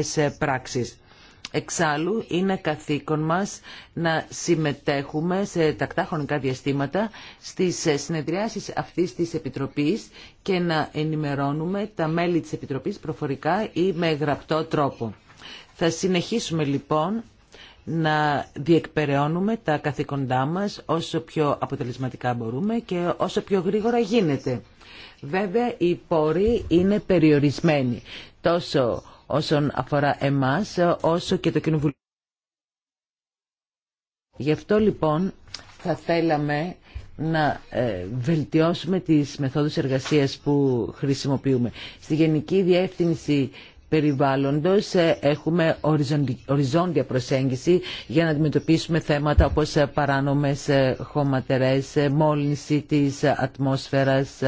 σε πράξεις. Εξάλλου είναι καθήκον μας να συμμετέχουμε σε τακτά χρονικά διαστήματα στις ε, συνεδριάσεις αυτής της Επιτροπής και να ενημερώνουμε τα μέλη της Επιτροπής προφορικά ή με γραπτό τρόπο. Θα συνεχίσουμε λοιπόν να διεκπεραιώνουμε τα καθήκοντά μας όσο πιο αποτελεσματικά μπορούμε και όσο πιο γρήγορα γίνεται. Βέβαια οι πόροι είναι περιορισμένοι τόσο όσον αφορά εμάς όσο και το Κοινοβουλίο. Γι' αυτό λοιπόν θα θέλαμε να ε, βελτιώσουμε τις μεθόδους εργασίας που χρησιμοποιούμε. Στη Γενική Διεύθυνση περιβάλλοντος ε, έχουμε οριζόντια προσέγγιση για να αντιμετωπίσουμε θέματα όπως ε, παράνομες χωματερές, μόλυνση της ατμόσφαιρας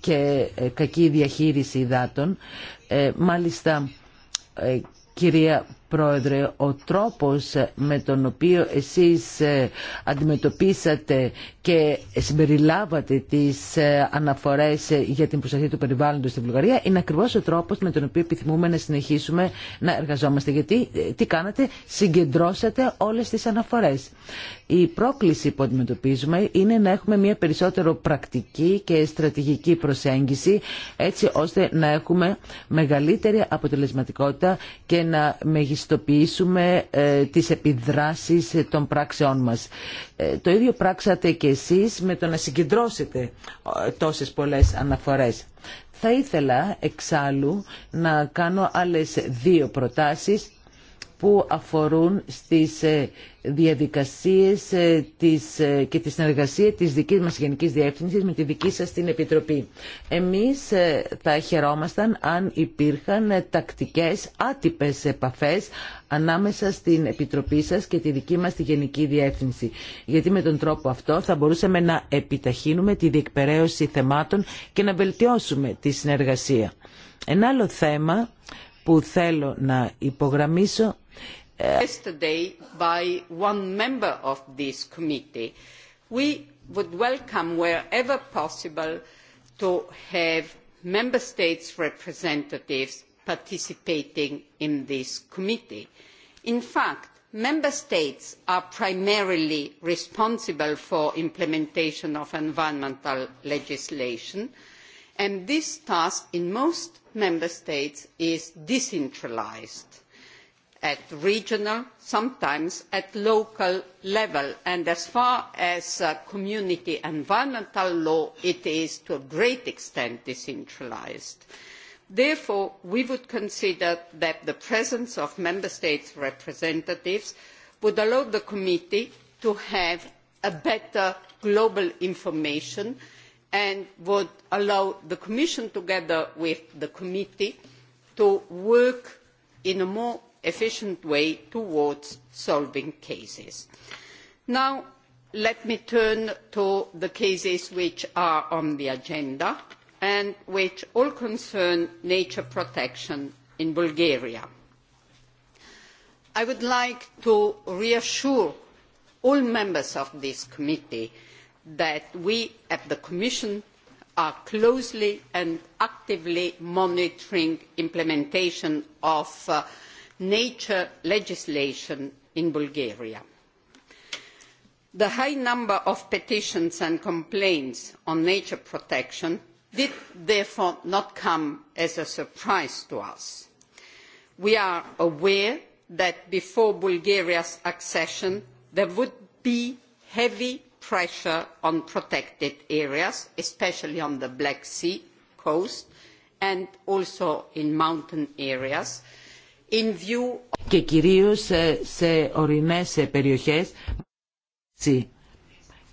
και κακή διαχείριση υδάτων. Ε, μάλιστα ε, κυρία Πρόεδρε, ο τρόπος με τον οποίο εσείς ε, αντιμετωπίσατε και συμπεριλάβατε τις ε, αναφορές για την προστασία του περιβάλλοντος στη Βουλγαρία είναι ακριβώς ο τρόπος με τον οποίο επιθυμούμε να συνεχίσουμε να εργαζόμαστε. Γιατί ε, τι κάνατε, συγκεντρώσατε όλες τις αναφορές. Η πρόκληση που αντιμετωπίζουμε είναι να έχουμε μια περισσότερο πρακτική και στρατηγική προσέγγιση έτσι ώστε να έχουμε μεγαλύτερη αποτελεσματικότητα και να μεγιστοποιήσουμε ε, τις επιδράσεις των πράξεών μας. Ε, το ίδιο πράξατε και εσείς με το να συγκεντρώσετε ε, τόσες πολλές αναφορές. Θα ήθελα εξάλλου να κάνω άλλες δύο προτάσεις που αφορούν στις ε, διαδικασίες ε, της, ε, και τη συνεργασία της δικής μας Γενικής Διεύθυνσης με τη δική σας την Επιτροπή. Εμείς θα χαιρόμασταν αν υπήρχαν τακτικές άτυπες επαφές ανάμεσα στην Επιτροπή σας και τη δική μας τη Γενική Διεύθυνση. Γιατί με τον τρόπο αυτό θα μπορούσαμε να επιταχύνουμε τη διεκπαιρέωση θεμάτων και να βελτιώσουμε τη συνεργασία. Ένα άλλο θέμα που θέλω να υπογραμμίσω yesterday by one member of this committee. We would welcome wherever possible to have member states representatives participating in this committee. In fact, member states are primarily responsible for implementation of environmental legislation and this task in most member states is decentralised at regional sometimes at local level and as far as community environmental law it is to a great extent decentralised. therefore we would consider that the presence of member states' representatives would allow the committee to have better global information and would allow the Commission, together with the Committee, to work in a more efficient way towards solving cases. Now let me turn to the cases which are on the agenda and which all concern nature protection in Bulgaria. I would like to reassure all members of this committee that we at the Commission are closely and actively monitoring implementation of nature legislation in Bulgaria. The high number of petitions and complaints on nature protection did therefore not come as a surprise to us. We are aware that before Bulgaria's accession there would be heavy Sea και κυρίως σε, σε ορεινές περιοχές,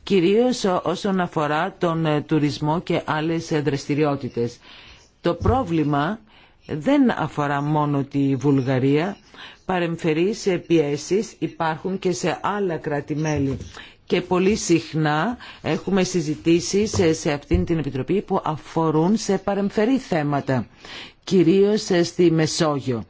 κυρίως όσον αφορά τον ε, τουρισμό και άλλες ε, δραστηριότητες. Το πρόβλημα δεν αφορά μόνο τη Βουλγαρία, παρεμφερεί σε πιέσεις υπάρχουν και σε άλλα κράτη-μέλη και πολύ συχνά έχουμε συζητήσει σε αυτήν την Επιτροπή που αφορούν σε παρεμφερή θέματα κυρίως στη Μεσόγειο.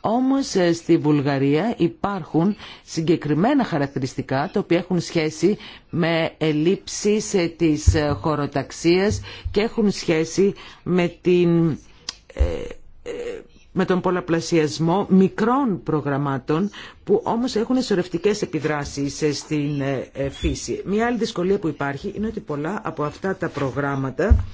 Όμως στη Βουλγαρία υπάρχουν συγκεκριμένα χαρακτηριστικά τα οποία έχουν σχέση με ελλείψεις ε, της ε, χωροταξίας και έχουν σχέση με την ε, με τον πολλαπλασιασμό μικρών προγραμμάτων που όμως έχουν σωρευτικές επιδράσεις ε, στην ε, ε, φύση. Μία άλλη δυσκολία που υπάρχει είναι ότι πολλά από αυτά τα προγράμματα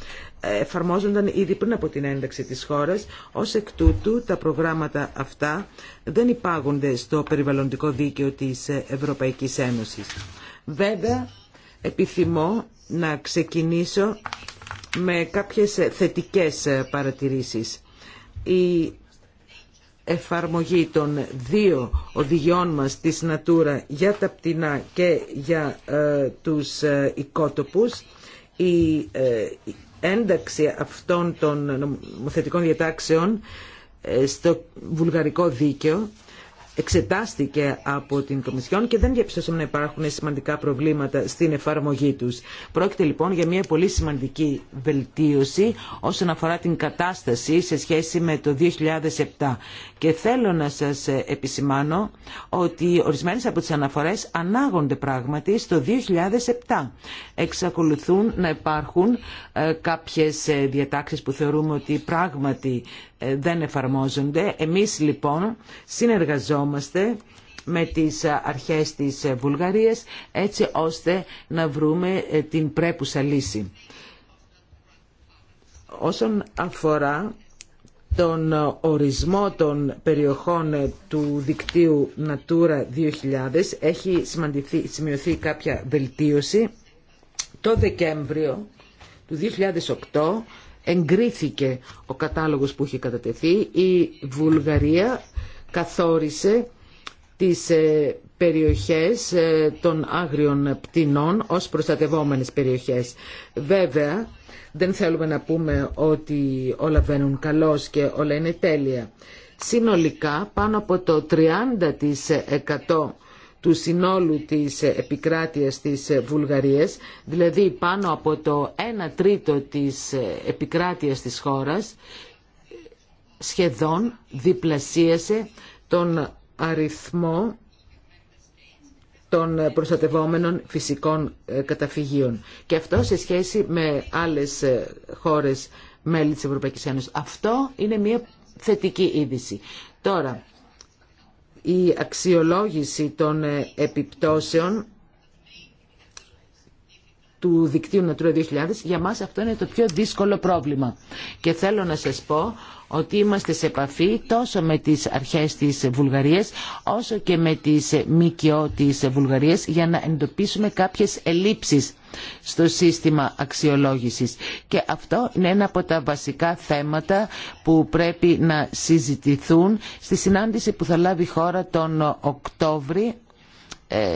εφαρμόζονταν ήδη πριν από την ένταξη της χώρας. Ως εκ τούτου τα προγράμματα αυτά δεν υπάγονται στο περιβαλλοντικό δίκαιο της Ευρωπαϊκής Ένωσης. Βέβαια, επιθυμώ να ξεκινήσω με κάποιες θετικές παρατηρήσεις. Η εφαρμογή των δύο οδηγιών μας της Natura για τα πτηνά και για ε, τους ε, οικότοπους η ε, ένταξη αυτών των νομοθετικών διατάξεων στο βουλγαρικό δίκαιο εξετάστηκε από την Κομισιόν και δεν διαπιστώσαμε να υπάρχουν σημαντικά προβλήματα στην εφαρμογή τους. Πρόκειται λοιπόν για μια πολύ σημαντική βελτίωση όσον αφορά την κατάσταση σε σχέση με το 2007. Και θέλω να σας επισημάνω ότι ορισμένες από τις αναφορές ανάγονται πράγματι στο 2007 εξακολουθούν να υπάρχουν ε, κάποιες ε, διατάξεις που θεωρούμε ότι πράγματι ε, δεν εφαρμόζονται. Εμείς λοιπόν συνεργαζόμαστε με τις αρχές της Βουλγαρίας έτσι ώστε να βρούμε την πρέπουσα λύση. Όσον αφορά τον ορισμό των περιοχών του δικτύου Natura 2000 έχει σημειωθεί κάποια βελτίωση το Δεκέμβριο του 2008 εγκρίθηκε ο κατάλογος που είχε κατατεθεί. Η Βουλγαρία καθόρισε τις ε, περιοχές ε, των άγριων πτηνών ως προστατευόμενες περιοχές. Βέβαια, δεν θέλουμε να πούμε ότι όλα βαίνουν καλώς και όλα είναι τέλεια. Συνολικά, πάνω από το 30% του συνόλου της επικράτειας της Βουλγαρίας, δηλαδή πάνω από το 1 τρίτο της επικράτειας της χώρας, σχεδόν διπλασίασε τον αριθμό των προστατευόμενων φυσικών ε, καταφυγίων. Και αυτό σε σχέση με άλλες ε, χώρες μέλη της Ευρωπαϊκής Ένωσης. Αυτό είναι μια θετική είδηση. Τώρα, η αξιολόγηση των ε, επιπτώσεων του δικτύου Natura 2000, για μας αυτό είναι το πιο δύσκολο πρόβλημα. Και θέλω να σας πω ότι είμαστε σε επαφή τόσο με τις αρχές της Βουλγαρίας όσο και με τις ΜΚΟ της Βουλγαρίας για να εντοπίσουμε κάποιες ελλείψεις στο σύστημα αξιολόγησης. Και αυτό είναι ένα από τα βασικά θέματα που πρέπει να συζητηθούν στη συνάντηση που θα λάβει η χώρα τον Οκτώβρη ε,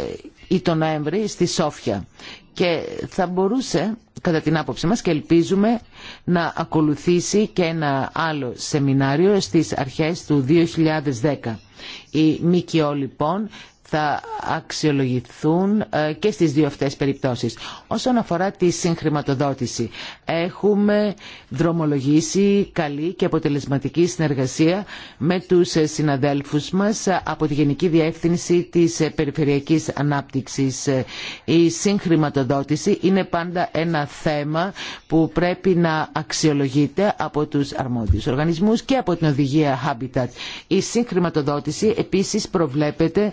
ή τον Νοέμβρη στη Σόφια. Και θα μπορούσε κατά την άποψή μας και ελπίζουμε να ακολουθήσει και ένα άλλο σεμινάριο στις αρχές του 2010. Η ΜΚΟ λοιπόν θα αξιολογηθούν ε, και στις δύο αυτές περιπτώσεις. Όσον αφορά τη συγχρηματοδότηση, έχουμε δρομολογήσει καλή και αποτελεσματική συνεργασία με τους συναδέλφους μας από τη Γενική Διεύθυνση της Περιφερειακής Ανάπτυξης. Η συγχρηματοδότηση είναι πάντα ένα θέμα που πρέπει να αξιολογείται από τους αρμόδιους οργανισμούς και από την οδηγία Habitat. Η συγχρηματοδότηση επίσης προβλέπεται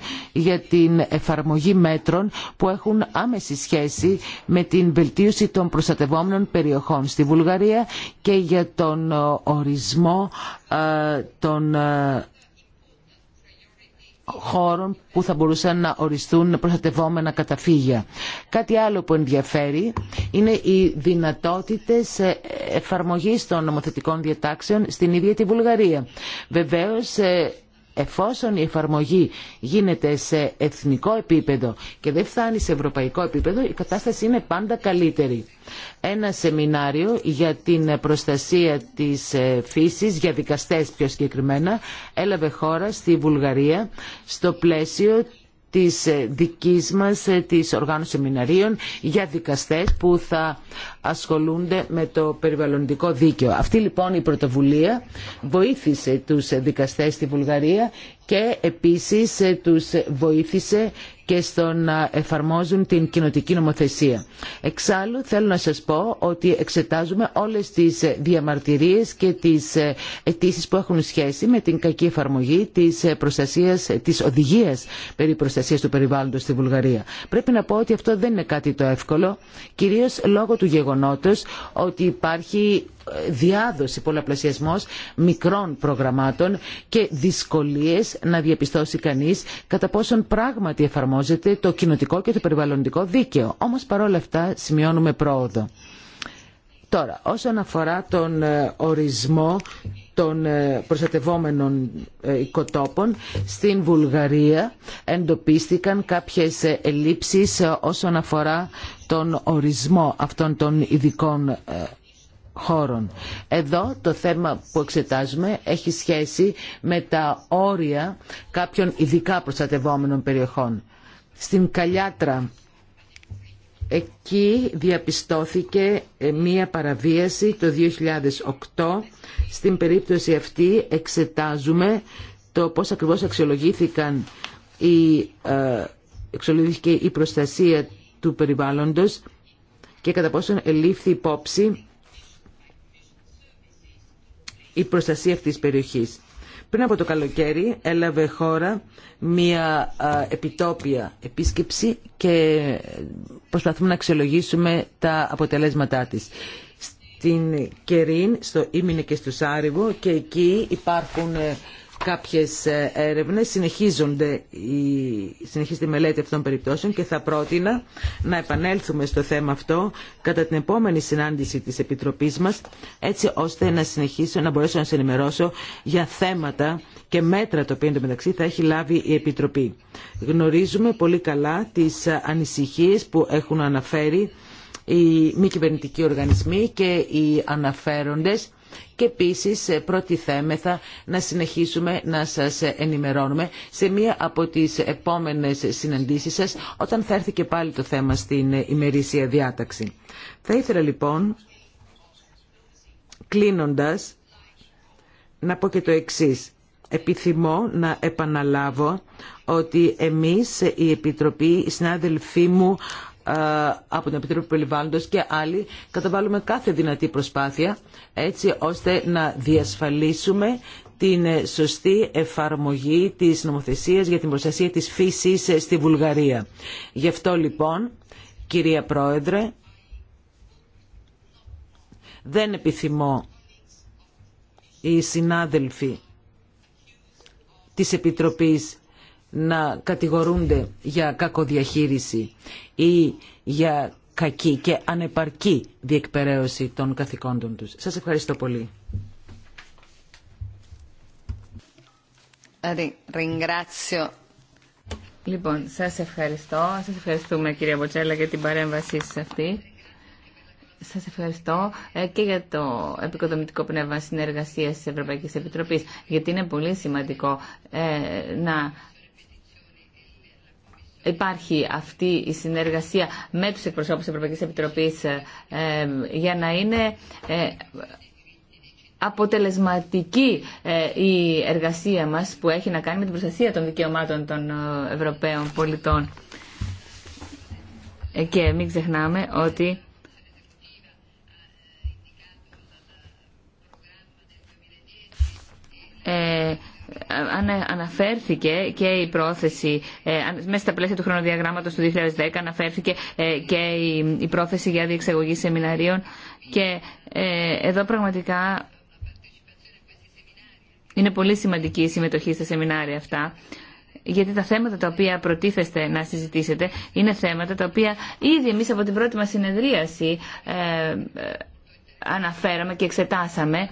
για την εφαρμογή μέτρων που έχουν άμεση σχέση με την βελτίωση των προστατευόμενων περιοχών στη Βουλγαρία και για τον ε, ορισμό ε, των ε, χώρων που θα μπορούσαν να οριστούν προστατευόμενα καταφύγια. Κάτι άλλο που ενδιαφέρει είναι οι δυνατότητες εφαρμογή των νομοθετικών διατάξεων στην ίδια τη Βουλγαρία. Βεβαίως εφόσον η εφαρμογή γίνεται σε εθνικό επίπεδο και δεν φτάνει σε ευρωπαϊκό επίπεδο, η κατάσταση είναι πάντα καλύτερη. Ένα σεμινάριο για την προστασία της ε, φύσης, για δικαστές πιο συγκεκριμένα, έλαβε χώρα στη Βουλγαρία στο πλαίσιο της ε, δικής μας ε, της οργάνωσης σεμιναρίων για δικαστές που θα ασχολούνται με το περιβαλλοντικό δίκαιο. Αυτή λοιπόν η πρωτοβουλία βοήθησε τους ε, δικαστές στη Βουλγαρία και επίσης ε, τους βοήθησε και στο να εφαρμόζουν την κοινοτική νομοθεσία. Εξάλλου θέλω να σας πω ότι εξετάζουμε όλες τις ε, διαμαρτυρίες και τις ε, αιτήσει που έχουν σχέση με την κακή εφαρμογή της, προστασίας, της οδηγίας περί προστασίας του περιβάλλοντος στη Βουλγαρία. Πρέπει να πω ότι αυτό δεν είναι κάτι το εύκολο, κυρίως λόγω του γεγονότος ότι υπάρχει διάδοση, πολλαπλασιασμός μικρών προγραμμάτων και δυσκολίες να διαπιστώσει κανείς κατά πόσον πράγματι εφαρμόζεται το κοινοτικό και το περιβαλλοντικό δίκαιο. Όμως παρόλα αυτά σημειώνουμε πρόοδο. Τώρα, όσον αφορά τον ε, ορισμό των ε, προστατευόμενων ε, οικοτόπων στην Βουλγαρία εντοπίστηκαν κάποιες ελλείψεις όσον αφορά τον ορισμό αυτών των ειδικών χώρων. Εδώ το θέμα που εξετάζουμε έχει σχέση με τα όρια κάποιων ειδικά προστατευόμενων περιοχών. Στην Καλιάτρα εκεί διαπιστώθηκε ε, μία παραβίαση το 2008. Στην περίπτωση αυτή εξετάζουμε το πώς ακριβώς αξιολογήθηκαν η, αξιολογήθηκε ε, η προστασία του περιβάλλοντος και κατά πόσον ελήφθη υπόψη η προστασία αυτής της περιοχής. Πριν από το καλοκαίρι έλαβε χώρα μια επιτόπια επίσκεψη και προσπαθούμε να αξιολογήσουμε τα αποτελέσματά της. Στην Κερίν, στο Ήμινε και στο Σάριβο και εκεί υπάρχουν ε, κάποιες ε, έρευνες, συνεχίζονται συνεχίζεται η μελέτη αυτών των περιπτώσεων και θα πρότεινα να επανέλθουμε στο θέμα αυτό κατά την επόμενη συνάντηση της Επιτροπής μας έτσι ώστε να συνεχίσω να μπορέσω να σε ενημερώσω για θέματα και μέτρα τα οποία μεταξύ θα έχει λάβει η Επιτροπή. Γνωρίζουμε πολύ καλά τις ανησυχίες που έχουν αναφέρει οι μη κυβερνητικοί οργανισμοί και οι αναφέροντες και επίσης ε, προτιθέμεθα να συνεχίσουμε να σας ενημερώνουμε σε μία από τις επόμενες συναντήσεις σας όταν θα έρθει και πάλι το θέμα στην ημερήσια διάταξη. Θα ήθελα λοιπόν, κλείνοντας, να πω και το εξής. Επιθυμώ να επαναλάβω ότι εμείς, η Επιτροπή, οι συνάδελφοί μου ε, από την Επιτροπή Περιβάλλοντο και άλλοι καταβάλουμε κάθε δυνατή προσπάθεια έτσι ώστε να διασφαλίσουμε την σωστή εφαρμογή της νομοθεσίας για την προστασία της φύσης στη Βουλγαρία. Γι' αυτό λοιπόν, κυρία Πρόεδρε, δεν επιθυμώ οι συνάδελφοι της Επιτροπής να κατηγορούνται για κακοδιαχείριση ή για κακή και ανεπαρκή διεκπαιρέωση των καθηκόντων τους. Σας ευχαριστώ πολύ. Λοιπόν, σας ευχαριστώ. Σας ευχαριστούμε κυρία Μποτσέλα για την παρέμβασή σας αυτή. Σας ευχαριστώ ε, και για το επικοδομητικό πνεύμα συνεργασίας της Ευρωπαϊκής Επιτροπής, γιατί είναι πολύ σημαντικό ε, να υπάρχει αυτή η συνεργασία με τους εκπροσώπους της Ευρωπαϊκής Επιτροπής ε, για να είναι ε, αποτελεσματική ε, η εργασία μας που έχει να κάνει με την προστασία των δικαιωμάτων των Ευρωπαίων πολιτών. Και μην ξεχνάμε ότι αναφέρθηκε και η πρόθεση, ε, μέσα στα πλαίσια του χρονοδιαγράμματος του 2010, αναφέρθηκε ε, και η πρόθεση για διεξαγωγή σεμιναρίων και ε, εδώ πραγματικά είναι πολύ σημαντική η συμμετοχή στα σεμινάρια αυτά γιατί τα θέματα τα οποία προτίθεστε να συζητήσετε είναι θέματα τα οποία ήδη εμείς από την πρώτη μας συνεδρίαση αναφέραμε και εξετάσαμε.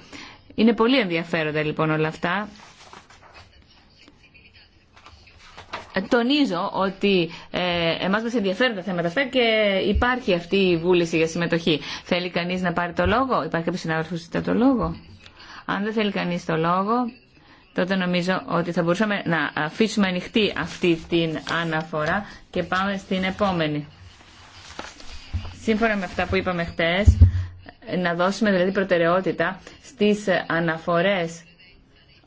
Είναι πολύ ενδιαφέροντα λοιπόν όλα αυτά Τονίζω ότι ε, εμάς μας ενδιαφέρουν τα θέματα αυτά και υπάρχει αυτή η βούληση για συμμετοχή. Θέλει κανείς να πάρει το λόγο, υπάρχει κάποιος να που το λόγο. Αν δεν θέλει κανείς το λόγο, τότε νομίζω ότι θα μπορούσαμε να αφήσουμε ανοιχτή αυτή την αναφορά και πάμε στην επόμενη. Σύμφωνα με αυτά που είπαμε χτες, να δώσουμε δηλαδή προτεραιότητα στις αναφορές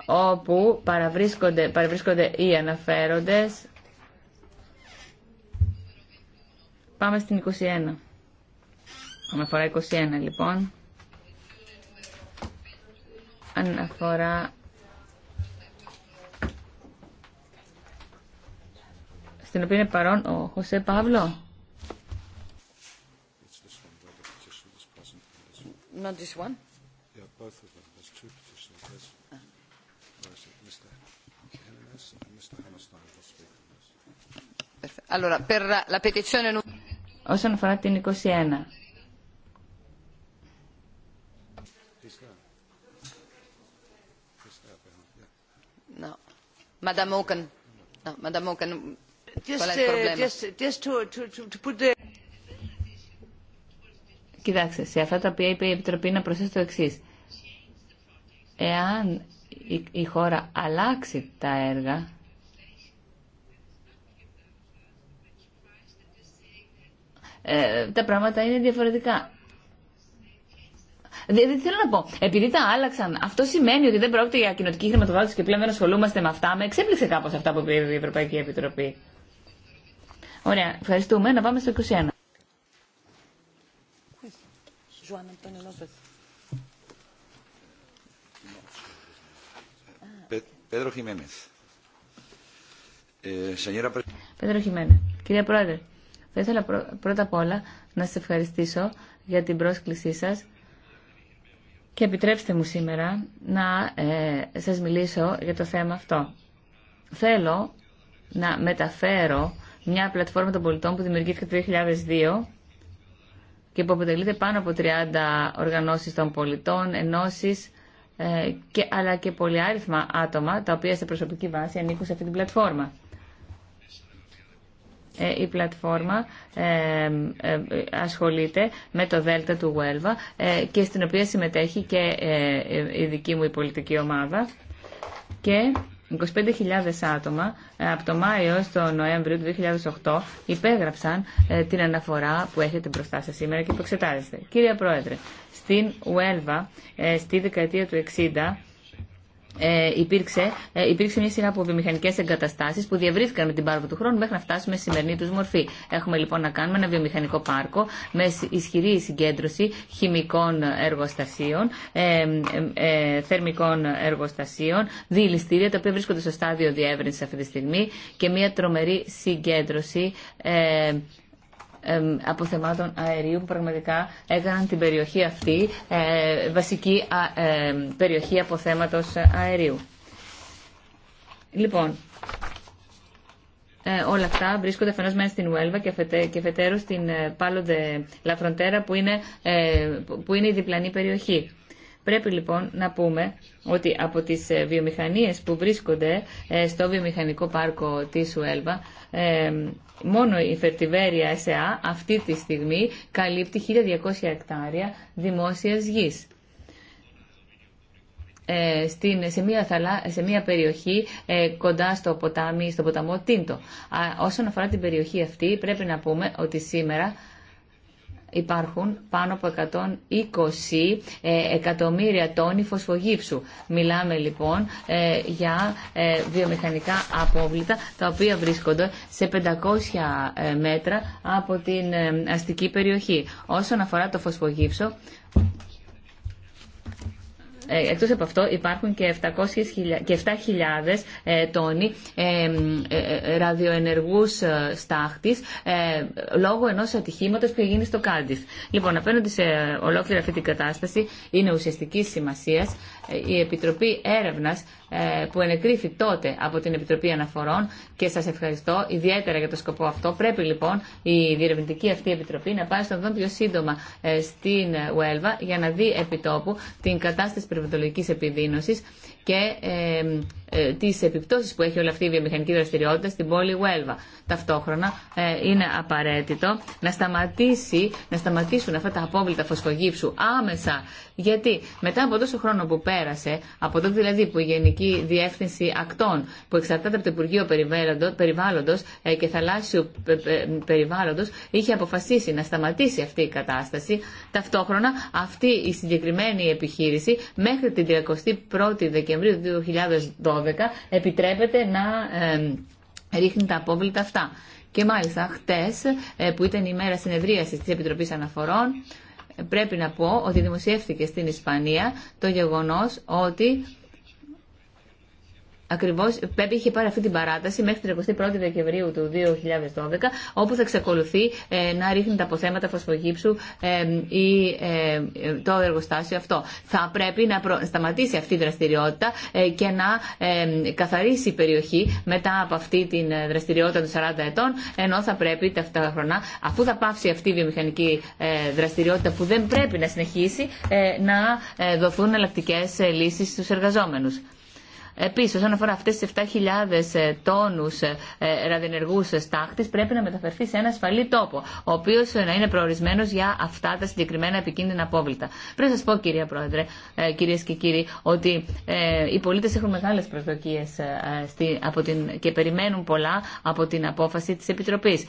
όπου παραβρίσκονται, παραβρίσκονται οι αναφέροντες. Πάμε στην 21. Αναφορά 21 λοιπόν. Αναφορά στην οποία είναι παρόν ο Χωσέ Παύλο. Not this one. Όσον αφορά την 21. Uh, Κοιτάξτε, σε αυτά τα οποία είπε η Επιτροπή να προσθέσω το εξή. Εάν η χώρα αλλάξει τα έργα, Ε, τα πράγματα είναι διαφορετικά. Δεν θέλω να πω, επειδή τα άλλαξαν, αυτό σημαίνει ότι δεν πρόκειται για κοινοτική χρηματοδότηση και πλέον δεν ασχολούμαστε με αυτά. Με εξέπληξε κάπω αυτά που είπε η Ευρωπαϊκή Επιτροπή. Ωραία, ευχαριστούμε. Να πάμε στο 21. Πέτρο Χιμένε. Κυρία Πρόεδρε, θα ήθελα πρώτα απ' όλα να σας ευχαριστήσω για την πρόσκλησή σας και επιτρέψτε μου σήμερα να ε, σας μιλήσω για το θέμα αυτό. Θέλω να μεταφέρω μια πλατφόρμα των πολιτών που δημιουργήθηκε το 2002 και που αποτελείται πάνω από 30 οργανώσεις των πολιτών, ενώσεις, ε, και, αλλά και πολυάριθμα άτομα, τα οποία σε προσωπική βάση ανήκουν σε αυτή την πλατφόρμα. Ε, η πλατφόρμα ε, ε, ασχολείται με το Δέλτα του Γουέλβα και στην οποία συμμετέχει και η δική μου η πολιτική ομάδα και 25.000 άτομα από το Μάιο στο Νοέμβριο του 2008 υπέγραψαν την αναφορά που έχετε μπροστά σας σήμερα και που εξετάζεστε. Κύριε Πρόεδρε, στην Ουέλβα στη δεκαετία του 1960 ε, υπήρξε, ε, υπήρξε μια σειρά από βιομηχανικέ εγκαταστάσει που διαβρίθηκαν με την πάροδο του χρόνου μέχρι να φτάσουμε στη σημερινή του μορφή. Έχουμε λοιπόν να κάνουμε ένα βιομηχανικό πάρκο με ισχυρή συγκέντρωση χημικών εργοστασίων, ε, ε, θερμικών εργοστασίων, διηληστήρια τα οποία βρίσκονται στο στάδιο διεύρυνση αυτή τη στιγμή και μια τρομερή συγκέντρωση αποθεμάτων αερίου που πραγματικά έκαναν την περιοχή αυτή ε, βασική ε, περιοχή αποθέματος αερίου. Λοιπόν, ε, όλα αυτά βρίσκονται φαινός μέσα στην Ουέλβα και, φετε, φετέρου στην ε, Πάλοντε Λαφροντέρα που είναι, που είναι η διπλανή περιοχή. Πρέπει λοιπόν να πούμε ότι από τις βιομηχανίες που βρίσκονται στο βιομηχανικό πάρκο της Ουέλβα μόνο η Φερτιβέρια ΕΣΕΑ αυτή τη στιγμή καλύπτει 1.200 εκτάρια δημόσιας γης. Ε, στην, σε, μια σε μια περιοχή ε, κοντά στο, ποτάμι, στο ποταμό Τίντο. όσον αφορά την περιοχή αυτή πρέπει να πούμε ότι σήμερα υπάρχουν πάνω από 120 ε, εκατομμύρια τόνοι φωσφογύψου. Μιλάμε λοιπόν ε, για ε, βιομηχανικά απόβλητα τα οποία βρίσκονται σε 500 μέτρα από την αστική περιοχή. Όσον αφορά το φωσφογύψο, ε, εκτός από αυτό υπάρχουν και 7.000 ε, τόνοι ε, ραδιοενεργούς στάχτης λόγω ενός ατυχήματος που έγινε στο Κάντις. Λοιπόν, απέναντι σε ολόκληρη αυτή την κατάσταση είναι ουσιαστική σημασίας η Επιτροπή Έρευνας ε, που ενεκρίθη τότε από την Επιτροπή Αναφορών και σας ευχαριστώ ιδιαίτερα για το σκοπό αυτό. Πρέπει λοιπόν η διερευνητική αυτή Επιτροπή να πάει στον δόν πιο σύντομα ε, στην Ουέλβα για να δει επιτόπου την κατάσταση περιβαλλοντικής επιδείνωσης και ε, ε, τις επιπτώσεις που έχει όλη αυτή η βιομηχανική δραστηριότητα στην πόλη Βέλβα. Ταυτόχρονα ε, είναι απαραίτητο να, σταματήσει, να σταματήσουν αυτά τα απόβλητα φωσφογύψου άμεσα. Γιατί μετά από τόσο χρόνο που πέρασε, από τότε δηλαδή που η Γενική Διεύθυνση Ακτών που εξαρτάται από το Υπουργείο Περιβάλλοντος και Θαλάσσιου Περιβάλλοντος είχε αποφασίσει να σταματήσει αυτή η κατάσταση, ταυτόχρονα αυτή η συγκεκριμένη επιχείρηση μέχρι την 31η Δεκεμβρίου Δεκεμβρίου 2012 επιτρέπεται να ρίχνει τα απόβλητα αυτά. Και μάλιστα χτες ε, που ήταν η μέρα συνεδρίασης της Επιτροπής Αναφορών ε, πρέπει να πω ότι δημοσιεύθηκε στην Ισπανία το γεγονός ότι Ακριβώ πρέπει είχε πάρει αυτή την παράταση μέχρι την 21η Δεκεμβρίου του 2012 όπου θα εξακολουθεί ε, να ρίχνει τα αποθέματα φωσφογύψου ή ε, ε, το εργοστάσιο αυτό. Θα πρέπει να σταματήσει αυτή η δραστηριότητα και να καθαρίσει η περιοχή μετά από αυτή τη δραστηριότητα των 40 ετών ενώ θα πρέπει ταυτόχρονα αφού θα πάψει αυτή η βιομηχανική δραστηριότητα που δεν πρέπει να συνεχίσει να δοθούν εναλλακτικέ λύσει στους εργαζόμενου. Επίση, όσον αφορά αυτέ τι 7.000 ε, τόνου ε, ε, ραδιενεργού στάχτη, πρέπει να μεταφερθεί σε ένα ασφαλή τόπο, ο οποίο να είναι προορισμένο για αυτά τα συγκεκριμένα επικίνδυνα απόβλητα. Πρέπει να σα πω, κυρία Πρόεδρε, κυρίε και κύριοι, ότι οι πολίτε έχουν μεγάλε προσδοκίε και περιμένουν πολλά από την απόφαση τη Επιτροπή.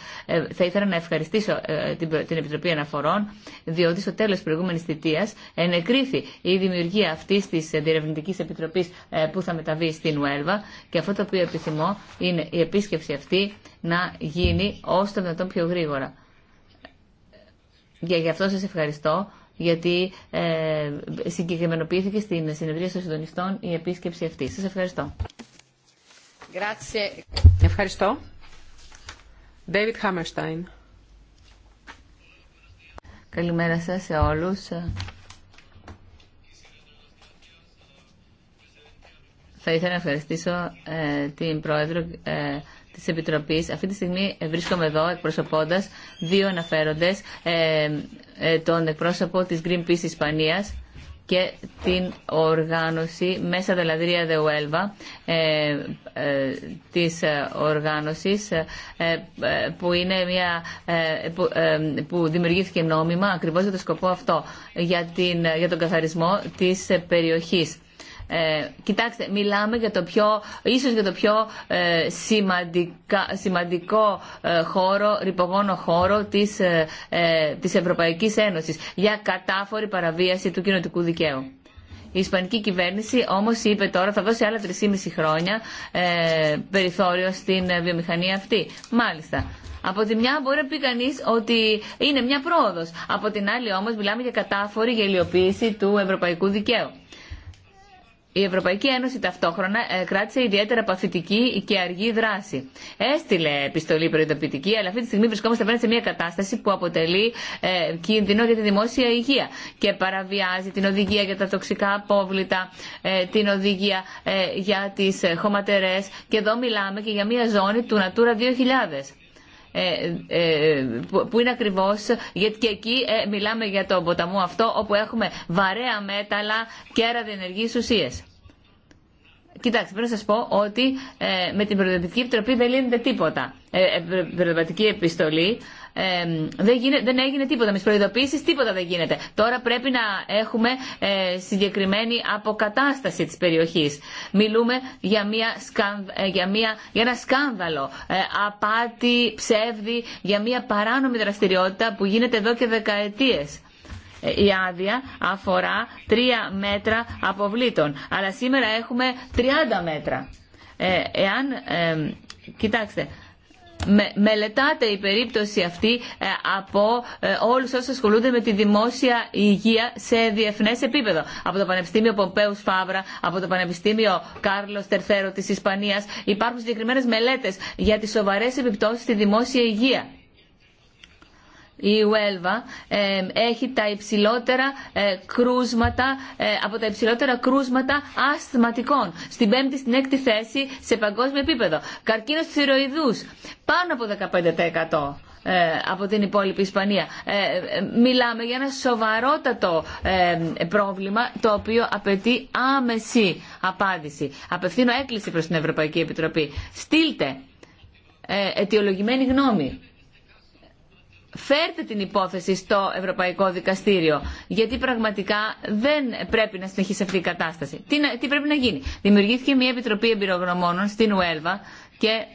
Θα ήθελα να ευχαριστήσω την Επιτροπή Αναφορών, διότι στο τέλο προηγούμενη θητεία ενεκρίθη η δημιουργία αυτή τη Διερευνητική Επιτροπή που θα μεταφερθεί μεταβεί στην Ουέλβα και αυτό το οποίο επιθυμώ είναι η επίσκεψη αυτή να γίνει όσο το δυνατόν πιο γρήγορα. Και γι' αυτό σας ευχαριστώ γιατί ε, συγκεκριμενοποιήθηκε στην συνεδρία των συντονιστών η επίσκεψη αυτή. Σας ευχαριστώ. Ευχαριστώ. David Hammerstein. Καλημέρα σας σε όλους. Θα ήθελα να ευχαριστήσω ε, την Πρόεδρο ε, της Επιτροπής. Αυτή τη στιγμή ε, βρίσκομαι εδώ εκπροσωπώντας δύο αναφέροντες, τον εκπρόσωπο της Greenpeace Ισπανίας και την οργάνωση μέσα δελαδρία de Huelva ε, της οργάνωσης που είναι μια που, που, δημιουργήθηκε νόμιμα ακριβώς για το σκοπό αυτό για, την, για τον καθαρισμό της περιοχής ε, κοιτάξτε, μιλάμε για το πιο, ίσως για το πιο ε, σημαντικό ε, χώρο, ρηπογόνο χώρο της, ε, της Ευρωπαϊκής Ένωσης για κατάφορη παραβίαση του κοινοτικού δικαίου. Η Ισπανική κυβέρνηση όμως είπε τώρα θα δώσει άλλα 3,5 χρόνια ε, περιθώριο στην βιομηχανία αυτή. Μάλιστα. Από τη μια μπορεί να πει κανεί ότι είναι μια πρόοδος. Από την άλλη όμως μιλάμε για κατάφορη γελιοποίηση του ευρωπαϊκού δικαίου. Η Ευρωπαϊκή Ένωση ταυτόχρονα ε, κράτησε ιδιαίτερα παθητική και αργή δράση. Έστειλε επιστολή προειδοποιητική, αλλά αυτή τη στιγμή βρισκόμαστε σε μια κατάσταση που αποτελεί ε, κίνδυνο για τη δημόσια υγεία και παραβιάζει την οδηγία για τα τοξικά απόβλητα, ε, την οδηγία για τι χωματερέ και εδώ μιλάμε και για μια ζώνη του Natura 2000. Ε, ε, που είναι ακριβώ γιατί και εκεί ε, μιλάμε για τον ποταμό αυτό όπου έχουμε βαρέα μέταλλα και ραδιενεργείς ουσίες. Κοιτάξτε, πρέπει να σα πω ότι ε, με την προεδρική Επιτροπή δεν λύνεται τίποτα. Ε, επιστολή δεν, δεν έγινε τίποτα. Με τι προειδοποίησει τίποτα δεν γίνεται. Τώρα πρέπει να έχουμε ε, συγκεκριμένη αποκατάσταση τη περιοχή. Μιλούμε για, μια ε, για, για ένα σκάνδαλο. Ε, απάτη, ψεύδι, για μια παράνομη δραστηριότητα που γίνεται εδώ και δεκαετίε. Η άδεια αφορά τρία μέτρα αποβλήτων. Αλλά σήμερα έχουμε 30 μέτρα. εάν, κοιτάξτε, Μελετάται μελετάτε η περίπτωση αυτή ε, από όλου ε, όλους όσους ασχολούνται με τη δημόσια υγεία σε διεθνές επίπεδο. Από το Πανεπιστήμιο Πομπέους Φαύρα, από το Πανεπιστήμιο Κάρλος Τερθέρο της Ισπανίας υπάρχουν συγκεκριμένες μελέτες για τις σοβαρές επιπτώσεις στη δημόσια υγεία η Ουέλβα ε, έχει τα υψηλότερα ε, κρούσματα, ε, από τα υψηλότερα κρούσματα ασθματικών. Στην πέμπτη, στην έκτη θέση σε παγκόσμιο επίπεδο. Καρκίνος του πάνω από 15% από την υπόλοιπη Ισπανία. Μιλάμε για ένα σοβαρότατο πρόβλημα το οποίο απαιτεί άμεση απάντηση. Απευθύνω έκκληση προς την Ευρωπαϊκή Επιτροπή. Στείλτε αιτιολογημένη γνώμη φέρτε την υπόθεση στο Ευρωπαϊκό Δικαστήριο, γιατί πραγματικά δεν πρέπει να συνεχίσει αυτή η κατάσταση. Τι, τι πρέπει να γίνει. Δημιουργήθηκε μια επιτροπή εμπειρογνωμόνων στην Ουέλβα και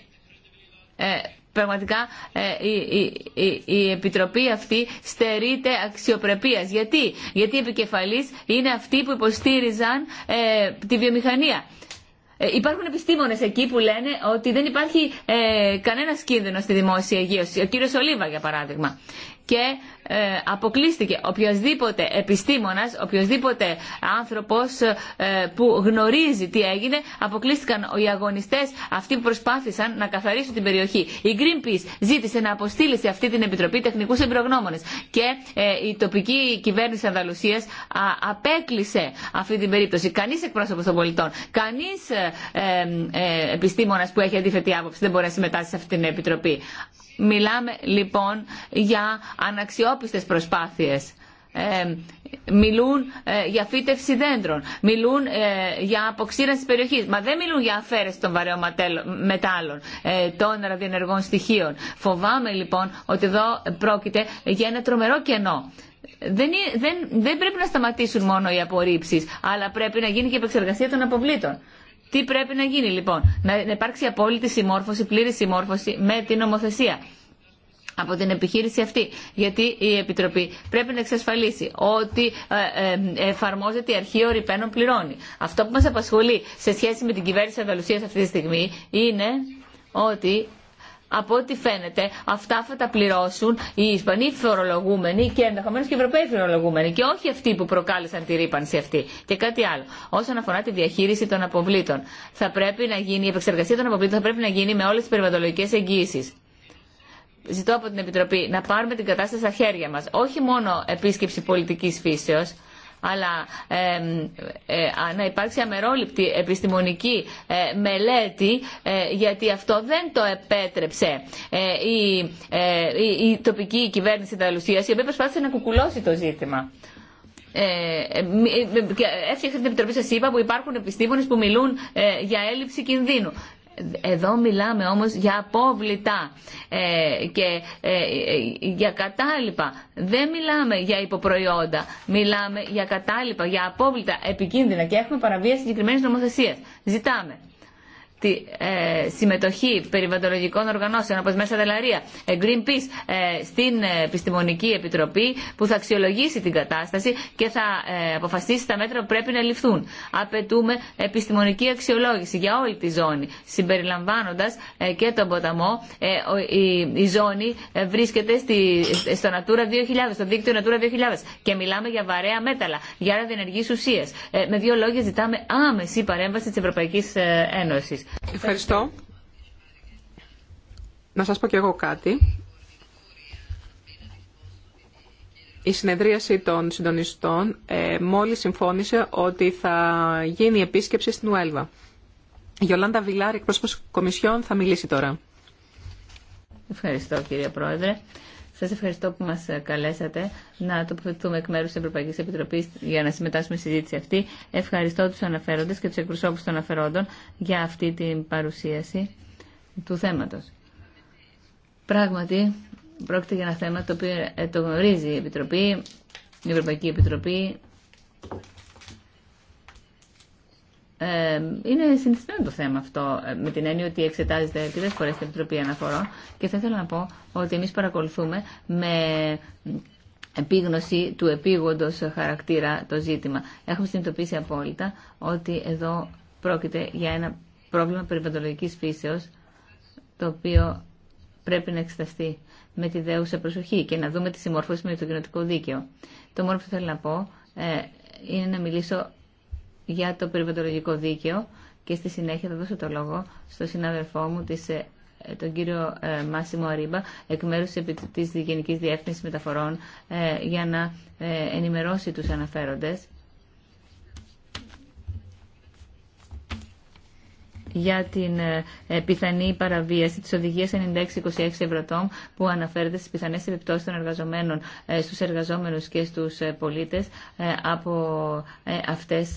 ε, πραγματικά ε, η, η, επιτροπή αυτή στερείται αξιοπρεπίας. Γιατί, γιατί οι επικεφαλείς είναι αυτοί που υποστήριζαν ε, τη βιομηχανία. Ε, υπάρχουν επιστήμονε εκεί που λένε ότι δεν υπάρχει ε, κανένα κίνδυνο στη δημόσια υγεία. Ο κύριο Ολίβα, για παράδειγμα. Και ε, αποκλείστηκε οποιοδήποτε επιστήμονας, οποιοδήποτε άνθρωπος ε, που γνωρίζει τι έγινε, αποκλείστηκαν οι αγωνιστές αυτοί που προσπάθησαν να καθαρίσουν την περιοχή. Η Greenpeace ζήτησε να αποστείλει σε αυτή την Επιτροπή τεχνικούς εμπειρογνώμονε. και ε, η τοπική κυβέρνηση Ανδαλουσίας απέκλεισε αυτή την περίπτωση. Κανείς εκπρόσωπος των πολιτών, κανείς επιστήμονας που έχει αντίθετη άποψη δεν μπορεί να συμμετάσχει σε αυτή την Επιτροπή. Μιλάμε λοιπόν για αναξιόπιστες προσπάθειες. Ε, μιλούν ε, για φύτευση δέντρων, μιλούν ε, για αποξήρανση περιοχής, μα δεν μιλούν για αφαίρεση των βαρέων μετάλλων, ε, των ραδιενεργών στοιχείων. Φοβάμαι λοιπόν ότι εδώ πρόκειται για ένα τρομερό κενό. Δεν, δεν, δεν πρέπει να σταματήσουν μόνο οι απορρίψεις, αλλά πρέπει να γίνει και η επεξεργασία των αποβλήτων. Τι πρέπει να γίνει λοιπόν, να υπάρξει απόλυτη συμμόρφωση, πλήρη συμμόρφωση με την νομοθεσία από την επιχείρηση αυτή. Γιατί η Επιτροπή πρέπει να εξασφαλίσει ότι ε, ε, εφαρμόζεται η αρχή ο πληρώνει. Αυτό που μας απασχολεί σε σχέση με την κυβέρνηση Ανταλουσίας αυτή τη στιγμή είναι ότι από ό,τι φαίνεται, αυτά θα τα πληρώσουν οι Ισπανοί φορολογούμενοι και ενδεχομένω και οι Ευρωπαίοι φορολογούμενοι και όχι αυτοί που προκάλεσαν τη ρήπανση αυτή. Και κάτι άλλο. Όσον αφορά τη διαχείριση των αποβλήτων, θα πρέπει να γίνει, η επεξεργασία των αποβλήτων θα πρέπει να γίνει με όλε τι περιβαλλοντικέ εγγύησει. Ζητώ από την Επιτροπή να πάρουμε την κατάσταση στα χέρια μα. Όχι μόνο επίσκεψη πολιτική φύσεω, αλλά ε, ε, να υπάρξει αμερόληπτη επιστημονική ε, μελέτη ε, γιατί αυτό δεν το επέτρεψε ε, η, τοπική κυβέρνηση Ταλουσίας η οποία προσπάθησε να κουκουλώσει το ζήτημα. Έφτιαξε την επιτροπή σα είπα που υπάρχουν επιστήμονε που μιλούν για έλλειψη κινδύνου. Εδώ μιλάμε όμως για απόβλητα ε, και ε, για κατάλοιπα. Δεν μιλάμε για υποπροϊόντα. Μιλάμε για κατάλοιπα, για απόβλητα επικίνδυνα και έχουμε παραβίαση συγκεκριμένη νομοθεσία. Ζητάμε τη ε, συμμετοχή περιβαλλοντικών οργανώσεων όπως Μέσα Δελαρία, ε, Greenpeace ε, στην Επιστημονική Επιτροπή που θα αξιολογήσει την κατάσταση και θα ε, αποφασίσει τα μέτρα που πρέπει να ληφθούν. Απαιτούμε επιστημονική αξιολόγηση για όλη τη ζώνη, συμπεριλαμβάνοντας και τον ποταμό. Η, ζώνη βρίσκεται στη, στο Natura 2000, στο δίκτυο Natura 2000 και μιλάμε για βαρέα μέταλλα, για ραδιενεργείς ουσίες. με δύο λόγια ζητάμε άμεση παρέμβαση της Ευρωπαϊκής Ένωσης. Ευχαριστώ. Να σας πω και εγώ κάτι. Η συνεδρίαση των συντονιστών ε, μόλις συμφώνησε ότι θα γίνει επίσκεψη στην ΟΕΛΒΑ. Η Γιολάντα Βιλάρη, εκπρόσωπος Κομισιόν, θα μιλήσει τώρα. Ευχαριστώ κύριε Πρόεδρε. Σα ευχαριστώ που μα ε, καλέσατε να τοποθετηθούμε εκ μέρου τη Ευρωπαϊκή Επιτροπή για να συμμετάσχουμε στη συζήτηση αυτή. Ευχαριστώ του αναφέροντε και του εκπροσώπου των αναφερόντων για αυτή την παρουσίαση του θέματο. Πράγματι, πρόκειται για ένα θέμα το οποίο ε, το γνωρίζει η Επιτροπή, η Ευρωπαϊκή Επιτροπή ε, είναι συνηθισμένο το θέμα αυτό, ε, με την έννοια ότι εξετάζεται αρκετέ φορέ στην Επιτροπή Αναφορών. Και θα ήθελα να πω ότι εμεί παρακολουθούμε με επίγνωση του επίγοντος χαρακτήρα το ζήτημα. Έχουμε συνειδητοποιήσει απόλυτα ότι εδώ πρόκειται για ένα πρόβλημα περιβαλλοντικής φύσεως το οποίο πρέπει να εξεταστεί με τη δέουσα προσοχή και να δούμε τη συμμόρφωση με το κοινοτικό δίκαιο. Το μόνο που θέλω να πω ε, είναι να μιλήσω για το περιβαλλοντολογικό δίκαιο και στη συνέχεια θα δώσω το λόγο στο συναδελφό μου, ε, τον κύριο ε, Μάσιμο Αρίμπα, εκ μέρους της Γενικής Διεύθυνσης Μεταφορών, ε, για να ενημερώσει τους αναφέροντες για την ε, πιθανή παραβίαση της οδηγίας 96-26 ευρωτών που αναφέρεται στις πιθανές επιπτώσεις των εργαζομένων ε, στους εργαζόμενους και στους ε, πολίτες από αυτές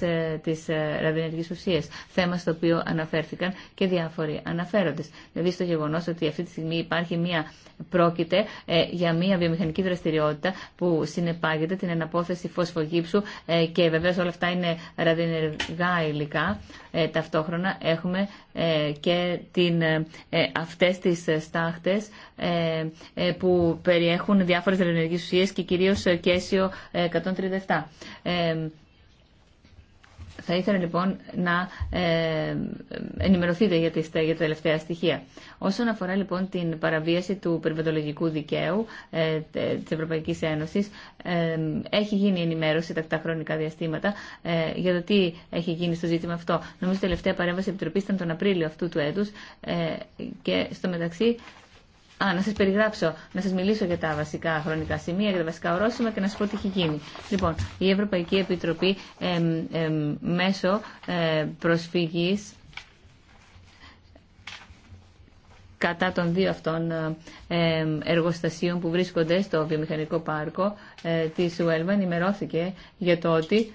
τις ραδιενεργικέ ουσίες. Θέμα στο οποίο αναφέρθηκαν και διάφοροι αναφέροντες. Δηλαδή στο γεγονός ότι αυτή τη στιγμή υπάρχει μία πρόκειται για μία βιομηχανική δραστηριότητα που συνεπάγεται την αναπόθεση φωσφογύψου και βεβαίως όλα αυτά είναι ραδιενεργά υλικά ε, ταυτόχρονα έχουμε ε, και την, ε, αυτές τις στάχτες που περιέχουν διάφορες ρενεργικές ουσίες και κυρίως κέσιο 137. Θα ήθελα λοιπόν να ε, ενημερωθείτε για, τα τελευταία στοιχεία. Όσον αφορά λοιπόν την παραβίαση του περιβαλλοντολογικού δικαίου ε, της Ευρωπαϊκής Ένωσης, ε, έχει γίνει ενημέρωση τακτά χρονικά διαστήματα ε, για το τι έχει γίνει στο ζήτημα αυτό. Νομίζω η τελευταία παρέμβαση επιτροπής ήταν τον Απρίλιο αυτού του έτους ε, και στο μεταξύ Α, να σας περιγράψω, να σας μιλήσω για τα βασικά χρονικά σημεία, για τα βασικά ορόσημα και να σας πω τι έχει γίνει. Λοιπόν, η Ευρωπαϊκή Επιτροπή μέσω ε, προσφυγής κατά των δύο αυτών ε, εργοστασίων που βρίσκονται στο βιομηχανικό πάρκο ε, της Ουέλβα ενημερώθηκε για το ότι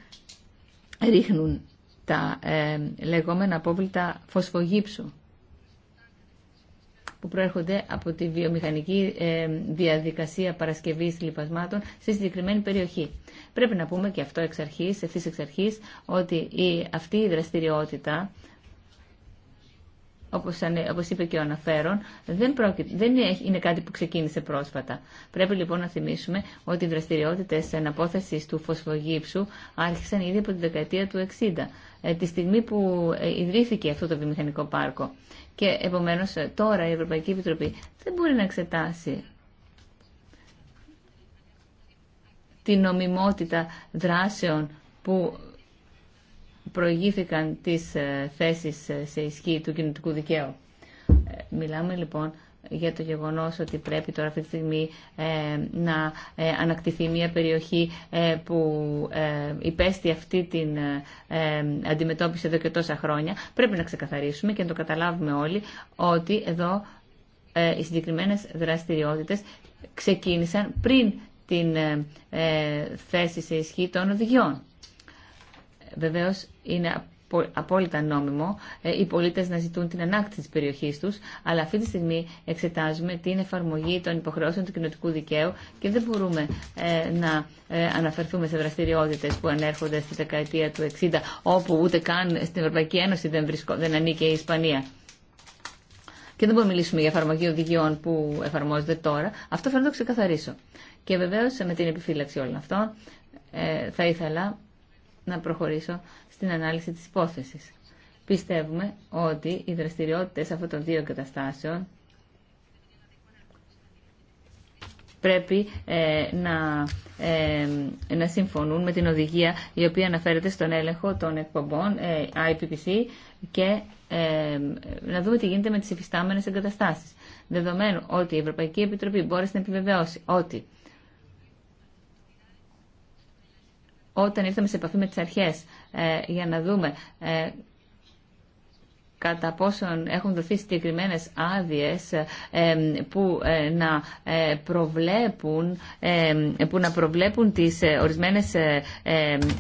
ρίχνουν τα ε, λεγόμενα απόβλητα φωσφογύψου που προέρχονται από τη βιομηχανική ε, διαδικασία παρασκευή λιπασμάτων σε συγκεκριμένη περιοχή. Πρέπει να πούμε και αυτό εξ αρχή, ευθύ εξ αρχή, ότι η, αυτή η δραστηριότητα όπως, όπως είπε και ο αναφέρον, δεν, δεν είναι κάτι που ξεκίνησε πρόσφατα. Πρέπει λοιπόν να θυμίσουμε ότι οι δραστηριότητες εναπόθεση του φωσφογύψου άρχισαν ήδη από τη δεκαετία του 60, ε, τη στιγμή που ε, ιδρύθηκε αυτό το βιομηχανικό πάρκο. Και επομένως ε, τώρα η Ευρωπαϊκή Επιτροπή δεν μπορεί να εξετάσει την νομιμότητα δράσεων που προηγήθηκαν τις ε, θέσεις ε, σε ισχύ του κοινωτικού δικαίου. Μιλάμε λοιπόν για το γεγονός ότι πρέπει τώρα αυτή τη στιγμή ε, να ε, ανακτηθεί μια περιοχή ε, που υπέστη αυτή την αντιμετώπιση εδώ και τόσα χρόνια. Πρέπει να ξεκαθαρίσουμε και να το καταλάβουμε όλοι ότι εδώ οι συγκεκριμένες δραστηριότητες ξεκίνησαν πριν την θέση σε ισχύ των οδηγιών. Βεβαίως είναι απόλυτα νόμιμο ε, οι πολίτε να ζητούν την ανάκτηση τη περιοχή του, αλλά αυτή τη στιγμή εξετάζουμε την εφαρμογή των υποχρεώσεων του κοινοτικού δικαίου και δεν μπορούμε ε, να ε, αναφερθούμε σε δραστηριότητε που ανέρχονται στη δεκαετία του 60, όπου ούτε καν στην Ευρωπαϊκή Ένωση δεν, βρισκό, δεν η Ισπανία. Και δεν μπορούμε να μιλήσουμε για εφαρμογή οδηγιών που εφαρμόζονται τώρα. Αυτό θέλω να το ξεκαθαρίσω. Και βεβαίω με την επιφύλαξη όλων αυτών θα ήθελα να προχωρήσω στην ανάλυση της υπόθεσης. Πιστεύουμε ότι οι δραστηριότητες αυτών των δύο καταστάσεων πρέπει ε, να, ε, να συμφωνούν με την οδηγία η οποία αναφέρεται στον έλεγχο των εκπομπών ε, IPPC και να δούμε τι γίνεται με τις υφιστάμενες εγκαταστάσεις. Δεδομένου ότι η Ευρωπαϊκή Επιτροπή μπόρεσε να επιβεβαιώσει ότι όταν ήρθαμε σε επαφή με τις αρχές ε, για να δούμε ε, κατά πόσον έχουν δοθεί συγκεκριμένε άδειε ε, που να προβλέπουν, που να προβλέπουν τις ορισμένες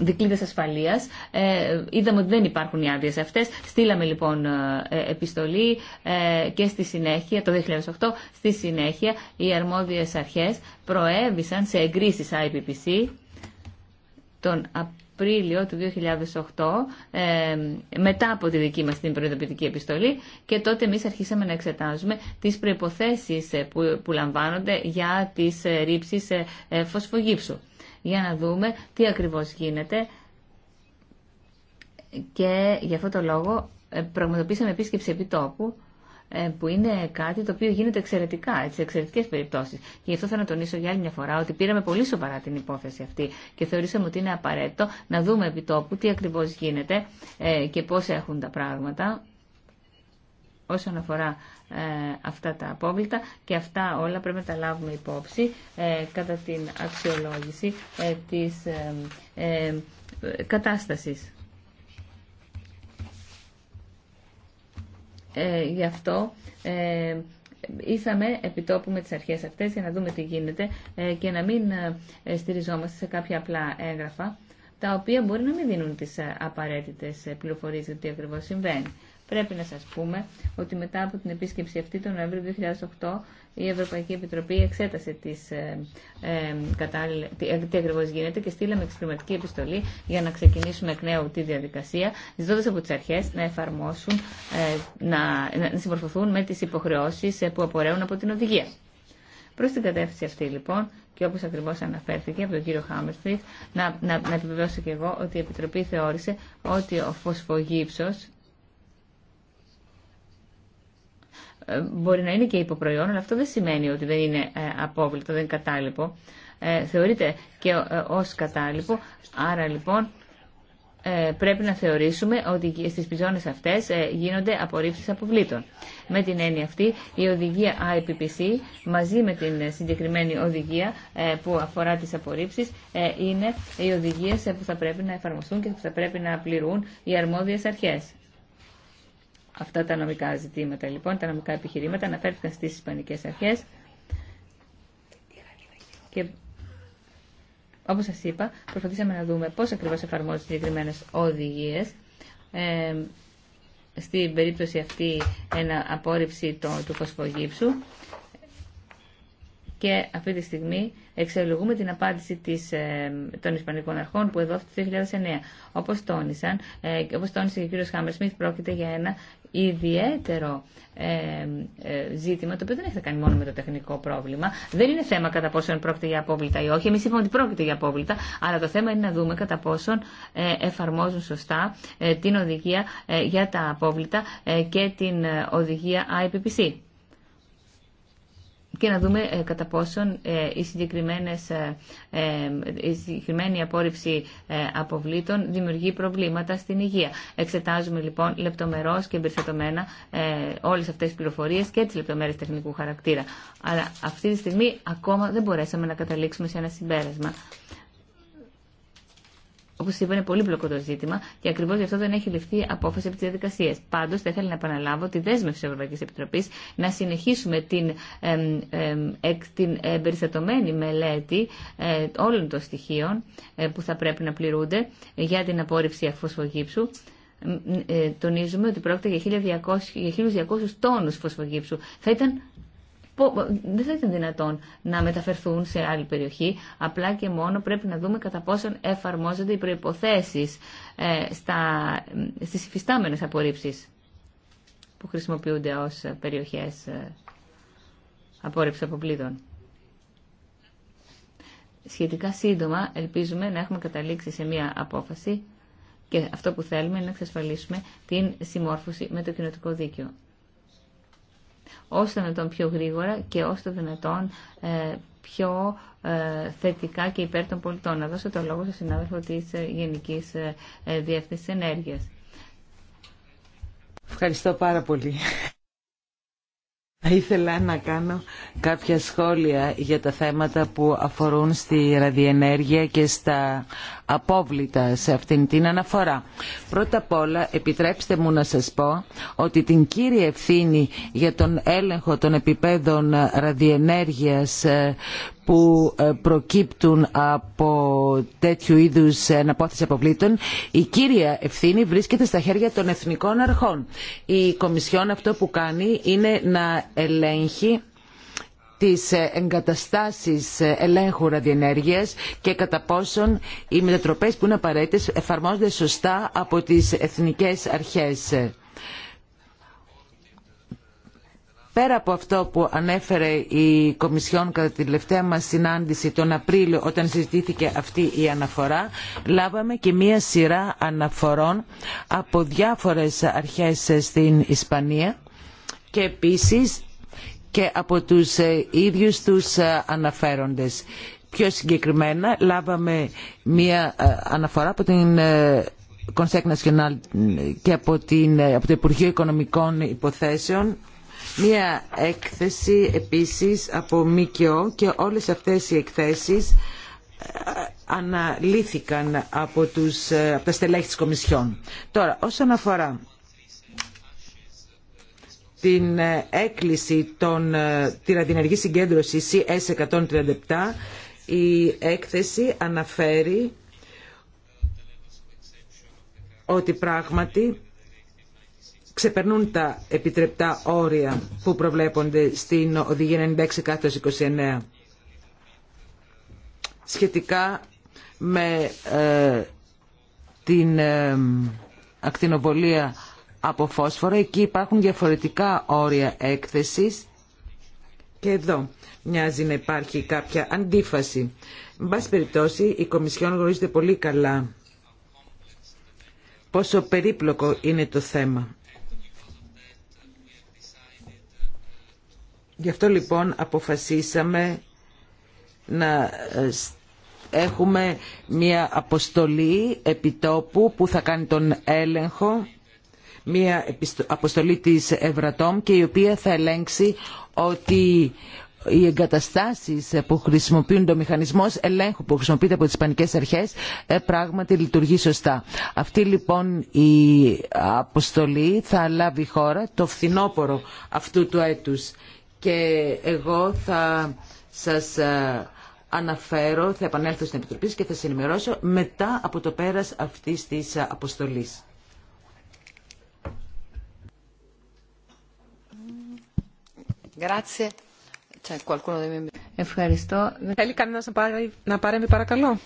δικλείδες ασφαλείας. Είδαμε ότι δεν υπάρχουν οι άδειε αυτές. Στείλαμε λοιπόν επιστολή και στη συνέχεια, το 2008, στη συνέχεια οι αρμόδιες αρχές προέβησαν σε εγκρίσεις IPPC τον Απρίλιο του 2008 ε, μετά από τη δική μας την προειδοποιητική επιστολή και τότε εμείς αρχίσαμε να εξετάζουμε τις προϋποθέσεις ε, που λαμβάνονται για τις ε, ρήψεις φωσφογύψου για να δούμε τι ακριβώς γίνεται και για αυτό το λόγο πραγματοποίησαμε επίσκεψη επιτόπου ε, που είναι κάτι το οποίο γίνεται εξαιρετικά, σε εξαιρετικέ περιπτώσει. Και γι' αυτό θα να τονίσω για άλλη μια φορά ότι πήραμε πολύ σοβαρά την υπόθεση αυτή και θεωρήσαμε ότι είναι απαραίτητο να δούμε επί τόπου τι ακριβώ γίνεται ε, και πώ έχουν τα πράγματα όσον αφορά ε, αυτά τα απόβλητα και αυτά όλα πρέπει να τα λάβουμε υπόψη ε, κατά την αξιολόγηση ε, της ε, κατάστασης. Ε, γι' αυτό ε, ήσαμε επιτόπου με τις αρχές αυτές για να δούμε τι γίνεται ε, και να μην ε, στηριζόμαστε σε κάποια απλά έγγραφα τα οποία μπορεί να μην δίνουν τις απαραίτητες πληροφορίες για το τι ακριβώς συμβαίνει. Πρέπει να σας πούμε ότι μετά από την επίσκεψη αυτή τον Νοέμβριο 2008 η Ευρωπαϊκή Επιτροπή εξέτασε τις, ε, ε, τι, ε, τι γίνεται και στείλαμε εξυπηρετική επιστολή για να ξεκινήσουμε εκ νέου τη διαδικασία, ζητώντα από τι αρχές να εφαρμόσουν, ε, να, να συμμορφωθούν με τι υποχρεώσει ε, που απορρέουν από την οδηγία. Προς την κατεύθυνση αυτή λοιπόν, και όπως ακριβώς αναφέρθηκε από τον κύριο Χάμερστριτ, να, να, να επιβεβαιώσω και εγώ ότι η Επιτροπή θεώρησε ότι ο φωσφογύψος Ε, μπορεί να είναι και υποπροϊόν, αλλά αυτό δεν σημαίνει ότι δεν είναι ε, απόβλητο, δεν είναι κατάλοιπο. Ε, θεωρείται και ως κατάλοιπο, άρα λοιπόν πρέπει να θεωρήσουμε ότι στις πιζώνες αυτές γίνονται απορρίψεις αποβλήτων. Με την έννοια αυτή, η οδηγία IPPC μαζί με την συγκεκριμένη οδηγία που αφορά τις απορρίψεις είναι οι οδηγίες που θα πρέπει να εφαρμοστούν και που θα πρέπει να πληρούν οι αρμόδιες αρχές. Αυτά τα νομικά ζητήματα λοιπόν, τα νομικά επιχειρήματα αναφέρθηκαν στις Ισπανικές Αρχές και όπως σας είπα προσπαθήσαμε να δούμε πώς ακριβώς εφαρμόζονται συγκεκριμένε οδηγίες ε, στην περίπτωση αυτή ένα απόρριψη του φωσφογύψου και αυτή τη στιγμή εξελογούμε την απάντηση της, ε, των Ισπανικών Αρχών που εδώ το 2009. Όπως τόνισαν, ε, όπως τόνισε και ο Χάμερ Σμιθ, πρόκειται για ένα ιδιαίτερο ε, ε, ζήτημα, το οποίο δεν έχει να κάνει μόνο με το τεχνικό πρόβλημα. Δεν είναι θέμα κατά πόσον πρόκειται για απόβλητα ή όχι. Εμεί είπαμε ότι πρόκειται για απόβλητα, αλλά το θέμα είναι να δούμε κατά πόσον ε, εφαρμόζουν σωστά την οδηγία για τα απόβλητα και την οδηγία IPPC και να δούμε ε, κατά πόσον ε, οι συγκεκριμένες, ε, η συγκεκριμένη απόρριψη αποβλήτων δημιουργεί προβλήματα στην υγεία. Εξετάζουμε λοιπόν λεπτομερώς και εμπεριστατωμένα όλες αυτές τις πληροφορίες και τις λεπτομέρειες τεχνικού χαρακτήρα. Αλλά αυτή τη στιγμή ακόμα δεν μπορέσαμε να καταλήξουμε σε ένα συμπέρασμα. Όπω είπα, είναι πολύ μπλοκό το ζήτημα και ακριβώ γι' αυτό δεν έχει ληφθεί απόφαση από τι διαδικασίε. Πάντω, θα ήθελα να επαναλάβω τη δέσμευση τη Ευρωπαϊκή Επιτροπή να συνεχίσουμε την, ε, ε, την εμπεριστατωμένη μελέτη ε, όλων των στοιχείων ε, που θα πρέπει να πληρούνται για την απόρριψη φωσφογύψου ε, τονίζουμε ότι πρόκειται για 1.200 τόνου φωσφογύψου. Θα ήταν δεν θα ήταν δυνατόν να μεταφερθούν σε άλλη περιοχή. Απλά και μόνο πρέπει να δούμε κατά πόσον εφαρμόζονται οι προϋποθέσεις ε, στα, στις υφιστάμενες που χρησιμοποιούνται ως περιοχές ε, απόρριψης αποπλήτων. Σχετικά σύντομα ελπίζουμε να έχουμε καταλήξει σε μία απόφαση και αυτό που θέλουμε είναι να εξασφαλίσουμε την συμμόρφωση με το κοινοτικό δίκαιο όσο δυνατόν πιο γρήγορα και όσο το δυνατόν ε, πιο ε, θετικά και υπέρ των πολιτών. Να δώσω το λόγο στον συνάδελφο της ε, Γενικής Διεύθυνσης Ενέργειας. Ευχαριστώ πάρα πολύ. Θα ήθελα να κάνω κάποια σχόλια για τα θέματα που αφορούν στη ραδιενέργεια και στα απόβλητα σε αυτήν την αναφορά. Πρώτα απ' όλα επιτρέψτε μου να σας πω ότι την κύρια ευθύνη για τον έλεγχο των επιπέδων ραδιενέργειας ε, που ε, προκύπτουν από τέτοιου είδους αναπόθεση αποβλήτων, η κύρια ευθύνη βρίσκεται στα χέρια των εθνικών αρχών. Η Κομισιόν αυτό που κάνει είναι να ελέγχει τις ε, εγκαταστάσεις ε, ελέγχου ραδιενέργειας και κατά πόσον οι μετατροπές που είναι απαραίτητες εφαρμόζονται σωστά από τις εθνικές αρχές. Πέρα από αυτό που ανέφερε η Κομισιόν κατά τη τελευταία μας συνάντηση τον Απρίλιο όταν συζητήθηκε αυτή η αναφορά, λάβαμε και μία σειρά αναφορών από διάφορες αρχές στην Ισπανία και επίσης και από τους ε, ίδιους τους ε, αναφέροντες. Πιο συγκεκριμένα λάβαμε μία ε, αναφορά από την Conseil National και από, την, από το Υπουργείο Οικονομικών Υποθέσεων μία έκθεση επίσης από ΜΚΟ και όλες αυτές οι εκθέσεις αναλύθηκαν από, τους, από τα στελέχη της Κομισιόν. Τώρα, όσον αφορά την ε, έκκληση των, ε, την ραδιενεργη συγκεντρωση συγκέντρωση CS137 η έκθεση αναφέρει ότι πράγματι ξεπερνούν τα επιτρεπτά όρια που προβλέπονται στην Οδηγία 96-29 σχετικά με ε, την ακτινοβολία από Εκεί υπάρχουν διαφορετικά όρια έκθεσης και εδώ μοιάζει να υπάρχει κάποια αντίφαση. Με πάση περιπτώσει, η Κομισιόν γνωρίζεται πολύ καλά πόσο περίπλοκο είναι το θέμα. Γι' αυτό λοιπόν αποφασίσαμε να ε, έχουμε μια αποστολή επιτόπου που θα κάνει τον έλεγχο μια αποστολή της Ευρατόμ και η οποία θα ελέγξει ότι οι εγκαταστάσεις που χρησιμοποιούν το μηχανισμό ελέγχου που χρησιμοποιείται από τις ισπανικές αρχές ε, πράγματι λειτουργεί σωστά. Αυτή λοιπόν η αποστολή θα λάβει χώρα το φθινόπωρο αυτού του έτους και εγώ θα σας ε, αναφέρω, θα επανέλθω στην Επιτροπή και θα σας ενημερώσω μετά από το πέρας αυτής της ε, αποστολής. Ευχαριστώ. Θέλει κανένα να, πάρει, να παρέμβει παρακαλώ.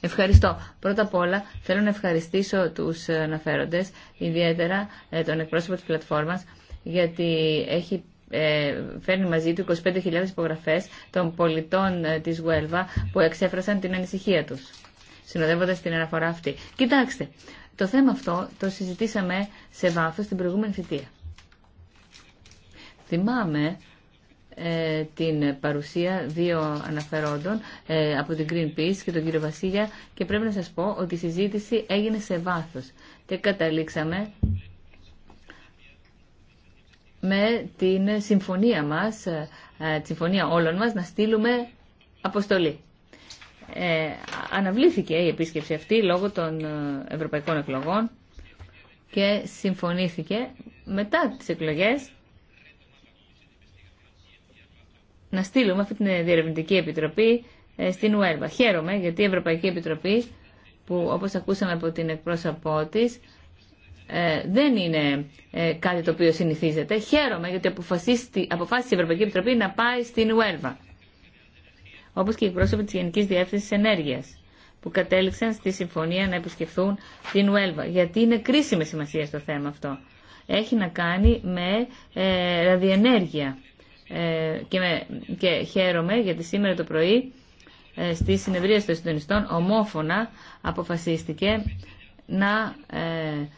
Ευχαριστώ. Πρώτα απ' όλα θέλω να ευχαριστήσω τους αναφέροντες, ιδιαίτερα ε, τον εκπρόσωπο της πλατφόρμας, γιατί έχει ε, φέρνει μαζί του 25.000 υπογραφέ των πολιτών ε, της Γουέλβα που εξέφρασαν την ανησυχία τους, Συνοδεύοντα την αναφορά αυτή. Κοιτάξτε, το θέμα αυτό το συζητήσαμε σε βάθος την προηγούμενη θητεία. Θυμάμαι ε, την παρουσία δύο αναφερόντων από την Greenpeace και τον κύριο Βασίλια και πρέπει να σας πω ότι η συζήτηση έγινε σε βάθος και καταλήξαμε με την συμφωνία μας, ε, τη συμφωνία όλων μας, να στείλουμε αποστολή. Ε, αναβλήθηκε η επίσκεψη αυτή λόγω των ε, ευρωπαϊκών εκλογών και συμφωνήθηκε μετά τις εκλογές να στείλουμε αυτή την διερευνητική επιτροπή ε, στην ΟΕΡΒΑ. Χαίρομαι γιατί η Ευρωπαϊκή Επιτροπή που όπως ακούσαμε από την εκπρόσωπό της ε, δεν είναι ε, κάτι το οποίο συνηθίζεται. Χαίρομαι γιατί αποφάσισε η Ευρωπαϊκή Επιτροπή να πάει στην Ουέλβα. όπως και οι πρόσωποι της Γενικής Διεύθυνσης Ενέργειας που κατέληξαν στη συμφωνία να επισκεφθούν την ΟΕΛΒΑ, γιατί είναι κρίσιμη σημασία στο θέμα αυτό. Έχει να κάνει με ε, ραδιενέργεια ε, και, με, και χαίρομαι γιατί σήμερα το πρωί ε, στη συνεδρία των συντονιστών ομόφωνα αποφασίστηκε να ε,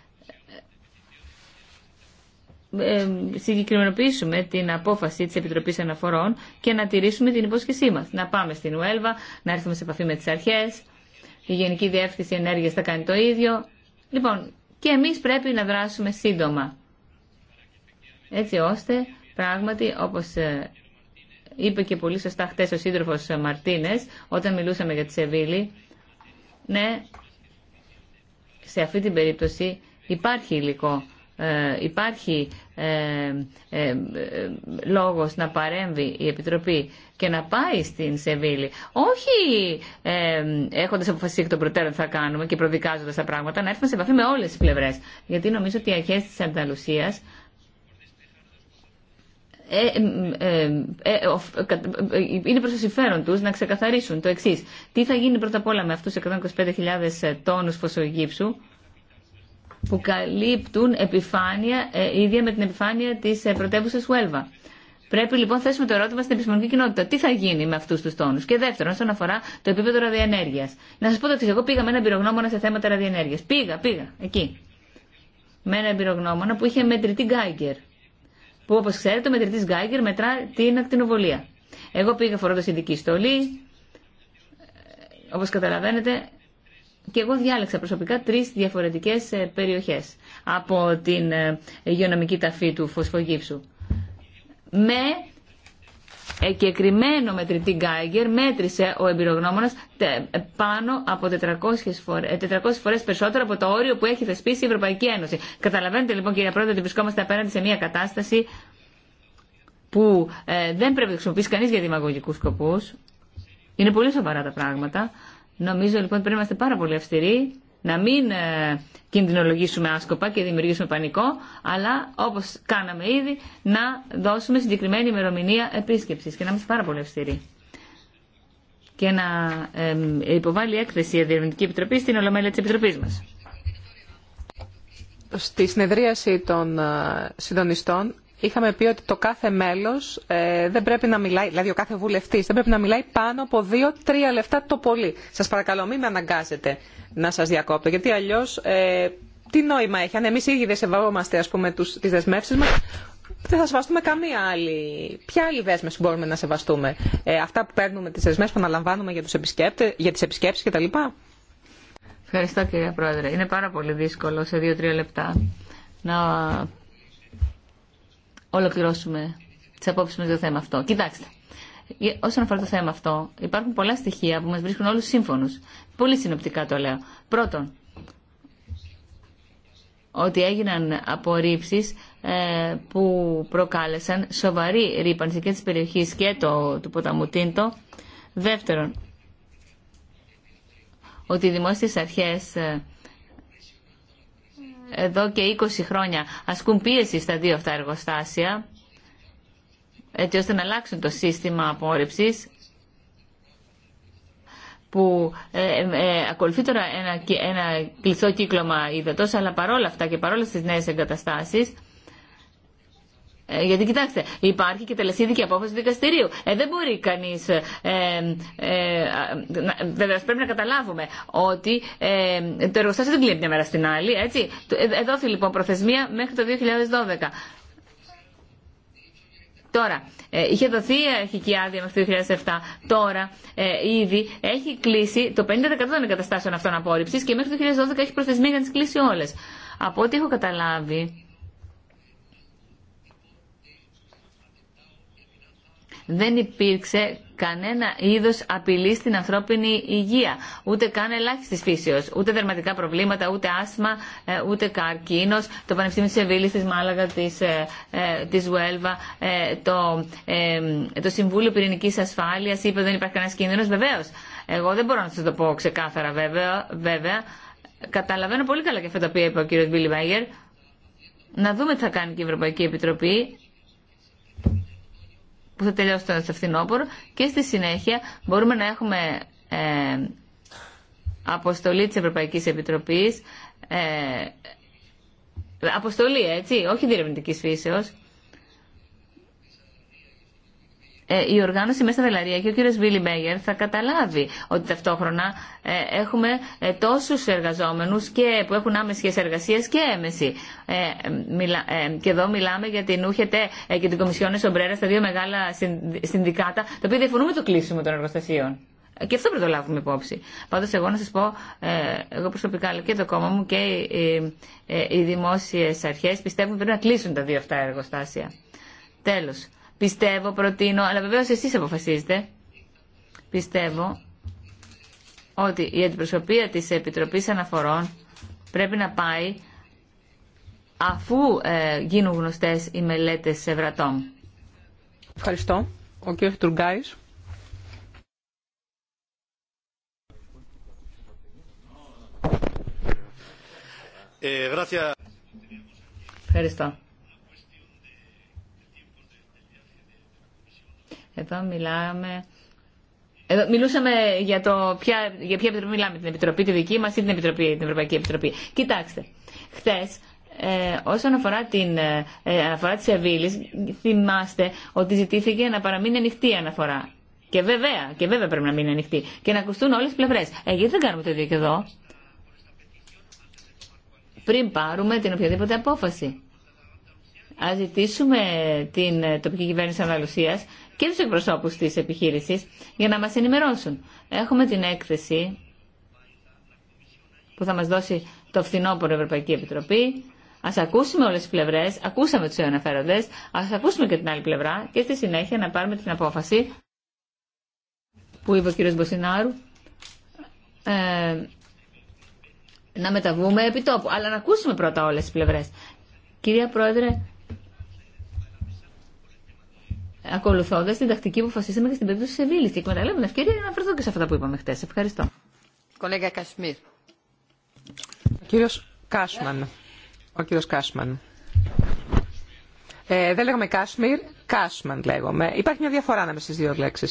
συγκεκριμενοποιήσουμε την απόφαση της Επιτροπής Αναφορών και να τηρήσουμε την υπόσχεσή μας. Να πάμε στην Ουέλβα, να έρθουμε σε επαφή με τις αρχές, η Γενική Διεύθυνση Ενέργειας θα κάνει το ίδιο. Λοιπόν, και εμείς πρέπει να δράσουμε σύντομα. Έτσι ώστε πράγματι, όπως ε, είπε και πολύ σωστά χτες ο σύντροφος Μαρτίνες, όταν μιλούσαμε για τη Σεβίλη, ναι, σε αυτή την περίπτωση υπάρχει υλικό ε, υπάρχει ε, ε, λόγος να παρέμβει η Επιτροπή και να πάει στην Σεβίλη, όχι έχοντας αποφασίσει εκ των προτέρων θα κάνουμε και προδικάζοντας τα πράγματα, να έρθουμε σε επαφή με όλες τις πλευρές. Γιατί νομίζω ότι οι αρχές της Ανταλουσίας είναι προς το συμφέρον τους να ξεκαθαρίσουν το εξής. Τι θα γίνει πρώτα απ' όλα με αυτούς 125.000 τόνους φωσογύψου που καλύπτουν επιφάνεια, ε, ίδια με την επιφάνεια τη ε, πρωτεύουσα Χουέλβα. Πρέπει λοιπόν να θέσουμε το ερώτημα στην επιστημονική κοινότητα. Τι θα γίνει με αυτού του τόνου. Και δεύτερον, όσον αφορά το επίπεδο ραδιενέργεια. Να σα πω το εξή. Εγώ πήγα με έναν πυρογνώμονα σε θέματα ραδιενέργεια. Πήγα, πήγα, εκεί. Με έναν πυρογνώμονα που είχε μετρητή Γκάγκερ. Που όπω ξέρετε, ο μετρητή Γκάγκερ μετρά την ακτινοβολία. Εγώ πήγα φορώντα ειδική στολή. Ε, όπω καταλαβαίνετε, και εγώ διάλεξα προσωπικά τρεις διαφορετικές ε, περιοχές από την ε, υγειονομική ταφή του φωσφογύψου. Με εκεκριμένο μετρητή Γκάιγκερ μέτρησε ο εμπειρογνώμονας ε, πάνω από 400 φορές, περισσότερο από το όριο που έχει θεσπίσει η Ευρωπαϊκή Ένωση. Καταλαβαίνετε λοιπόν κυρία Πρόεδρε ότι βρισκόμαστε απέναντι σε μια κατάσταση που δεν πρέπει να χρησιμοποιήσει κανείς για δημαγωγικούς σκοπούς. Είναι πολύ σοβαρά τα πράγματα. Νομίζω λοιπόν πρέπει να είμαστε πάρα πολύ αυστηροί, να μην ε, κινδυνολογήσουμε άσκοπα και δημιουργήσουμε πανικό, αλλά όπως κάναμε ήδη, να δώσουμε συγκεκριμένη ημερομηνία επίσκεψη και να είμαστε πάρα πολύ αυστηροί και να υποβάλει έκθεση η διευρυντική Επιτροπή στην Ολομέλεια τη Επιτροπής μας. Στη συνεδρίαση των ε, συντονιστών είχαμε πει ότι το κάθε μέλος ε, δεν πρέπει να μιλάει, δηλαδή ο κάθε βουλευτής δεν πρέπει να μιλάει πάνω από 2-3 λεφτά το πολύ. Σας παρακαλώ μην με αναγκάζετε να σας διακόπτω, γιατί αλλιώς ε, τι νόημα έχει. Αν εμείς ήδη δεν σεβόμαστε ας πούμε τους, τις δεσμεύσεις μας, δεν θα σεβαστούμε καμία άλλη. Ποια άλλη δέσμευση μπορούμε να σεβαστούμε. Ε, αυτά που παίρνουμε, τι δεσμεύσει που αναλαμβάνουμε για, τους επισκέπτε, για τις επισκέψεις κτλ. Ευχαριστώ κύριε Πρόεδρε. Είναι πάρα πολύ δύσκολο σε δύο-τρία λεπτά να ολοκληρώσουμε τι απόψει μα για το θέμα αυτό. Κοιτάξτε, όσον αφορά το θέμα αυτό, υπάρχουν πολλά στοιχεία που μα βρίσκουν όλου σύμφωνου. Πολύ συνοπτικά το λέω. Πρώτον, ότι έγιναν απορρίψεις ε, που προκάλεσαν σοβαρή ρήπανση και της περιοχής και το, του ποταμού Τίντο. Δεύτερον, ότι οι δημόσιες αρχές ε, εδώ και 20 χρόνια ασκούν πίεση στα δύο αυτά εργοστάσια έτσι ώστε να αλλάξουν το σύστημα απόρριψης που ε, ε, ε ακολουθεί τώρα ένα, ένα κλειστό κύκλωμα υδατός αλλά παρόλα αυτά και παρόλα στις νέες εγκαταστάσεις ε, γιατί κοιτάξτε, υπάρχει και τελεσίδικη απόφαση του δικαστηρίου. Ε, δεν μπορεί κανεί. Ε, ε, ε Βέβαια, πρέπει να καταλάβουμε ότι ε, το εργοστάσιο δεν κλείνει μια μέρα στην άλλη. Έτσι. Ε, δόθη λοιπόν προθεσμία μέχρι το 2012. Τώρα, ε, είχε δοθεί η αρχική άδεια μέχρι το 2007. Τώρα, ε, ήδη έχει κλείσει το 50% των εγκαταστάσεων αυτών απόρριψη και μέχρι το 2012 έχει προθεσμία για να τι κλείσει όλε. Από ό,τι έχω καταλάβει, δεν υπήρξε κανένα είδο απειλή στην ανθρώπινη υγεία. Ούτε καν ελάχιστη φύσεω. Ούτε δερματικά προβλήματα, ούτε άσθμα, ε, ούτε καρκίνο. Το Πανεπιστήμιο τη Σεβίλη, τη Μάλαγα, τη ε, ε, της Βουέλβα, το, το Συμβούλιο Πυρηνική Ασφάλεια είπε ότι δεν υπάρχει κανένα κίνδυνο. Βεβαίω. Εγώ δεν μπορώ να σα το πω ξεκάθαρα, βέβαια. βέβαια. Καταλαβαίνω πολύ καλά και αυτά τα οποία είπε ο κύριο Μπίλι Μάγερ. Να δούμε τι θα κάνει και η Ευρωπαϊκή Επιτροπή που θα τελειώσει τώρα στο φθινόπωρο και στη συνέχεια μπορούμε να έχουμε ε, αποστολή της Ευρωπαϊκής Επιτροπής ε, αποστολή έτσι, όχι διερευνητικής φύσεως Ε, η οργάνωση μέσα στα βελαρία και ο κύριος Βίλι Μέγερ θα καταλάβει ότι ταυτόχρονα ε, έχουμε ε, τόσους εργαζόμενους και που έχουν άμεση εργασία και έμεση. και εδώ μιλάμε για την Ούχετε και την Κομισιόν Εσομπρέρα στα δύο μεγάλα συνδικάτα, τα οποία διαφωνούν με το κλείσιμο των εργοστασίων. Και αυτό πρέπει να το λάβουμε υπόψη. Πάντω, εγώ να σα πω, εγώ προσωπικά, αλλά και το κόμμα μου και οι, οι, οι δημόσιε αρχέ πιστεύουν πρέπει να κλείσουν τα δύο αυτά εργοστάσια. Τέλο. Πιστεύω, προτείνω, αλλά βεβαίω εσεί αποφασίζετε. Πιστεύω ότι η αντιπροσωπεία της Επιτροπής Αναφορών πρέπει να πάει αφού ε, γίνουν γνωστές οι μελέτες βρατόμ. Ευχαριστώ. Ο κύριος Τουργκάης. Ε, Ευχαριστώ. Εδώ μιλάμε... Εδώ μιλούσαμε για, το ποια, για ποια επιτροπή μιλάμε, την Επιτροπή τη δική μα ή την, επιτροπή, την Ευρωπαϊκή Επιτροπή. Κοιτάξτε, χθες ε, όσον αφορά την ε, αναφορά ε, τη Σεβίλη, θυμάστε ότι ζητήθηκε να παραμείνει ανοιχτή η αναφορά. Και βέβαια, και βέβαια πρέπει να μείνει ανοιχτή. Και να ακουστούν όλε τις πλευρές. Ε, γιατί δεν κάνουμε το ίδιο και εδώ. Πριν πάρουμε την οποιαδήποτε απόφαση. Α ζητήσουμε την τοπική κυβέρνηση Ανδαλουσία και του εκπροσώπου τη επιχείρηση για να μα ενημερώσουν. Έχουμε την έκθεση που θα μα δώσει το φθινόπωρο Ευρωπαϊκή Επιτροπή. Α ακούσουμε όλε τι πλευρέ, ακούσαμε του αναφέροντε, α ακούσουμε και την άλλη πλευρά και στη συνέχεια να πάρουμε την απόφαση που είπε ο κ. Μποσινάρου ε, να μεταβούμε επί τόπου. Αλλά να ακούσουμε πρώτα όλε τι πλευρέ. Κυρία Πρόεδρε, ακολουθώντα την τακτική που φασίσαμε και στην περίπτωση τη Σεβίλη. Και εκμεταλλεύω την ευκαιρία να αναφερθώ και σε αυτά που είπαμε χθε. Ευχαριστώ. Κολέγα Κασμίρ. κύριο Κάσμαν. Ο κύριος Κάσμαν. Ε, δεν λέγαμε Κάσμιρ, Κάσμαν λέγομαι. Υπάρχει μια διαφορά ανάμεσα στι δύο λέξει.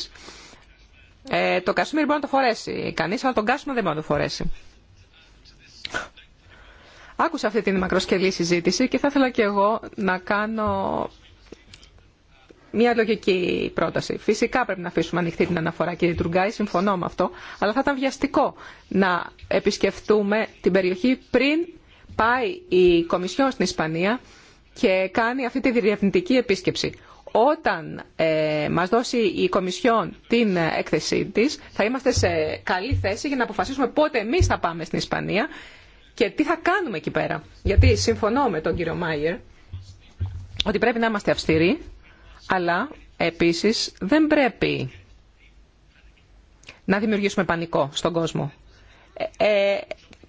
Ε, το Κασμίρ μπορεί να το φορέσει κανεί, αλλά τον Κάσμαν δεν μπορεί να το φορέσει. Άκουσα αυτή την μακροσκελή συζήτηση και θα ήθελα και εγώ να κάνω μια λογική πρόταση. Φυσικά πρέπει να αφήσουμε ανοιχτή την αναφορά, κύριε Τουργκάη, συμφωνώ με αυτό, αλλά θα ήταν βιαστικό να επισκεφτούμε την περιοχή πριν πάει η Κομισιόν στην Ισπανία και κάνει αυτή τη διερευνητική επίσκεψη. Όταν ε, μας δώσει η Κομισιόν την έκθεσή της, θα είμαστε σε καλή θέση για να αποφασίσουμε πότε εμείς θα πάμε στην Ισπανία και τι θα κάνουμε εκεί πέρα. Γιατί συμφωνώ με τον κύριο Μάιερ ότι πρέπει να είμαστε αυστηροί αλλά επίσης δεν πρέπει να δημιουργήσουμε πανικό στον κόσμο. Ε, ε,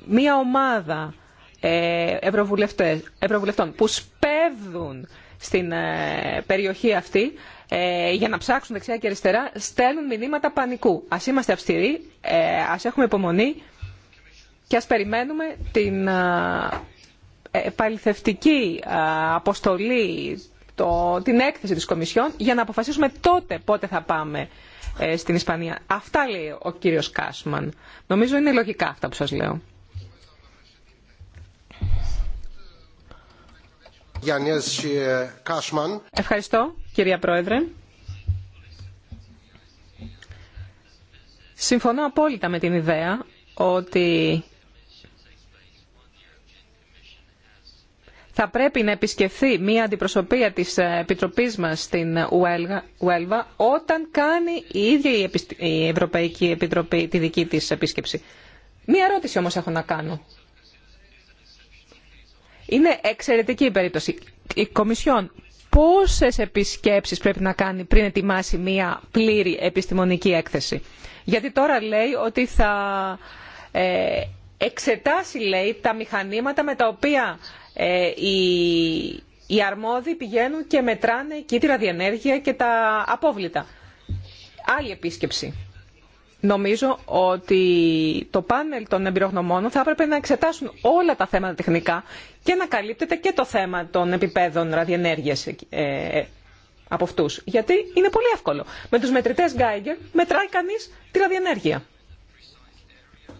μία ομάδα ε, ευρωβουλευτών που σπέβδουν στην ε, περιοχή αυτή για να ψάξουν δεξιά και αριστερά στέλνουν μηνύματα πανικού. Ας είμαστε αυστηροί, ας έχουμε υπομονή και ας περιμένουμε την επαληθευτική αποστολή την έκθεση της Κομισιόν για να αποφασίσουμε τότε πότε θα πάμε ε, στην Ισπανία. Αυτά λέει ο κύριος Κάσμαν. Νομίζω είναι λογικά αυτά που σας λέω. Ε, Ευχαριστώ, κυρία Πρόεδρε. Συμφωνώ απόλυτα με την ιδέα ότι θα πρέπει να επισκεφθεί μία αντιπροσωπεία της Επιτροπής μας στην Ουέλβα όταν κάνει η ίδια η Ευρωπαϊκή Επιτροπή τη δική της επίσκεψη. Μία ερώτηση όμως έχω να κάνω. Είναι εξαιρετική η περίπτωση. Η Κομισιόν πόσες επισκέψεις πρέπει να κάνει πριν ετοιμάσει μία πλήρη επιστημονική έκθεση. Γιατί τώρα λέει ότι θα ε, εξετάσει λέει, τα μηχανήματα με τα οποία ε, οι αρμόδιοι πηγαίνουν και μετράνε εκεί τη ραδιενέργεια και τα απόβλητα. Άλλη επίσκεψη. Νομίζω ότι το πάνελ των εμπειρογνωμόνων θα έπρεπε να εξετάσουν όλα τα θέματα τεχνικά και να καλύπτεται και το θέμα των επιπέδων ραδιενέργειας ε, ε, από αυτού. Γιατί είναι πολύ εύκολο. Με τους μετρητές Geiger μετράει κανείς τη ραδιενέργεια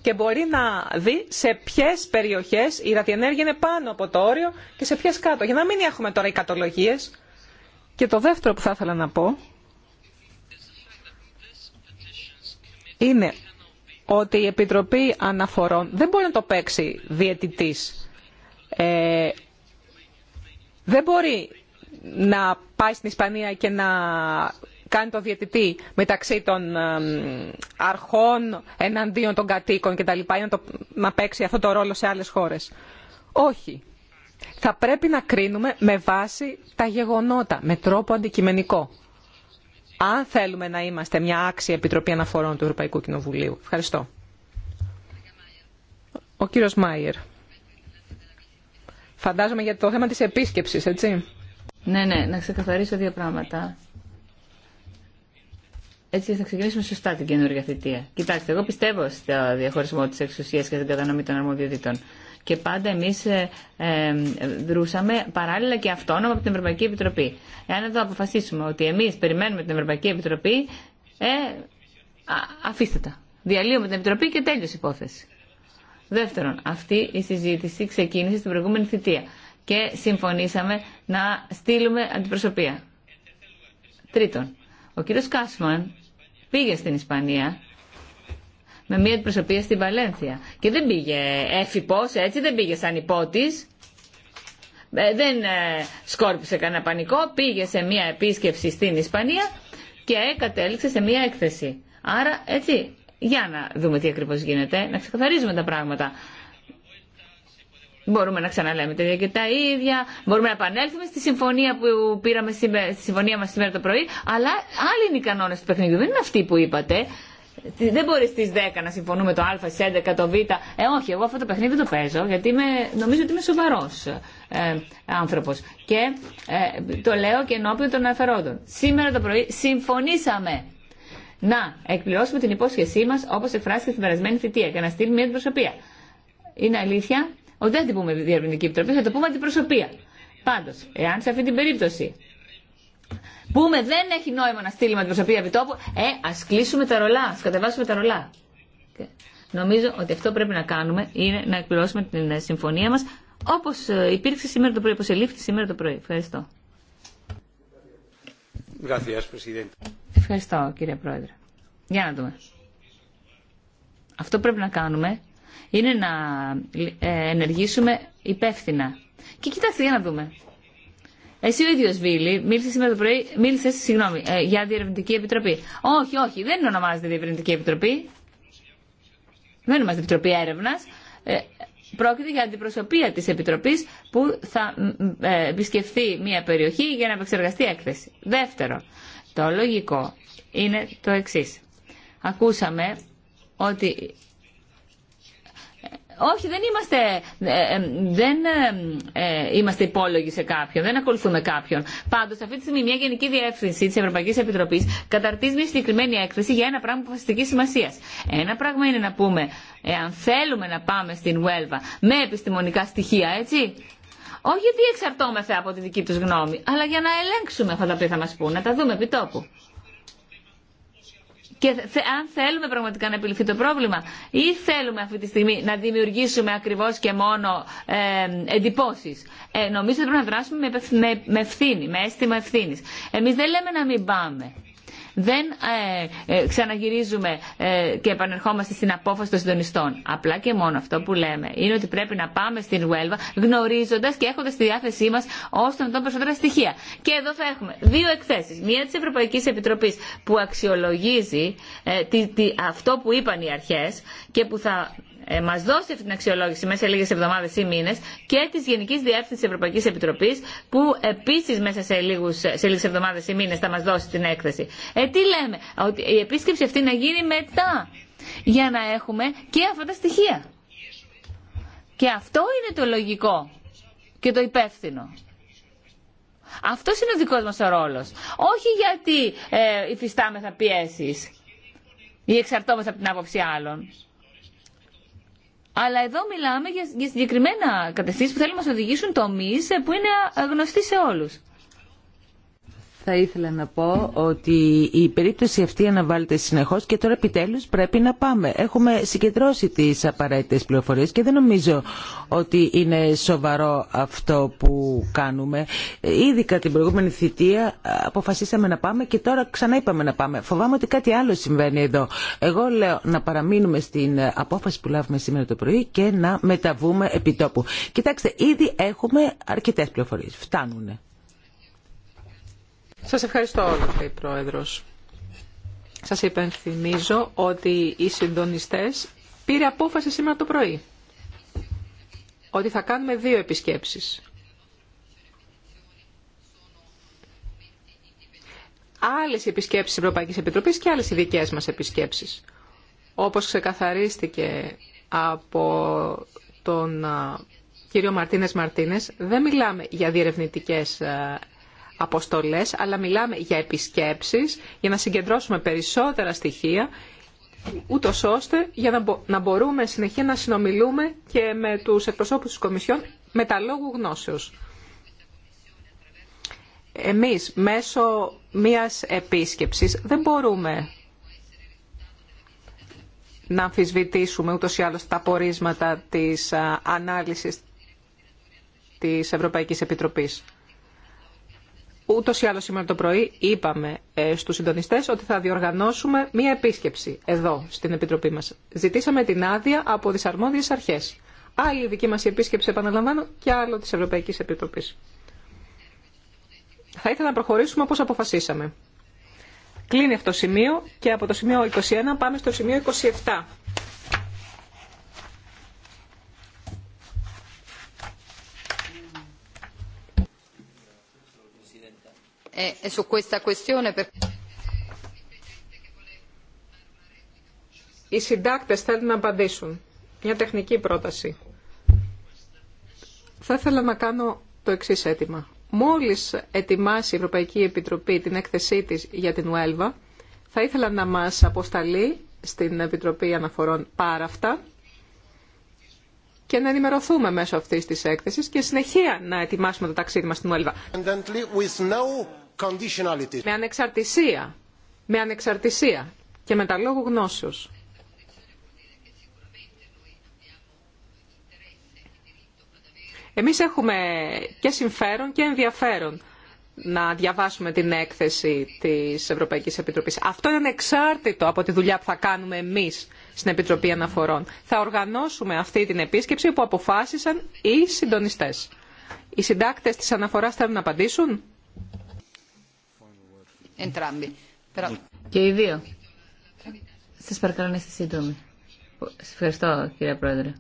και μπορεί να δει σε ποιε περιοχέ η ραδιενέργεια είναι πάνω από το όριο και σε ποιε κάτω. Για να μην έχουμε τώρα κατολογίε. Και το δεύτερο που θα ήθελα να πω είναι ότι η Επιτροπή Αναφορών δεν μπορεί να το παίξει διαιτητής. Ε, δεν μπορεί να πάει στην Ισπανία και να κάνει το διαιτητή μεταξύ των ε, αρχών εναντίον των κατοίκων κτλ. Για να, να παίξει αυτό το ρόλο σε άλλες χώρες. Όχι. Θα πρέπει να κρίνουμε με βάση τα γεγονότα, με τρόπο αντικειμενικό. Αν θέλουμε να είμαστε μια άξια Επιτροπή Αναφορών του Ευρωπαϊκού Κοινοβουλίου. Ευχαριστώ. Ο κύριος Μάιερ. Φαντάζομαι για το θέμα της επίσκεψης, έτσι. Ναι, ναι, να ξεκαθαρίσω δύο πράγματα. Έτσι θα ξεκινήσουμε σωστά την καινούργια θητεία. Κοιτάξτε, εγώ πιστεύω στο διαχωρισμό τη εξουσία και την κατανομή των αρμοδιοτήτων. Και πάντα εμεί ε, ε, δρούσαμε παράλληλα και αυτόνομα από την Ευρωπαϊκή Επιτροπή. Εάν εδώ αποφασίσουμε ότι εμεί περιμένουμε την Ευρωπαϊκή Επιτροπή, ε, α, αφήστε τα. Διαλύουμε την Επιτροπή και τέλειωσε υπόθεση. Δεύτερον, αυτή η συζήτηση ξεκίνησε στην προηγούμενη θητεία και συμφωνήσαμε να στείλουμε αντιπροσωπεία. Τρίτον, ο κύριος Κάσμαν πήγε στην Ισπανία με μια αντιπροσωπεία στην Βαλένθια. Και δεν πήγε έφυπος, έτσι δεν πήγε σαν υπότης. Ε, δεν ε, σκόρπισε κανένα πανικό, πήγε σε μια επίσκεψη στην Ισπανία και κατέληξε σε μια έκθεση. Άρα έτσι, για να δούμε τι ακριβώς γίνεται, να ξεκαθαρίζουμε τα πράγματα. Μπορούμε να ξαναλέμε τα ίδια και τα ίδια, μπορούμε να επανέλθουμε στη συμφωνία που πήραμε στη συμφωνία μα σήμερα το πρωί, αλλά άλλοι είναι οι κανόνε του παιχνιδιού, δεν είναι αυτοί που είπατε. Δεν μπορεί στι 10 να συμφωνούμε το Α, στι 11 το Β. Ε, όχι, εγώ αυτό το παιχνίδι το παίζω, γιατί είμαι, νομίζω ότι είμαι σοβαρό ε, άνθρωπο. Και ε, το λέω και ενώπιον των αναφερόντων. Σήμερα το πρωί συμφωνήσαμε να εκπληρώσουμε την υπόσχεσή μα όπω εκφράστηκε στην περασμένη θητεία και να στείλουμε μια αντιπροσωπεία. Είναι αλήθεια ότι δεν την πούμε Διευρυντική Επιτροπή, θα το πούμε αντιπροσωπεία. Πάντω, εάν σε αυτή την περίπτωση πούμε δεν έχει νόημα να στείλουμε αντιπροσωπεία επιτόπου, ε, α κλείσουμε τα ρολά, α κατεβάσουμε τα ρολά. Νομίζω ότι αυτό πρέπει να κάνουμε είναι να εκπληρώσουμε την ε, συμφωνία μα όπω ε, υπήρξε σήμερα το πρωί, όπω ελήφθη σήμερα το πρωί. Ευχαριστώ. Ευχαριστώ κύριε Πρόεδρε. Για να δούμε. Αυτό πρέπει να κάνουμε είναι να ε, ενεργήσουμε υπεύθυνα. Και κοιτάξτε για να δούμε. Εσύ ο ίδιο, Βίλη, μίλησε σήμερα το πρωί, μίλησε, συγγνώμη, ε, για διερευνητική επιτροπή. Όχι, όχι, δεν ονομάζεται διερευνητική επιτροπή. Δεν ονομάζεται επιτροπή έρευνα. Ε, πρόκειται για αντιπροσωπεία τη επιτροπή που θα επισκεφθεί μια περιοχή για να επεξεργαστεί έκθεση. Δεύτερο, το λογικό είναι το εξή. Ακούσαμε ότι όχι, δεν είμαστε, ε, ε, δεν ε, είμαστε υπόλογοι σε κάποιον, δεν ακολουθούμε κάποιον. Πάντω, αυτή τη στιγμή μια Γενική Διεύθυνση τη Ευρωπαϊκή Επιτροπή καταρτίζει μια συγκεκριμένη έκθεση για ένα πράγμα αποφασιστική σημασία. Ένα πράγμα είναι να πούμε, εάν θέλουμε να πάμε στην Βέλβα με επιστημονικά στοιχεία, έτσι. Όχι γιατί εξαρτώμεθα από τη δική του γνώμη, αλλά για να ελέγξουμε αυτά που θα μα πούνε, να τα δούμε επί τόπου. Και αν θέλουμε πραγματικά να επιληφθεί το πρόβλημα ή θέλουμε αυτή τη στιγμή να δημιουργήσουμε ακριβώς και μόνο ε, εντυπώσεις. Ε, νομίζω ότι πρέπει να δράσουμε με ευθύνη, με αίσθημα ευθύνης. Εμείς δεν λέμε να μην πάμε δεν ε, ε ξαναγυρίζουμε ε, και επανερχόμαστε στην απόφαση των συντονιστών. Απλά και μόνο αυτό που λέμε είναι ότι πρέπει να πάμε στην Βουέλβα γνωρίζοντα και έχοντα τη διάθεσή μα ώστε να τον περισσότερα στοιχεία. Και εδώ θα έχουμε δύο εκθέσει. Μία τη Ευρωπαϊκή Επιτροπή που αξιολογίζει ε, τι αυτό που είπαν οι αρχέ και που θα ε, μα δώσει αυτή την αξιολόγηση μέσα σε λίγε εβδομάδε ή μήνε και τη Γενική Διεύθυνση Ευρωπαϊκή Επιτροπή, που επίση μέσα σε, λίγους, σε λίγε εβδομάδε ή μήνε θα μα δώσει την έκθεση. Ε, τι λέμε, ότι η επίσκεψη αυτή να γίνει μετά, για να έχουμε και αυτά τα στοιχεία. Και αυτό είναι το λογικό και το υπεύθυνο. Αυτό είναι ο δικό μα ο ρόλος. Όχι γιατί ε, υφιστάμεθα πιέσει ή εξαρτώμεθα από την άποψη άλλων αλλά εδώ μιλάμε για, συγκεκριμένα κατευθύνσεις που θέλουν να μα οδηγήσουν τομεί, που είναι γνωστοί σε όλους θα ήθελα να πω ότι η περίπτωση αυτή αναβάλλεται συνεχώς και τώρα επιτέλους πρέπει να πάμε. Έχουμε συγκεντρώσει τις απαραίτητες πληροφορίες και δεν νομίζω ότι είναι σοβαρό αυτό που κάνουμε. Ήδη κατά την προηγούμενη θητεία αποφασίσαμε να πάμε και τώρα ξανά είπαμε να πάμε. Φοβάμαι ότι κάτι άλλο συμβαίνει εδώ. Εγώ λέω να παραμείνουμε στην απόφαση που λάβουμε σήμερα το πρωί και να μεταβούμε επιτόπου. Κοιτάξτε, ήδη έχουμε αρκετές πληροφορίες. Φτάνουνε. Σας ευχαριστώ όλους, λέει Πρόεδρος. Σας υπενθυμίζω ότι οι συντονιστές πήρε απόφαση σήμερα το πρωί ότι θα κάνουμε δύο επισκέψεις. Άλλες επισκέψεις της Ευρωπαϊκής Επιτροπής και άλλες οι δικές μας επισκέψεις. Όπως ξεκαθαρίστηκε από τον κύριο Μαρτίνες Μαρτίνες, δεν μιλάμε για διερευνητικές αποστολές, αλλά μιλάμε για επισκέψεις, για να συγκεντρώσουμε περισσότερα στοιχεία, ούτω ώστε για να μπορούμε συνεχεία να συνομιλούμε και με τους εκπροσώπους της Κομισιόν με τα λόγου γνώσεως. Εμείς μέσω μιας επίσκεψης δεν μπορούμε να αμφισβητήσουμε ούτως ή άλλως τα πορίσματα της ανάλυσης της Ευρωπαϊκής Επιτροπής ούτως ή άλλως σήμερα το πρωί είπαμε ε, στους συντονιστές ότι θα διοργανώσουμε μία επίσκεψη εδώ στην Επιτροπή μας. Ζητήσαμε την άδεια από τις αρμόδιες αρχές. Άλλη δική μας επίσκεψη, επαναλαμβάνω, και άλλο της Ευρωπαϊκής Επιτροπής. Θα ήθελα να προχωρήσουμε όπως αποφασίσαμε. Κλείνει αυτό το σημείο και από το σημείο 21 πάμε στο σημείο 27. Eh, eh, su questa questione Οι συντάκτε θέλουν να απαντήσουν. Μια τεχνική πρόταση. Θα ήθελα να κάνω το εξή αίτημα. Μόλι ετοιμάσει η Ευρωπαϊκή Επιτροπή την έκθεσή τη για την ΟΕΛΒΑ, θα ήθελα να μα αποσταλεί στην Επιτροπή Αναφορών πάρα αυτά και να ενημερωθούμε μέσω αυτή τη έκθεση και συνεχεία να ετοιμάσουμε το ταξίδι μα στην ΟΕΛΒΑ. Με ανεξαρτησία. Με ανεξαρτησία και με τα λόγου γνώσεως. Εμείς έχουμε και συμφέρον και ενδιαφέρον να διαβάσουμε την έκθεση της Ευρωπαϊκής Επιτροπής. Αυτό είναι ανεξάρτητο από τη δουλειά που θα κάνουμε εμείς στην Επιτροπή Αναφορών. Θα οργανώσουμε αυτή την επίσκεψη που αποφάσισαν οι συντονιστές. Οι συντάκτες της αναφοράς θέλουν να απαντήσουν entrambi. Però... Και οι δύο. Σας παρακαλώ να είστε σύντομοι. Σας ευχαριστώ κύριε Πρόεδρε.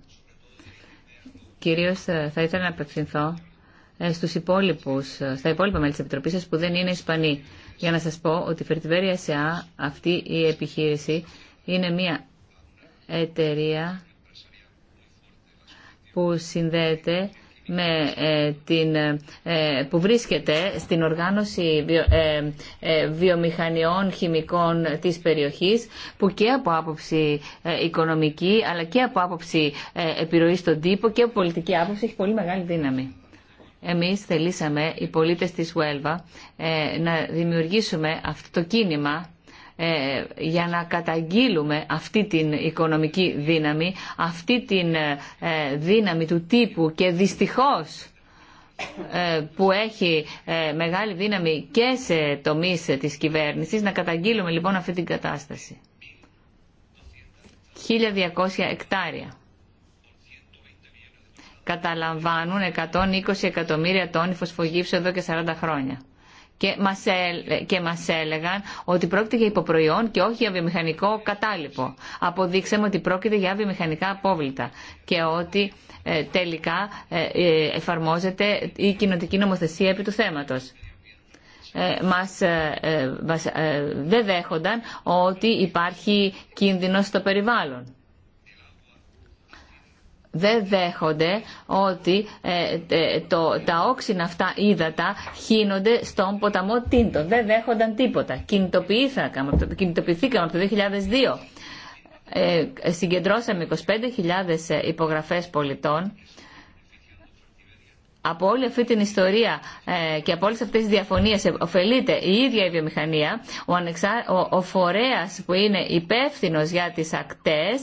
Κυρίως ε, θα ήθελα να απευθυνθώ ε, στους υπόλοιπους, ε, στα υπόλοιπα μέλη της Επιτροπής σας που δεν είναι Ισπανοί. Για να σας πω ότι η Φερτιβέρια ΣΕΑ, αυτή η επιχείρηση, είναι μια εταιρεία που συνδέεται με ε, την, ε, που βρίσκεται στην οργάνωση ε, βιομηχανιών χημικών της περιοχής που και από άποψη οικονομική αλλά και από άποψη επιρροή στον τύπο και από πολιτική άποψη έχει πολύ μεγάλη δύναμη. Εμείς θελήσαμε οι πολίτες της Ουέλβα να δημιουργήσουμε αυτό το κίνημα ε, για να καταγγείλουμε αυτή την οικονομική δύναμη, αυτή την ε, δύναμη του τύπου και δυστυχώς ε, που έχει μεγάλη δύναμη και σε τομείς της κυβέρνησης, να καταγγείλουμε λοιπόν αυτή την κατάσταση. 1.200 εκτάρια καταλαμβάνουν 120 εκατομμύρια τόνοι φωσφογύψου εδώ και 40 χρόνια. Ε, και μας, έλεγαν ότι πρόκειται για υποπροϊόν και όχι για βιομηχανικό κατάλοιπο. Αποδείξαμε ότι πρόκειται για βιομηχανικά απόβλητα και ότι ε, τελικά ε, εφαρμόζεται η κοινοτική νομοθεσία επί του θέματος. Μας, μας δεν δέχονταν ότι υπάρχει κίνδυνος στο περιβάλλον δεν δέχονται ότι ε, το, τα όξινα αυτά ύδατα χύνονται στον ποταμό Τίντο. Δεν δέχονταν τίποτα. Κινητοποιήθηκαμε, από το 2002. Ε, συγκεντρώσαμε 25.000 ε, υπογραφές πολιτών από όλη αυτή την ιστορία ε, και από όλες αυτές τις διαφωνίες ωφελείται η ίδια η βιομηχανία, ο, ανεξά, ο, φορέας που είναι υπεύθυνο για τις ακτές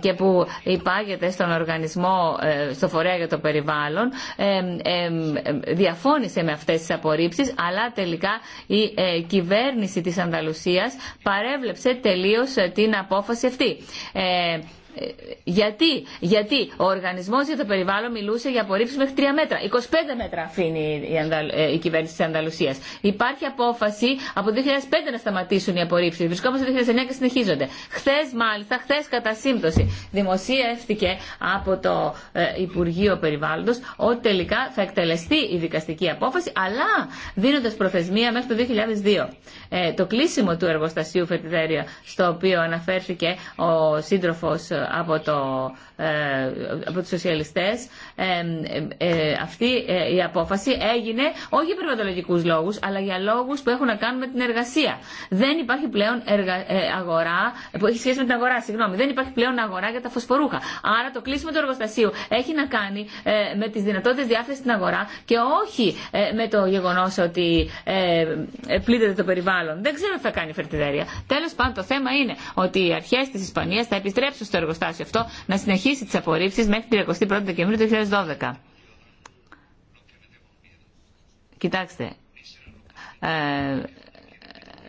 και που υπάγεται στον οργανισμό, ε, στο φορέα για το περιβάλλον, διαφώνησε με αυτές τις απορρίψεις, αλλά τελικά η ε, κυβέρνηση της Ανταλουσίας παρέβλεψε τελείως την απόφαση αυτή. Γιατί, γιατί ο οργανισμό για το περιβάλλον μιλούσε για απορρίψει μέχρι 3 μέτρα. 25 μέτρα αφήνει η, ε, η κυβέρνηση τη Ανταλουσία. Υπάρχει απόφαση από 2005 να σταματήσουν οι απορρίψει. Βρισκόμαστε το 2009 και συνεχίζονται. Χθε, μάλιστα, χθε κατά σύμπτωση, δημοσιεύτηκε από το ε, Υπουργείο Περιβάλλοντο ότι τελικά θα εκτελεστεί η δικαστική απόφαση, αλλά δίνοντα προθεσμία μέχρι το 2002. Ε, το κλείσιμο του εργοστασίου Φερτιδέρια, στο οποίο αναφέρθηκε ο σύντροφο από, το, ε, από τους σοσιαλιστές ε, ε, αυτή η απόφαση έγινε όχι για περιβαλλοντικούς λόγους αλλά για λόγους που έχουν να κάνουν με την εργασία. Δεν υπάρχει πλέον αγορά που έχει σχέση με την αγορά, συγγνώμη. Δεν υπάρχει πλέον αγορά για τα φωσφορούχα. Άρα το κλείσιμο του εργοστασίου έχει να κάνει με τις δυνατότητες διάθεσης στην αγορά και όχι με το γεγονός ότι πλήττεται το περιβάλλον. Δεν ξέρω τι θα κάνει η φερτιδέρια. Τέλος πάντων το θέμα είναι ότι οι αρχές της Ισπανίας θα επιστρέψουν στο εργοστασίο εργοστάσιο αυτό να συνεχίσει τι απορρίψει μέχρι την 31η Δεκεμβρίου του 2012. Κοιτάξτε, ε,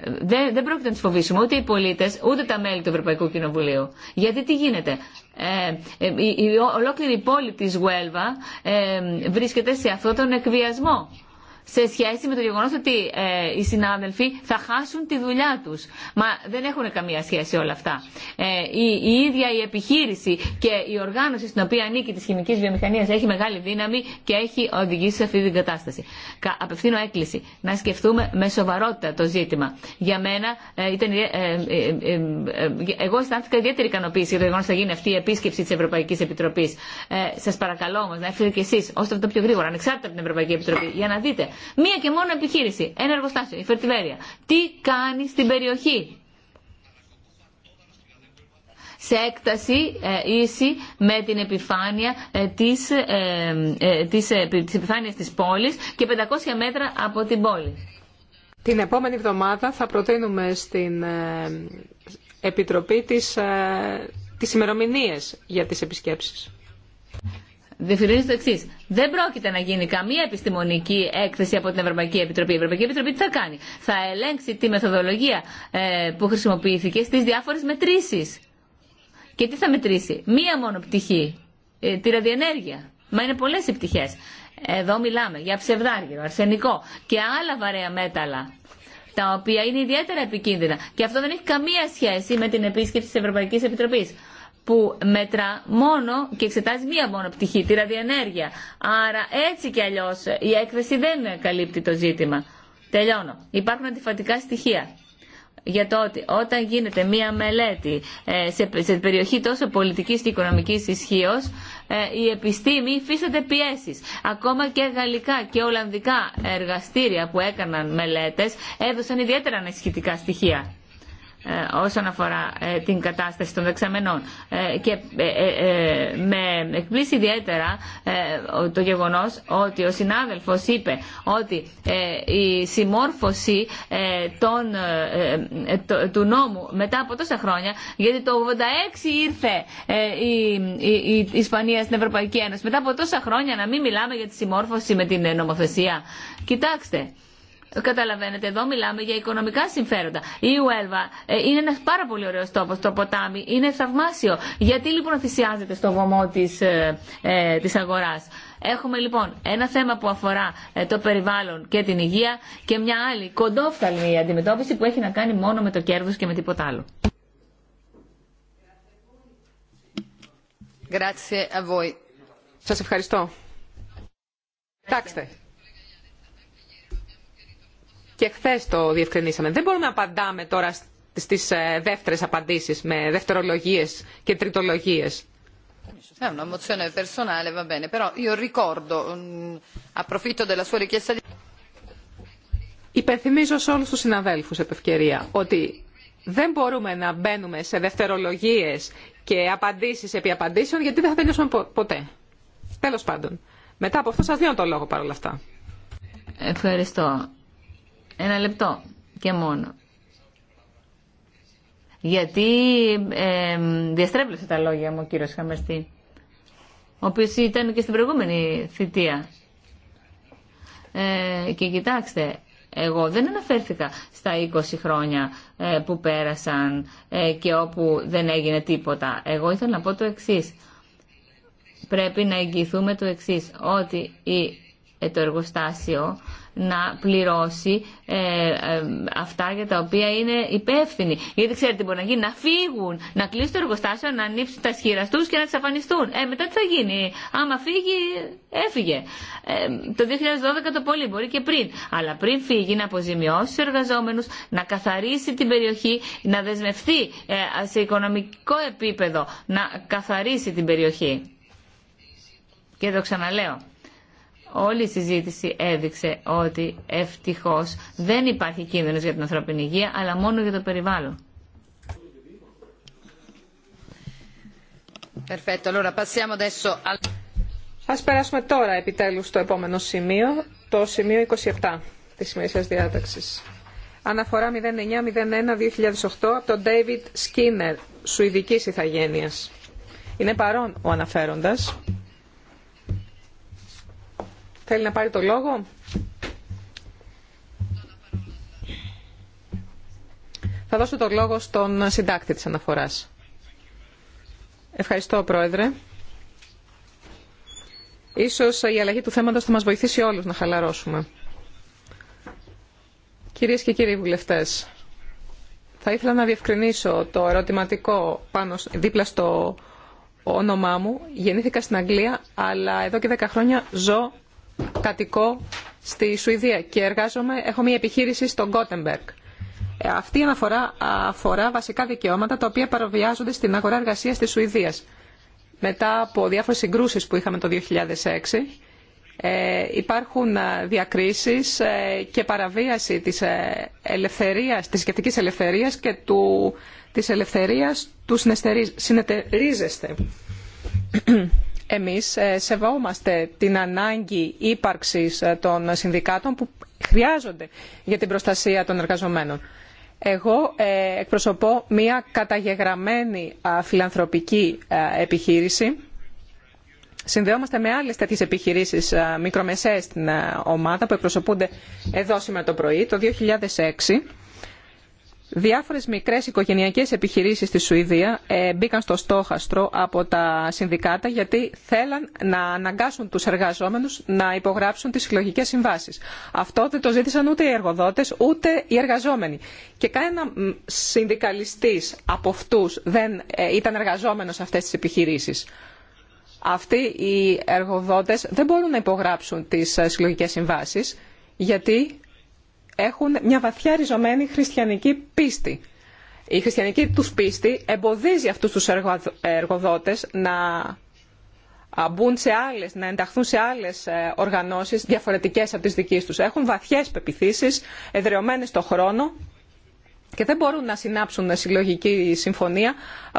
δεν, δεν πρόκειται να τι φοβήσουμε ούτε οι πολίτε ούτε τα μέλη του Ευρωπαϊκού Κοινοβουλίου. Γιατί τι γίνεται. Ε, ε η, η ολόκληρη πόλη της Γουέλβα ε, βρίσκεται σε αυτόν τον εκβιασμό σε σχέση με το γεγονό ότι ε, οι συνάδελφοι θα χάσουν τη δουλειά του. Μα δεν έχουν καμία σχέση όλα αυτά. Ε, η, η ίδια η επιχείρηση και η οργάνωση στην οποία ανήκει τη χημική βιομηχανία έχει μεγάλη δύναμη και έχει οδηγήσει σε αυτή την κατάσταση. Κα, απευθύνω έκκληση να σκεφτούμε με σοβαρότητα το ζήτημα. Για μένα ε, ήταν. Ε, ε, εγώ αισθάνθηκα ιδιαίτερη ικανοποίηση για το γεγονό ότι θα γίνει αυτή η επίσκεψη τη Ευρωπαϊκή Επιτροπή. Σα παρακαλώ όμω να έρθετε κι εσεί, όσο το πιο γρήγορα, ανεξάρτητα από την Ευρωπαϊκή Επιτροπή, για να δείτε Μία και μόνο επιχείρηση, ένα εργοστάσιο, η Φερτιβέρεια. Τι κάνει στην περιοχή, σε έκταση ε, ίση με την επιφάνεια ε, της, ε, ε, της, πόλης και 500 μέτρα από την πόλη. Την επόμενη εβδομάδα θα προτείνουμε στην Επιτροπή της, τις ημερομηνίες για τις επισκέψεις. Διευκρινίζει το εξή. Δεν πρόκειται να γίνει καμία επιστημονική έκθεση από την Ευρωπαϊκή Επιτροπή. Η Ευρωπαϊκή Επιτροπή τι θα κάνει. Θα ελέγξει τη μεθοδολογία ε, που χρησιμοποιήθηκε στι διάφορε μετρήσει. Και τι θα μετρήσει. Μία μόνο πτυχή. Ε, τη ραδιενέργεια. Μα είναι πολλέ οι πτυχέ. Εδώ μιλάμε για ψευδάργυρο, αρσενικό και άλλα βαρέα μέταλλα τα οποία είναι ιδιαίτερα επικίνδυνα. Και αυτό δεν έχει καμία σχέση με την επίσκεψη τη Ευρωπαϊκή Επιτροπή που μετρά μόνο και εξετάζει μία μόνο πτυχή, τη ραδιενέργεια. Άρα έτσι κι αλλιώ η έκθεση δεν καλύπτει το ζήτημα. Τελειώνω. Υπάρχουν αντιφατικά στοιχεία για το ότι όταν γίνεται μία μελέτη ε, σε περιοχή τόσο πολιτικής και οικονομικής ισχύω, η ε, επιστήμη υφίσταται πιέσεις. Ακόμα και γαλλικά και ολλανδικά εργαστήρια που έκαναν μελέτες έδωσαν ιδιαίτερα ανησυχητικά στοιχεία. Ε, όσον αφορά ε, την κατάσταση των δεξαμενών. Ε, και με εκπλήσει ιδιαίτερα το γεγονός ότι ο συνάδελφος είπε ότι η συμμόρφωση των, του νόμου μετά από τόσα χρόνια, γιατί το 86 ήρθε η, η, η Ισπανία στην Ευρωπαϊκή Ένωση, μετά από τόσα χρόνια να μην μιλάμε για τη συμμόρφωση με την νομοθεσία. Κοιτάξτε, Καταλαβαίνετε, εδώ μιλάμε για οικονομικά συμφέροντα. Η Ουέλβα ε, είναι ένα πάρα πολύ ωραίο τόπο. Το ποτάμι είναι θαυμάσιο. Γιατί λοιπόν θυσιάζεται στο βωμό τη της ε, ε, αγορά. Έχουμε λοιπόν ένα θέμα που αφορά το περιβάλλον και την υγεία και μια άλλη κοντόφθαλμη αντιμετώπιση που έχει να κάνει μόνο με το κέρδος και με τίποτα άλλο. Σας ευχαριστώ. Κοιτάξτε, και χθε το διευκρινίσαμε. Δεν μπορούμε να απαντάμε τώρα στι ε, δεύτερε απαντήσει με δευτερολογίε και τριτολογίε. Mm, Υπενθυμίζω σε όλου του συναδέλφου επ' ευκαιρία ότι δεν μπορούμε να μπαίνουμε σε δευτερολογίε και απαντήσει επί απαντήσεων γιατί δεν θα τελειώσουμε ποτέ. Τέλο πάντων. Μετά από αυτό σα δίνω το λόγο παρόλα αυτά. Ευχαριστώ. Ένα λεπτό και μόνο. Γιατί ε, διαστρέβλωσε τα λόγια μου ο κύριος Χαμεστή, ο οποίος ήταν και στην προηγούμενη θητεία. Ε, και κοιτάξτε, εγώ δεν αναφέρθηκα στα 20 χρόνια ε, που πέρασαν ε, και όπου δεν έγινε τίποτα. Εγώ ήθελα να πω το εξής. Πρέπει να εγγυηθούμε το εξής, ότι η, το εργοστάσιο να πληρώσει ε, ε, αυτά για τα οποία είναι υπεύθυνοι. Γιατί ξέρετε τι μπορεί να γίνει, να φύγουν, να κλείσουν το εργοστάσιο, να ανοίξουν τα σχήρα του και να εξαφανιστούν. Ε, μετά τι θα γίνει, άμα φύγει, έφυγε. Ε, το 2012 το πολύ, μπορεί και πριν. Αλλά πριν φύγει, να αποζημιώσει του εργαζόμενου, να καθαρίσει την περιοχή, να δεσμευτεί ε, σε οικονομικό επίπεδο, να καθαρίσει την περιοχή. Και το ξαναλέω όλη η συζήτηση έδειξε ότι ευτυχώ δεν υπάρχει κίνδυνο για την ανθρώπινη υγεία, αλλά μόνο για το περιβάλλον. Ας περάσουμε τώρα επιτέλους στο επόμενο σημείο, το σημείο 27 της σημερινής διάταξης. Αναφορά 0901-2008 από τον David Skinner, Σουηδικής Ιθαγένειας. Είναι παρόν ο αναφέροντας. Θέλει να πάρει το λόγο. Θα δώσω το λόγο στον συντάκτη της αναφοράς. Ευχαριστώ, Πρόεδρε. Ίσως η αλλαγή του θέματος θα μας βοηθήσει όλους να χαλαρώσουμε. Κυρίες και κύριοι βουλευτές, θα ήθελα να διευκρινίσω το ερωτηματικό πάνω, δίπλα στο όνομά μου. Γεννήθηκα στην Αγγλία, αλλά εδώ και 10 χρόνια ζω κατοικώ στη Σουηδία και εργάζομαι, έχω μια επιχείρηση στο Γκότεμπεργκ. Ε, αυτή η αναφορά αφορά βασικά δικαιώματα τα οποία παραβιάζονται στην αγορά εργασίας της Σουηδίας. Μετά από διάφορες συγκρούσεις που είχαμε το 2006, ε, υπάρχουν ε, διακρίσεις και παραβίαση της ελευθερίας, της ελευθερίας και του, της ελευθερίας του συνεταιρίζεστε εμείς ε, σεβόμαστε την ανάγκη ύπαρξης ε, των συνδικάτων που χρειάζονται για την προστασία των εργαζομένων. Εγώ ε, εκπροσωπώ μια καταγεγραμμένη φιλανθρωπική επιχείρηση. Συνδεόμαστε με άλλες τέτοιες επιχειρήσεις μικρομεσαίες στην ομάδα που εκπροσωπούνται εδώ σήμερα το πρωί, το 2006 Διάφορε μικρέ οικογενειακές επιχειρήσει στη Σουηδία ε, μπήκαν στο στόχαστρο από τα συνδικάτα γιατί θέλαν να αναγκάσουν του εργαζόμενου να υπογράψουν τι συλλογικέ συμβάσει. Αυτό δεν το ζήτησαν ούτε οι εργοδότε, ούτε οι εργαζόμενοι. Και κανένα συνδικαλιστή από αυτού δεν ε, ήταν εργαζόμενο σε αυτέ τι επιχειρήσει. Αυτοί οι εργοδότε δεν μπορούν να υπογράψουν τι ε, συλλογικέ συμβάσει, γιατί έχουν μια βαθιά ριζωμένη χριστιανική πίστη. Η χριστιανική τους πίστη εμποδίζει αυτούς τους εργοδότες να μπουν σε άλλες, να ενταχθούν σε άλλες ε, οργανώσεις διαφορετικές από τις δικές τους. Έχουν βαθιές πεπιθήσεις, εδρεωμένες στο χρόνο και δεν μπορούν να συνάψουν συλλογική συμφωνία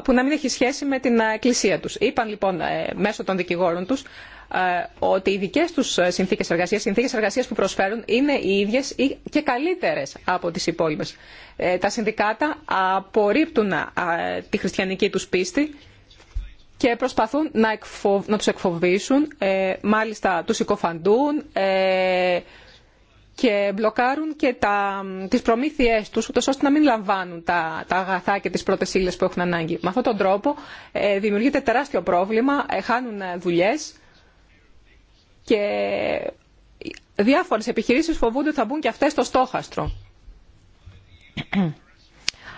που να μην έχει σχέση με την ε, εκκλησία τους. Είπαν λοιπόν ε, μέσω των δικηγόρων τους ε, ότι οι δικές τους συνθήκες εργασίας, οι συνθήκες εργασίας που προσφέρουν είναι οι ίδιες ή και καλύτερες από τις υπόλοιπες. Ε, τα συνδικάτα απορρίπτουν ε, τη χριστιανική τους πίστη και προσπαθούν να, εκφοβ, να τους εκφοβήσουν, μάλιστα τους συκοφαντούν και μπλοκάρουν και τα, τις προμήθειές τους, ούτως ώστε να μην λαμβάνουν τα, τα αγαθά και τις πρώτες ύλες που έχουν ανάγκη. Με αυτόν τον τρόπο δημιουργείται τεράστιο πρόβλημα, χάνουν δουλειές και διάφορες επιχειρήσεις φοβούνται ότι θα μπουν και αυτές στο στόχαστρο.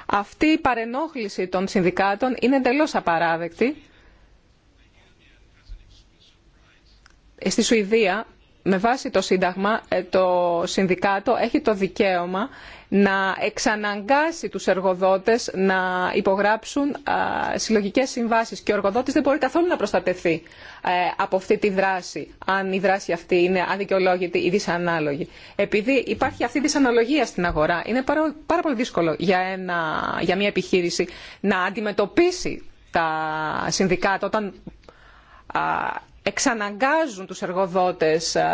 Αυτή η παρενόχληση των συνδικάτων είναι εντελώ απαράδεκτη. Στη Σουηδία, με βάση το Σύνταγμα, ε, το Συνδικάτο έχει το δικαίωμα να εξαναγκάσει τους εργοδότες να υπογράψουν συλλογικές συμβάσεις και ο εργοδότης δεν μπορεί καθόλου να προστατευθεί ε, από αυτή τη δράση αν η δράση αυτή είναι αδικαιολόγητη ή δυσανάλογη. Επειδή υπάρχει αυτή η δυσαναλογία στην αγορά είναι πάρα πολύ δύσκολο για, ένα, για μια επιχείρηση να αντιμετωπίσει τα συνδικάτα όταν εξαναγκάζουν τους εργοδότες ε,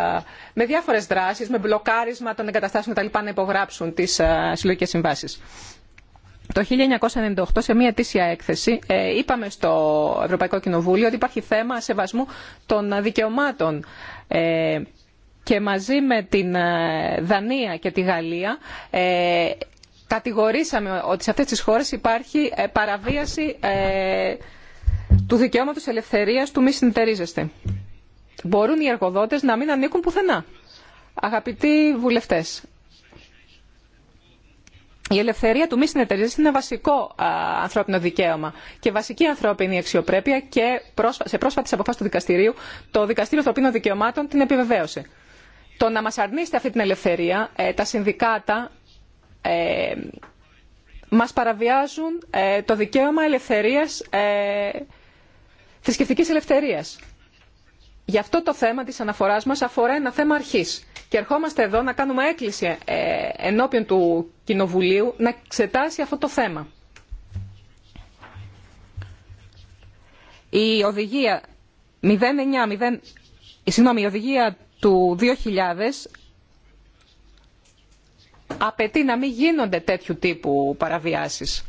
με διάφορες δράσεις, με μπλοκάρισμα των εγκαταστάσεων κτλ. να υπογράψουν τις ε, συλλογικές συμβάσεις. Το 1998 σε μια αιτήσια έκθεση ε, είπαμε στο Ευρωπαϊκό Κοινοβούλιο ότι υπάρχει θέμα σεβασμού των δικαιωμάτων και μαζί με την Δανία και τη Γαλλία κατηγορήσαμε ότι σε αυτές τις χώρες υπάρχει παραβίαση του δικαιώματο ελευθερίας του μη συνεταιρίζεστε. Μπορούν οι εργοδότες να μην ανήκουν πουθενά. Αγαπητοί βουλευτές, η ελευθερία του μη συνεταιρίζεσαι είναι βασικό ανθρώπινο δικαίωμα και βασική ανθρώπινη αξιοπρέπεια και σε πρόσφατη αποφάσει του δικαστηρίου το Δικαστήριο Ανθρωπίνων Δικαιωμάτων την επιβεβαίωσε. Το να μα αρνείστε αυτή την ελευθερία, ε, τα συνδικάτα ε, μα παραβιάζουν ε, το δικαίωμα ελευθερία ε, θρησκευτικής ελευθερίας. Γι' αυτό το θέμα της αναφοράς μας αφορά ένα θέμα αρχής. Και ερχόμαστε εδώ να κάνουμε έκκληση ε, ενώπιον του Κοινοβουλίου να εξετάσει αυτό το θέμα. Η οδηγία, 09, η οδηγία του 2000 απαιτεί να μην γίνονται τέτοιου τύπου παραβιάσεις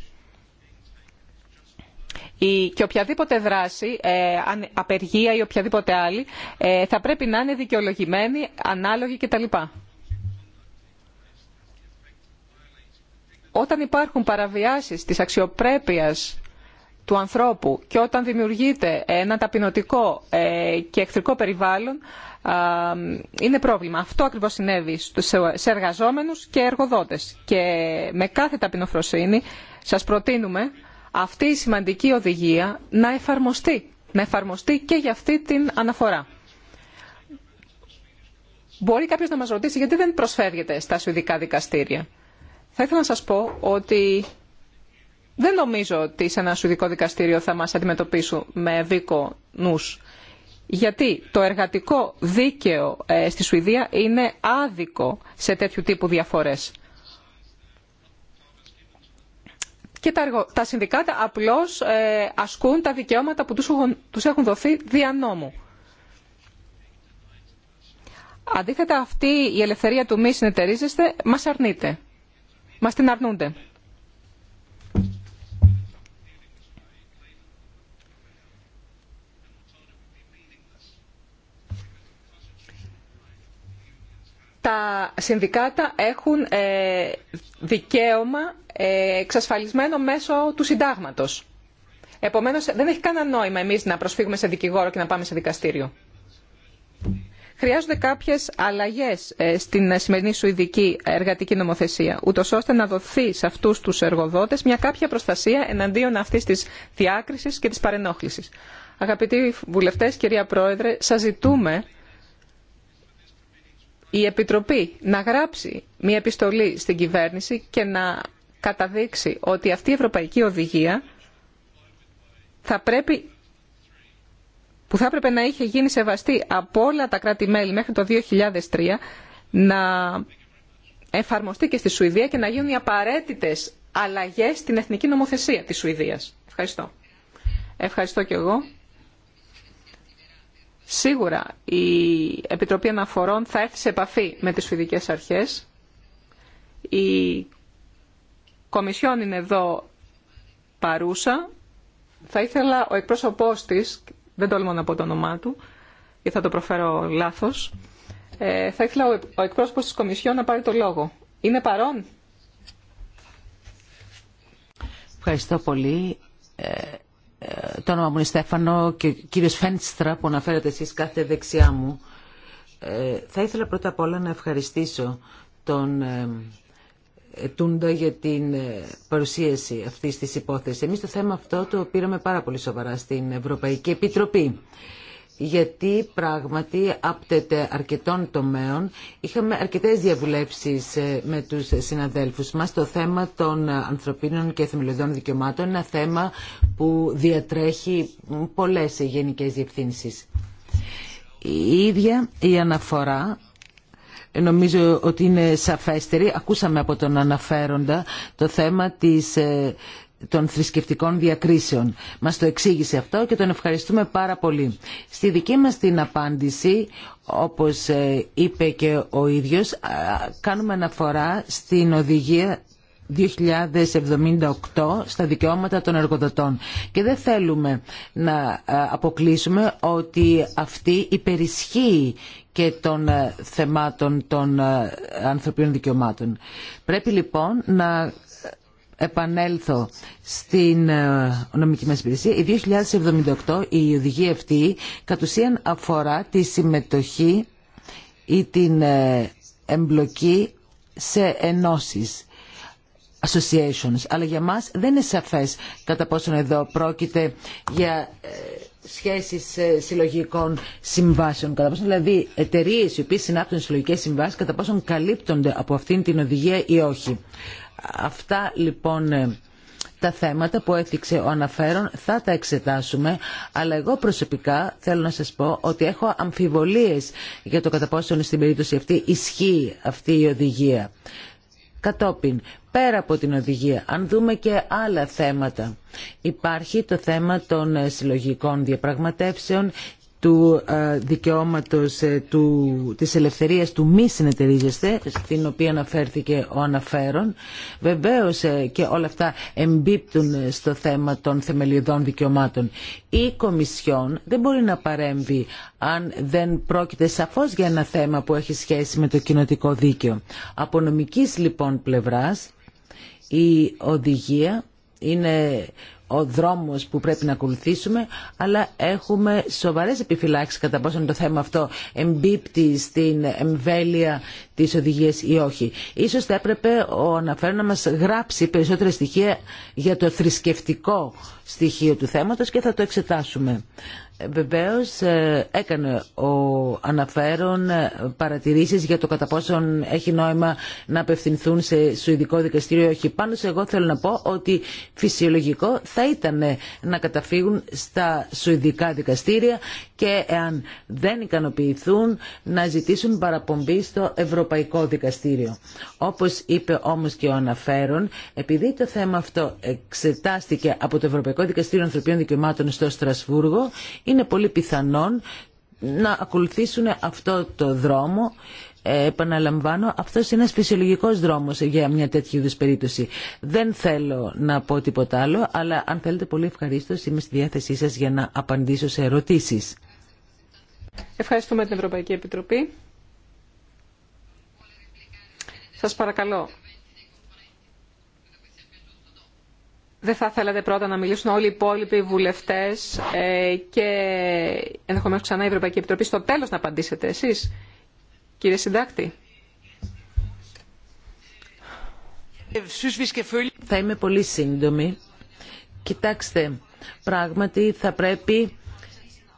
και οποιαδήποτε δράση, ε, απεργία ή οποιαδήποτε άλλη, ε, θα πρέπει να είναι δικαιολογημένη, ανάλογη κτλ. Όταν υπάρχουν παραβιάσεις της αξιοπρέπειας του ανθρώπου και όταν δημιουργείται ένα ταπεινωτικό ε, και εχθρικό περιβάλλον είναι πρόβλημα. Αυτό ακριβώς συνέβη σε εργαζόμενους και εργοδότες. Και με κάθε ταπεινοφροσύνη σας προτείνουμε αυτή η σημαντική οδηγία να εφαρμοστεί, να εφαρμοστεί και για αυτή την αναφορά. Μπορεί κάποιος να μας ρωτήσει γιατί δεν προσφεύγεται στα σουηδικά δικαστήρια. Θα ήθελα να σας πω ότι δεν νομίζω ότι σε ένα σουηδικό δικαστήριο θα μας αντιμετωπίσουν με βίκο νους. Γιατί το εργατικό δίκαιο ε, στη Σουηδία είναι άδικο σε τέτοιου τύπου διαφορές. και τα συνδικάτα απλώς ε, ασκούν τα δικαιώματα που τους έχουν δοθεί δια νόμου. Αντίθετα αυτή η ελευθερία του μη συνεταιρίζεστε μας αρνείται. Μας την αρνούνται. τα συνδικάτα έχουν ε, δικαίωμα ε, εξασφαλισμένο μέσω του συντάγματος. Επομένως, δεν έχει κανένα νόημα εμείς να προσφύγουμε σε δικηγόρο και να πάμε σε δικαστήριο. Χρειάζονται κάποιες αλλαγές ε, στην σημερινή Σουηδική εργατική νομοθεσία, ούτως ώστε να δοθεί σε αυτούς τους εργοδότες μια κάποια προστασία εναντίον αυτής της διάκρισης και της παρενόχλησης. Αγαπητοί βουλευτές, κυρία Πρόεδρε, σας ζητούμε η Επιτροπή να γράψει μια επιστολή στην κυβέρνηση και να καταδείξει ότι αυτή η Ευρωπαϊκή Οδηγία θα πρέπει, που θα έπρεπε να είχε γίνει σεβαστή από όλα τα κράτη-μέλη μέχρι το 2003 να εφαρμοστεί και στη Σουηδία και να γίνουν οι απαραίτητες αλλαγές στην εθνική νομοθεσία της Σουηδίας. Ευχαριστώ. Ευχαριστώ και εγώ. Σίγουρα η Επιτροπή Αναφορών θα έρθει σε επαφή με τις Σουηδικές Αρχές. Η Κομισιόν είναι εδώ παρούσα. Θα ήθελα ο εκπρόσωπός της, δεν τολμώ να πω το όνομά του, γιατί θα το προφέρω λάθος, ε, θα ήθελα ο εκπρόσωπος της Κομισιόν να πάρει το λόγο. Είναι παρόν. Ευχαριστώ πολύ. Ε, το όνομα μου είναι Στέφανο και ο κύριος Φένστρα που αναφέρεται εσείς κάθε δεξιά μου. Ε, θα ήθελα πρώτα απ' όλα να ευχαριστήσω τον ε, Τούντα για την ε, παρουσίαση αυτής της υπόθεσης. Εμείς το θέμα αυτό το πήραμε πάρα πολύ σοβαρά στην Ευρωπαϊκή Επιτροπή γιατί πράγματι άπτεται αρκετών τομέων. Είχαμε αρκετές διαβουλεύσεις ε, με τους συναδέλφους μας. Το θέμα των ανθρωπίνων και θεμελιωδών δικαιωμάτων είναι ένα θέμα που διατρέχει πολλές γενικές διευθύνσεις. Η ίδια η αναφορά νομίζω ότι είναι σαφέστερη. Ακούσαμε από τον αναφέροντα το θέμα της ε, των θρησκευτικών διακρίσεων. Μας το εξήγησε αυτό και τον ευχαριστούμε πάρα πολύ. Στη δική μας την απάντηση, όπως ε, είπε και ο ίδιος, κάνουμε αναφορά στην οδηγία 2078 στα δικαιώματα των εργοδοτών. Και δεν θέλουμε να ε, αποκλείσουμε ότι αυτή υπερισχύει και των ε, θεμάτων των ανθρωπίνων δικαιωμάτων. Πρέπει λοιπόν να επανέλθω στην ε, νομική μας υπηρεσία, η 2078 η οδηγία αυτή κατ' ουσίαν αφορά τη συμμετοχή ή την ε, εμπλοκή σε ενώσεις. Associations. Αλλά για μας δεν είναι σαφές κατά πόσον εδώ πρόκειται για ε, σχέσεις συλλογικών συμβάσεων. Κατά πόσον, δηλαδή εταιρείε οι οποίες συνάπτουν συλλογικές συμβάσεις κατά πόσον καλύπτονται από αυτήν την οδηγία ή όχι. Αυτά λοιπόν ε, τα θέματα που έθιξε ο αναφέρον θα τα εξετάσουμε, αλλά εγώ προσωπικά θέλω να σας πω ότι έχω αμφιβολίες για το κατά πόσο στην περίπτωση αυτή ισχύει αυτή η οδηγία. Κατόπιν, πέρα από την οδηγία, αν δούμε και άλλα θέματα, υπάρχει το θέμα των ε, συλλογικών διαπραγματεύσεων του ε, δικαιώματος ε, του, της ελευθερίας του μη συνεταιρίζεστε, στην οποία αναφέρθηκε ο αναφέρον. Βεβαίως ε, και όλα αυτά εμπίπτουν στο θέμα των θεμελιωδών δικαιωμάτων. Η Κομισιόν δεν μπορεί να παρέμβει αν δεν πρόκειται σαφώς για ένα θέμα που έχει σχέση με το κοινοτικό δίκαιο. Από νομικής λοιπόν πλευράς η οδηγία είναι ο δρόμος που πρέπει να ακολουθήσουμε, αλλά έχουμε σοβαρές επιφυλάξεις κατά πόσον το θέμα αυτό εμπίπτει στην εμβέλεια της οδηγίας ή όχι. Ίσως θα έπρεπε ο αναφέρον να μας γράψει περισσότερα στοιχεία για το θρησκευτικό στοιχείο του θέματος και θα το εξετάσουμε. Βεβαίω ε, έκανε ο αναφέρον ε, παρατηρήσεις για το κατά πόσον έχει νόημα να απευθυνθούν σε Σουηδικό Δικαστήριο όχι. Πάνω σε εγώ θέλω να πω ότι φυσιολογικό θα ήταν να καταφύγουν στα Σουηδικά Δικαστήρια και εάν δεν ικανοποιηθούν να ζητήσουν παραπομπή στο Ευρωπαϊκό Δικαστήριο. Όπως είπε όμως και ο αναφέρον, επειδή το θέμα αυτό εξετάστηκε από το Ευρωπαϊκό Δικαστήριο Ανθρωπίνων Δικαιωμάτων στο Στρασβούργο, είναι πολύ πιθανόν να ακολουθήσουν αυτό το δρόμο ε, επαναλαμβάνω, αυτό είναι ένα φυσιολογικό δρόμο για μια τέτοια είδου περίπτωση. Δεν θέλω να πω τίποτα άλλο, αλλά αν θέλετε, πολύ ευχαρίστω είμαι στη διάθεσή σα για να απαντήσω σε ερωτήσει. Ευχαριστούμε την Ευρωπαϊκή Επιτροπή. Σας παρακαλώ δεν θα θέλατε πρώτα να μιλήσουν όλοι οι υπόλοιποι βουλευτές ε, και ενδεχομένω ξανά η Ευρωπαϊκή Επιτροπή στο τέλο να απαντήσετε εσείς, κύριε Συντάκτη. Θα είμαι πολύ σύντομη. Κοιτάξτε, πράγματι θα πρέπει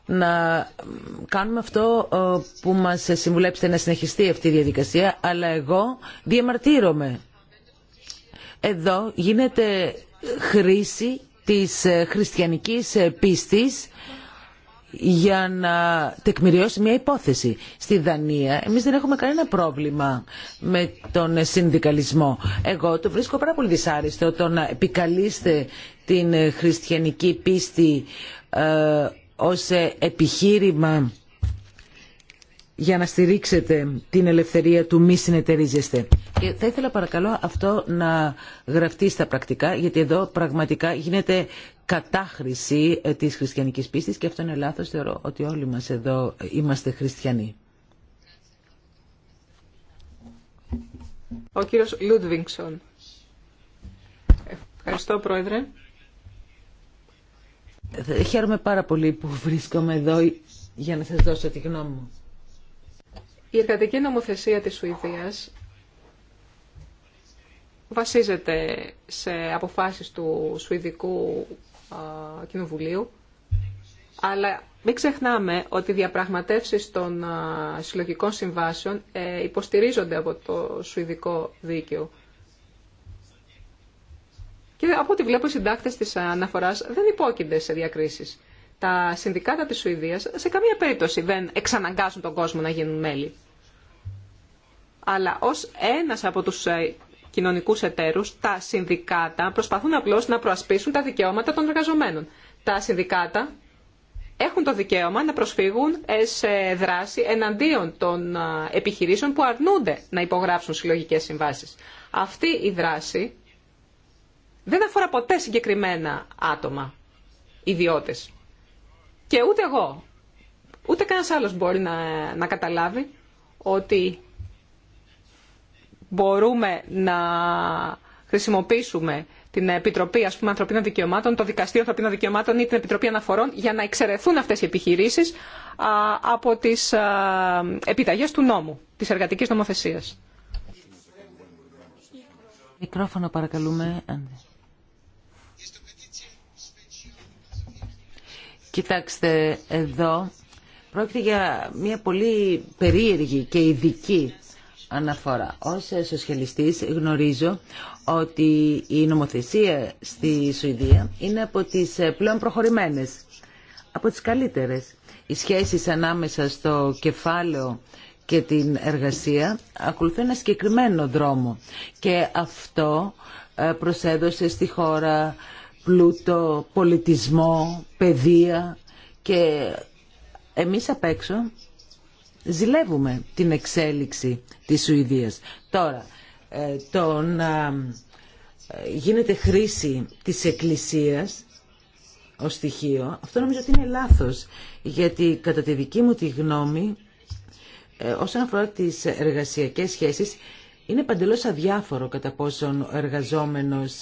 να κάνουμε αυτό ε, που μας συμβουλέψετε να συνεχιστεί αυτή η διαδικασία, αλλά εγώ διαμαρτύρομαι. Εδώ γίνεται χρήση της ε, χριστιανικής ε, πίστης για να τεκμηριώσει μια υπόθεση. Στη Δανία εμείς δεν έχουμε κανένα πρόβλημα με τον συνδικαλισμό. Εγώ το βρίσκω πάρα πολύ δυσάρεστο το να επικαλείστε την ε, χριστιανική πίστη ε, ως επιχείρημα για να στηρίξετε την ελευθερία του μη συνεταιρίζεστε. Και ε, θα ήθελα παρακαλώ αυτό να γραφτεί στα πρακτικά, γιατί εδώ πραγματικά γίνεται κατάχρηση ε, της χριστιανικής πίστης και αυτό είναι λάθος, θεωρώ ότι όλοι μας εδώ ε, είμαστε χριστιανοί. Ο κύριος Λούντβινγκσον. Ευχαριστώ, Πρόεδρε. Χαίρομαι πάρα πολύ που βρίσκομαι εδώ για να σας δώσω τη γνώμη μου. Η εργατική νομοθεσία της Σουηδίας βασίζεται σε αποφάσεις του Σουηδικού Κοινοβουλίου, αλλά μην ξεχνάμε ότι οι διαπραγματεύσεις των συλλογικών συμβάσεων ε, υποστηρίζονται από το Σουηδικό Δίκαιο. Και από ό,τι βλέπω οι συντάκτες της αναφοράς δεν υπόκεινται σε διακρίσεις. Τα συνδικάτα της Σουηδίας σε καμία περίπτωση δεν εξαναγκάζουν τον κόσμο να γίνουν μέλη αλλά ως ένας από τους ε, κοινωνικούς εταίρους, τα συνδικάτα προσπαθούν απλώς να προασπίσουν τα δικαιώματα των εργαζομένων. Τα συνδικάτα έχουν το δικαίωμα να προσφύγουν ε, σε δράση εναντίον των ε, επιχειρήσεων που αρνούνται να υπογράψουν συλλογικές συμβάσεις. Αυτή η δράση δεν αφορά ποτέ συγκεκριμένα άτομα, ιδιώτες. Και ούτε εγώ, ούτε κανένας άλλος μπορεί να, να καταλάβει ότι μπορούμε να χρησιμοποιήσουμε την Επιτροπή ας πούμε, Ανθρωπίνων Δικαιωμάτων, το Δικαστήριο Ανθρωπίνων Δικαιωμάτων ή την Επιτροπή Αναφορών για να εξαιρεθούν αυτές οι επιχειρήσεις από τις επιταγές του νόμου, της εργατικής νομοθεσίας. Μικρόφωνο παρακαλούμε. Κοιτάξτε εδώ, πρόκειται για μια πολύ περίεργη και ειδική αναφορά. Ως σοσιαλιστής γνωρίζω ότι η νομοθεσία στη Σουηδία είναι από τις ε, πλέον προχωρημένες, από τις καλύτερες. Οι σχέσεις ανάμεσα στο κεφάλαιο και την εργασία ακολουθούν ένα συγκεκριμένο δρόμο και αυτό ε, προσέδωσε στη χώρα πλούτο, πολιτισμό, παιδεία και εμείς απ' έξω ζηλεύουμε την εξέλιξη της Σουηδίας. Τώρα, ε, το να ε, γίνεται χρήση της Εκκλησίας ως στοιχείο, αυτό νομίζω ότι είναι λάθος, γιατί κατά τη δική μου τη γνώμη, ε, όσον αφορά τις εργασιακές σχέσεις, είναι παντελώς αδιάφορο κατά πόσον ο εργαζόμενος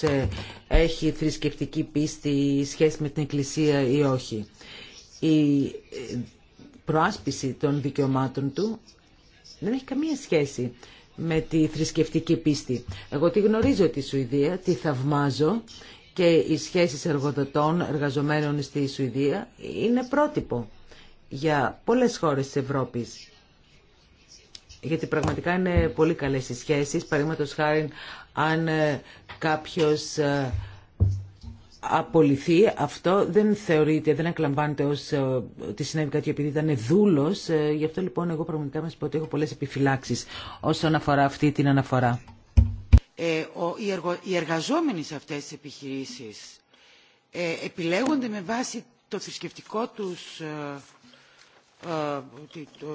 έχει θρησκευτική πίστη ή σχέση με την Εκκλησία ή όχι. Η προάσπιση των δικαιωμάτων του δεν έχει καμία σχέση με τη θρησκευτική πίστη. Εγώ τη γνωρίζω τη Σουηδία, τη θαυμάζω και οι σχέσεις εργοδοτών εργαζομένων στη Σουηδία είναι πρότυπο για πολλές χώρες της Ευρώπης. Γιατί πραγματικά είναι πολύ καλές οι σχέσεις. Παραδείγματος χάρη αν ε, κάποιος ε, απολυθεί, αυτό δεν θεωρείται, δεν εκλαμβάνεται ως ε, ότι συνέβη κάτι επειδή ήταν δούλος. Ε, γι' αυτό λοιπόν εγώ πραγματικά μας πω ότι έχω πολλές επιφυλάξεις όσον αφορά αυτή την αναφορά. Ε, ο, οι, εργο, εργαζόμενοι σε αυτές τις επιχειρήσεις ε, επιλέγονται με βάση το θρησκευτικό τους, ε, ε, το,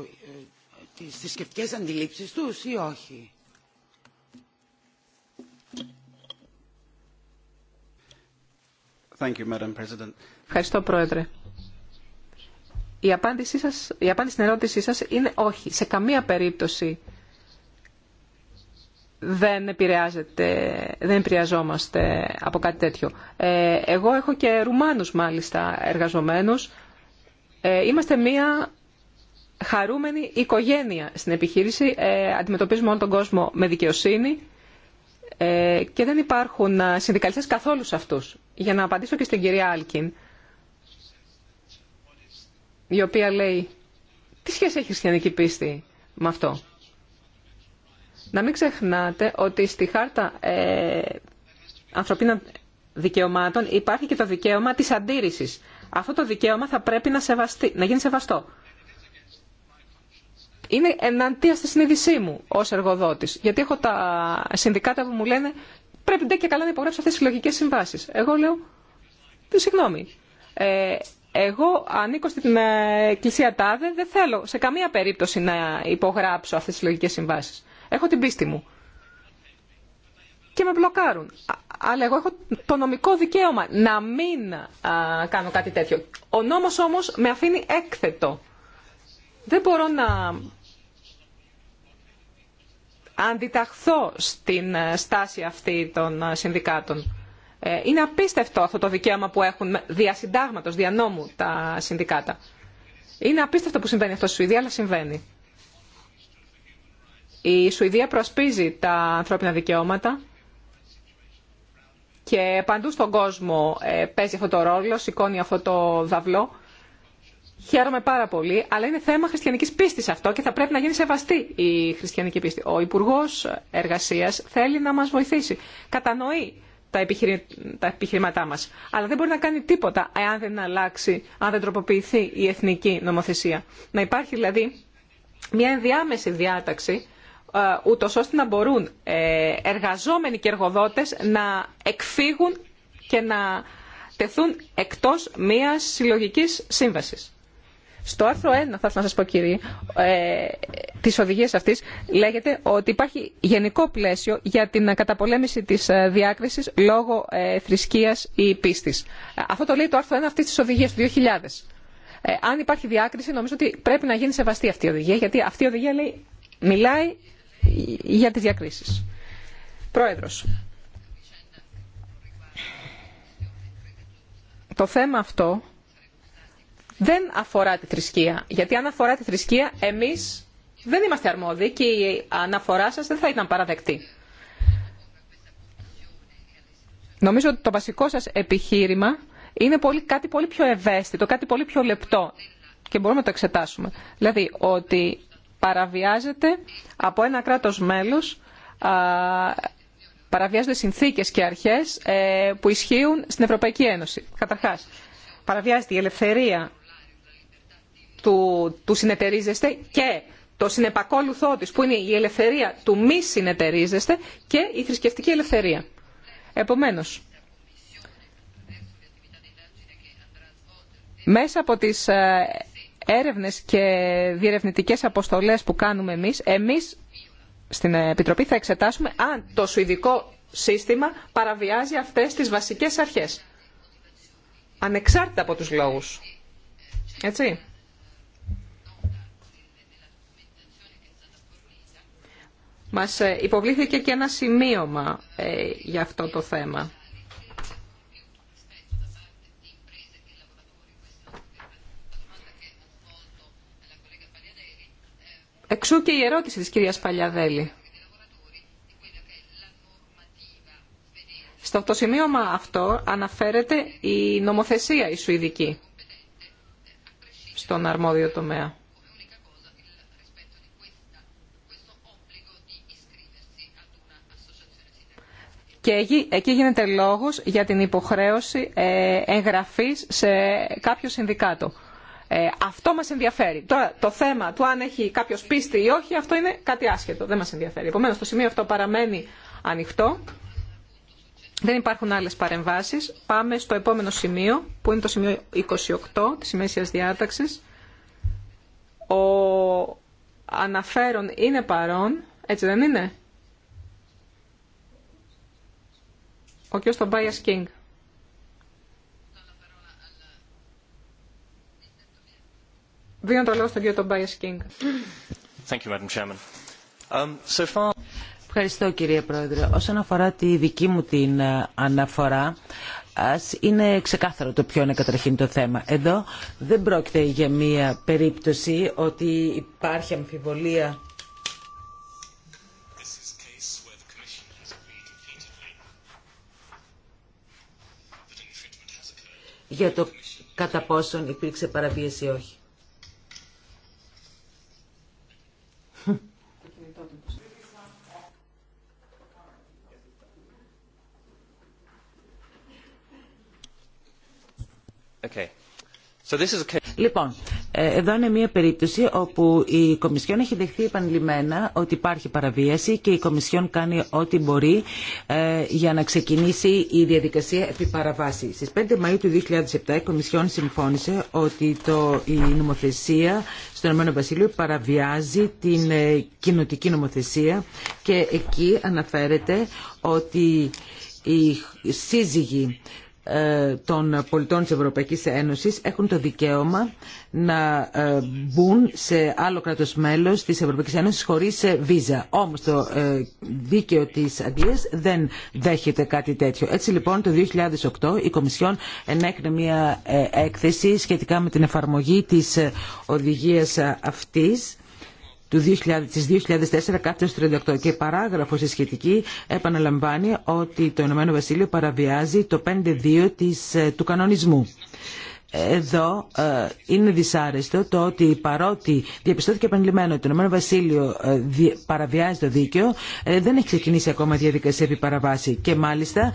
τις θρησκευτικές αντιλήψεις τους ή όχι. Ευχαριστώ, Πρόεδρε. Η απάντησή σας, η απάντηση στην ερώτησή σας είναι όχι. Σε καμία περίπτωση δεν επηρεάζεται, δεν επηρεαζόμαστε από κάτι τέτοιο. Ε, εγώ έχω και Ρουμάνους μάλιστα εργαζομένους. Ε, είμαστε μία χαρούμενη οικογένεια στην επιχείρηση. Ε, αντιμετωπίζουμε όλο τον κόσμο με δικαιοσύνη ε, και δεν υπάρχουν ε, συνδικαλιστές καθόλου σε αυτούς. Για να απαντήσω και στην κυρία Άλκιν, η οποία λέει τι σχέση έχει η χριστιανική πίστη με αυτό. Να μην ξεχνάτε ότι στη χάρτα ε, ανθρωπίνων δικαιωμάτων υπάρχει και το δικαίωμα της αντίρρησης. Αυτό το δικαίωμα θα πρέπει να, σεβαστεί, να γίνει σεβαστό είναι εναντία στη συνείδησή μου ω εργοδότη. Γιατί έχω τα συνδικάτα που μου λένε πρέπει ντε και καλά να υπογράψω αυτέ τι συλλογικέ συμβάσει. Εγώ λέω, συγγνώμη. Ε, εγώ ανήκω στην ε, εκκλησία Τάδε, δεν θέλω σε καμία περίπτωση να υπογράψω αυτέ τι συλλογικέ συμβάσεις. Έχω την πίστη μου. Και με μπλοκάρουν. Αλλά εγώ έχω το νομικό δικαίωμα να μην κάνω κάτι τέτοιο. Ο νόμος όμως με αφήνει έκθετο. Δεν μπορώ να αντιταχθώ στην ε, στάση αυτή των ε, συνδικάτων. Ε, είναι απίστευτο αυτό το δικαίωμα που έχουν δια συντάγματος, δια νόμου τα συνδικάτα. Είναι απίστευτο που συμβαίνει αυτό στη Σουηδία, αλλά συμβαίνει. Η Σουηδία προσπίζει τα ανθρώπινα δικαιώματα και παντού στον κόσμο παίζει αυτό το ρόλο, σηκώνει αυτό το δαυλό. Χαίρομαι πάρα πολύ, αλλά είναι θέμα χριστιανική πίστη αυτό και θα πρέπει να γίνει σεβαστή η χριστιανική πίστη. Ο Υπουργό Εργασία θέλει να μα βοηθήσει. Κατανοεί τα, επιχειρη... τα επιχειρήματά μα. Αλλά δεν μπορεί να κάνει τίποτα εάν δεν αλλάξει, αν δεν τροποποιηθεί η εθνική νομοθεσία. Να υπάρχει δηλαδή μια ενδιάμεση διάταξη ε, ούτω ώστε να μπορούν ε, εργαζόμενοι και εργοδότες να εκφύγουν και να τεθούν εκτός μιας συλλογικής σύμβασης. Στο άρθρο 1, θα ήθελα να σας πω κύριε, ε, της οδηγίας αυτής λέγεται ότι υπάρχει γενικό πλαίσιο για την καταπολέμηση της ε, διάκρισης λόγω ε, θρησκείας ή πίστης. Ε, αυτό το λέει το άρθρο 1 αυτής της οδηγίας του 2000. αν υπάρχει διάκριση νομίζω ότι πρέπει να γίνει σεβαστή αυτή η οδηγία γιατί αυτή η οδηγία μιλάει για τις διακρίσεις. Πρόεδρος. Το θέμα αυτό δεν αφορά τη θρησκεία. Γιατί αν αφορά τη θρησκεία, εμείς δεν είμαστε αρμόδιοι και η αναφορά σας δεν θα ήταν παραδεκτή. Νομίζω ότι το βασικό σας επιχείρημα είναι πολύ, κάτι πολύ πιο ευαίσθητο, κάτι πολύ πιο λεπτό και μπορούμε να το εξετάσουμε. Δηλαδή ότι παραβιάζεται από ένα κράτος μέλος, α, παραβιάζονται συνθήκες και αρχές ε, που ισχύουν στην Ευρωπαϊκή Ένωση. Καταρχάς, παραβιάζεται η ελευθερία του, του συνεταιρίζεστε και το συνεπακόλουθό της που είναι η ελευθερία του μη συνεταιρίζεστε και η θρησκευτική ελευθερία. Επομένως, μέσα από τις ε, έρευνες και διερευνητικές αποστολές που κάνουμε εμείς, εμείς στην Επιτροπή θα εξετάσουμε αν το σουηδικό σύστημα παραβιάζει αυτές τις βασικές αρχές. Ανεξάρτητα από τους λόγους. Έτσι. Μας ε, υποβλήθηκε και ένα σημείωμα ε, για αυτό το θέμα. Εξού και η ερώτηση της κυρίας Παλιαδέλη. Στο το σημείωμα αυτό αναφέρεται η νομοθεσία η Σουηδική στον αρμόδιο τομέα. Και εκεί γίνεται λόγος για την υποχρέωση ε, εγγραφής σε κάποιο συνδικάτο. Ε, αυτό μας ενδιαφέρει. Τώρα το θέμα του αν έχει κάποιος πίστη ή όχι, αυτό είναι κάτι άσχετο. Δεν μας ενδιαφέρει. Επομένως το σημείο αυτό παραμένει ανοιχτό. Δεν υπάρχουν άλλες παρεμβάσεις. Πάμε στο επόμενο σημείο, που είναι το σημείο 28 της ημέσιας διάταξης. Ο αναφέρον είναι παρόν, έτσι δεν είναι. Ο κ. Κίνγκ. Δίνω το λόγο στον κ. Κίνγκ. Um, Ευχαριστώ κύριε Πρόεδρε. Όσον αφορά τη δική μου την ε, αναφορά, είναι ξεκάθαρο το ποιο είναι καταρχήν το θέμα. Εδώ δεν πρόκειται για μία περίπτωση ότι υπάρχει αμφιβολία για το κατά πόσον υπήρξε παραβίαση ή όχι. Okay. Λοιπόν, ε, εδώ είναι μια περίπτωση όπου η Κομισιόν έχει δεχθεί επανειλημμένα ότι υπάρχει παραβίαση και η Κομισιόν κάνει ό,τι μπορεί ε, για να ξεκινήσει η διαδικασία επί παραβάση. Στις 5 Μαΐου του 2007 η Κομισιόν συμφώνησε ότι το, η νομοθεσία στο Ηνωμένο Βασίλειο παραβιάζει την ε, κοινοτική νομοθεσία και εκεί αναφέρεται ότι οι σύζυγοι ε, των πολιτών της Ευρωπαϊκής Ένωσης έχουν το δικαίωμα να ε, μπουν σε άλλο κράτος μέλος της Ευρωπαϊκής Ένωσης χωρίς ε, βίζα. Όμως το δίκαιο της Αγγλίας δεν δέχεται κάτι τέτοιο. Έτσι λοιπόν το 2008 η Κομισιόν ενέκρινε μια έκθεση σχετικά με την εφαρμογή της οδηγίας αυτής του 2000, της 2004 38 και παράγραφος η σχετική επαναλαμβάνει ότι το Ηνωμένο Βασίλειο παραβιάζει το 5.2 ε, του κανονισμού εδώ ε, είναι δυσάρεστο το ότι παρότι διαπιστώθηκε επανειλημμένο ότι το Ηνωμένο Βασίλειο ε, παραβιάζει το δίκαιο, ε, δεν έχει ξεκινήσει ακόμα διαδικασία επί παραβάση. Και μάλιστα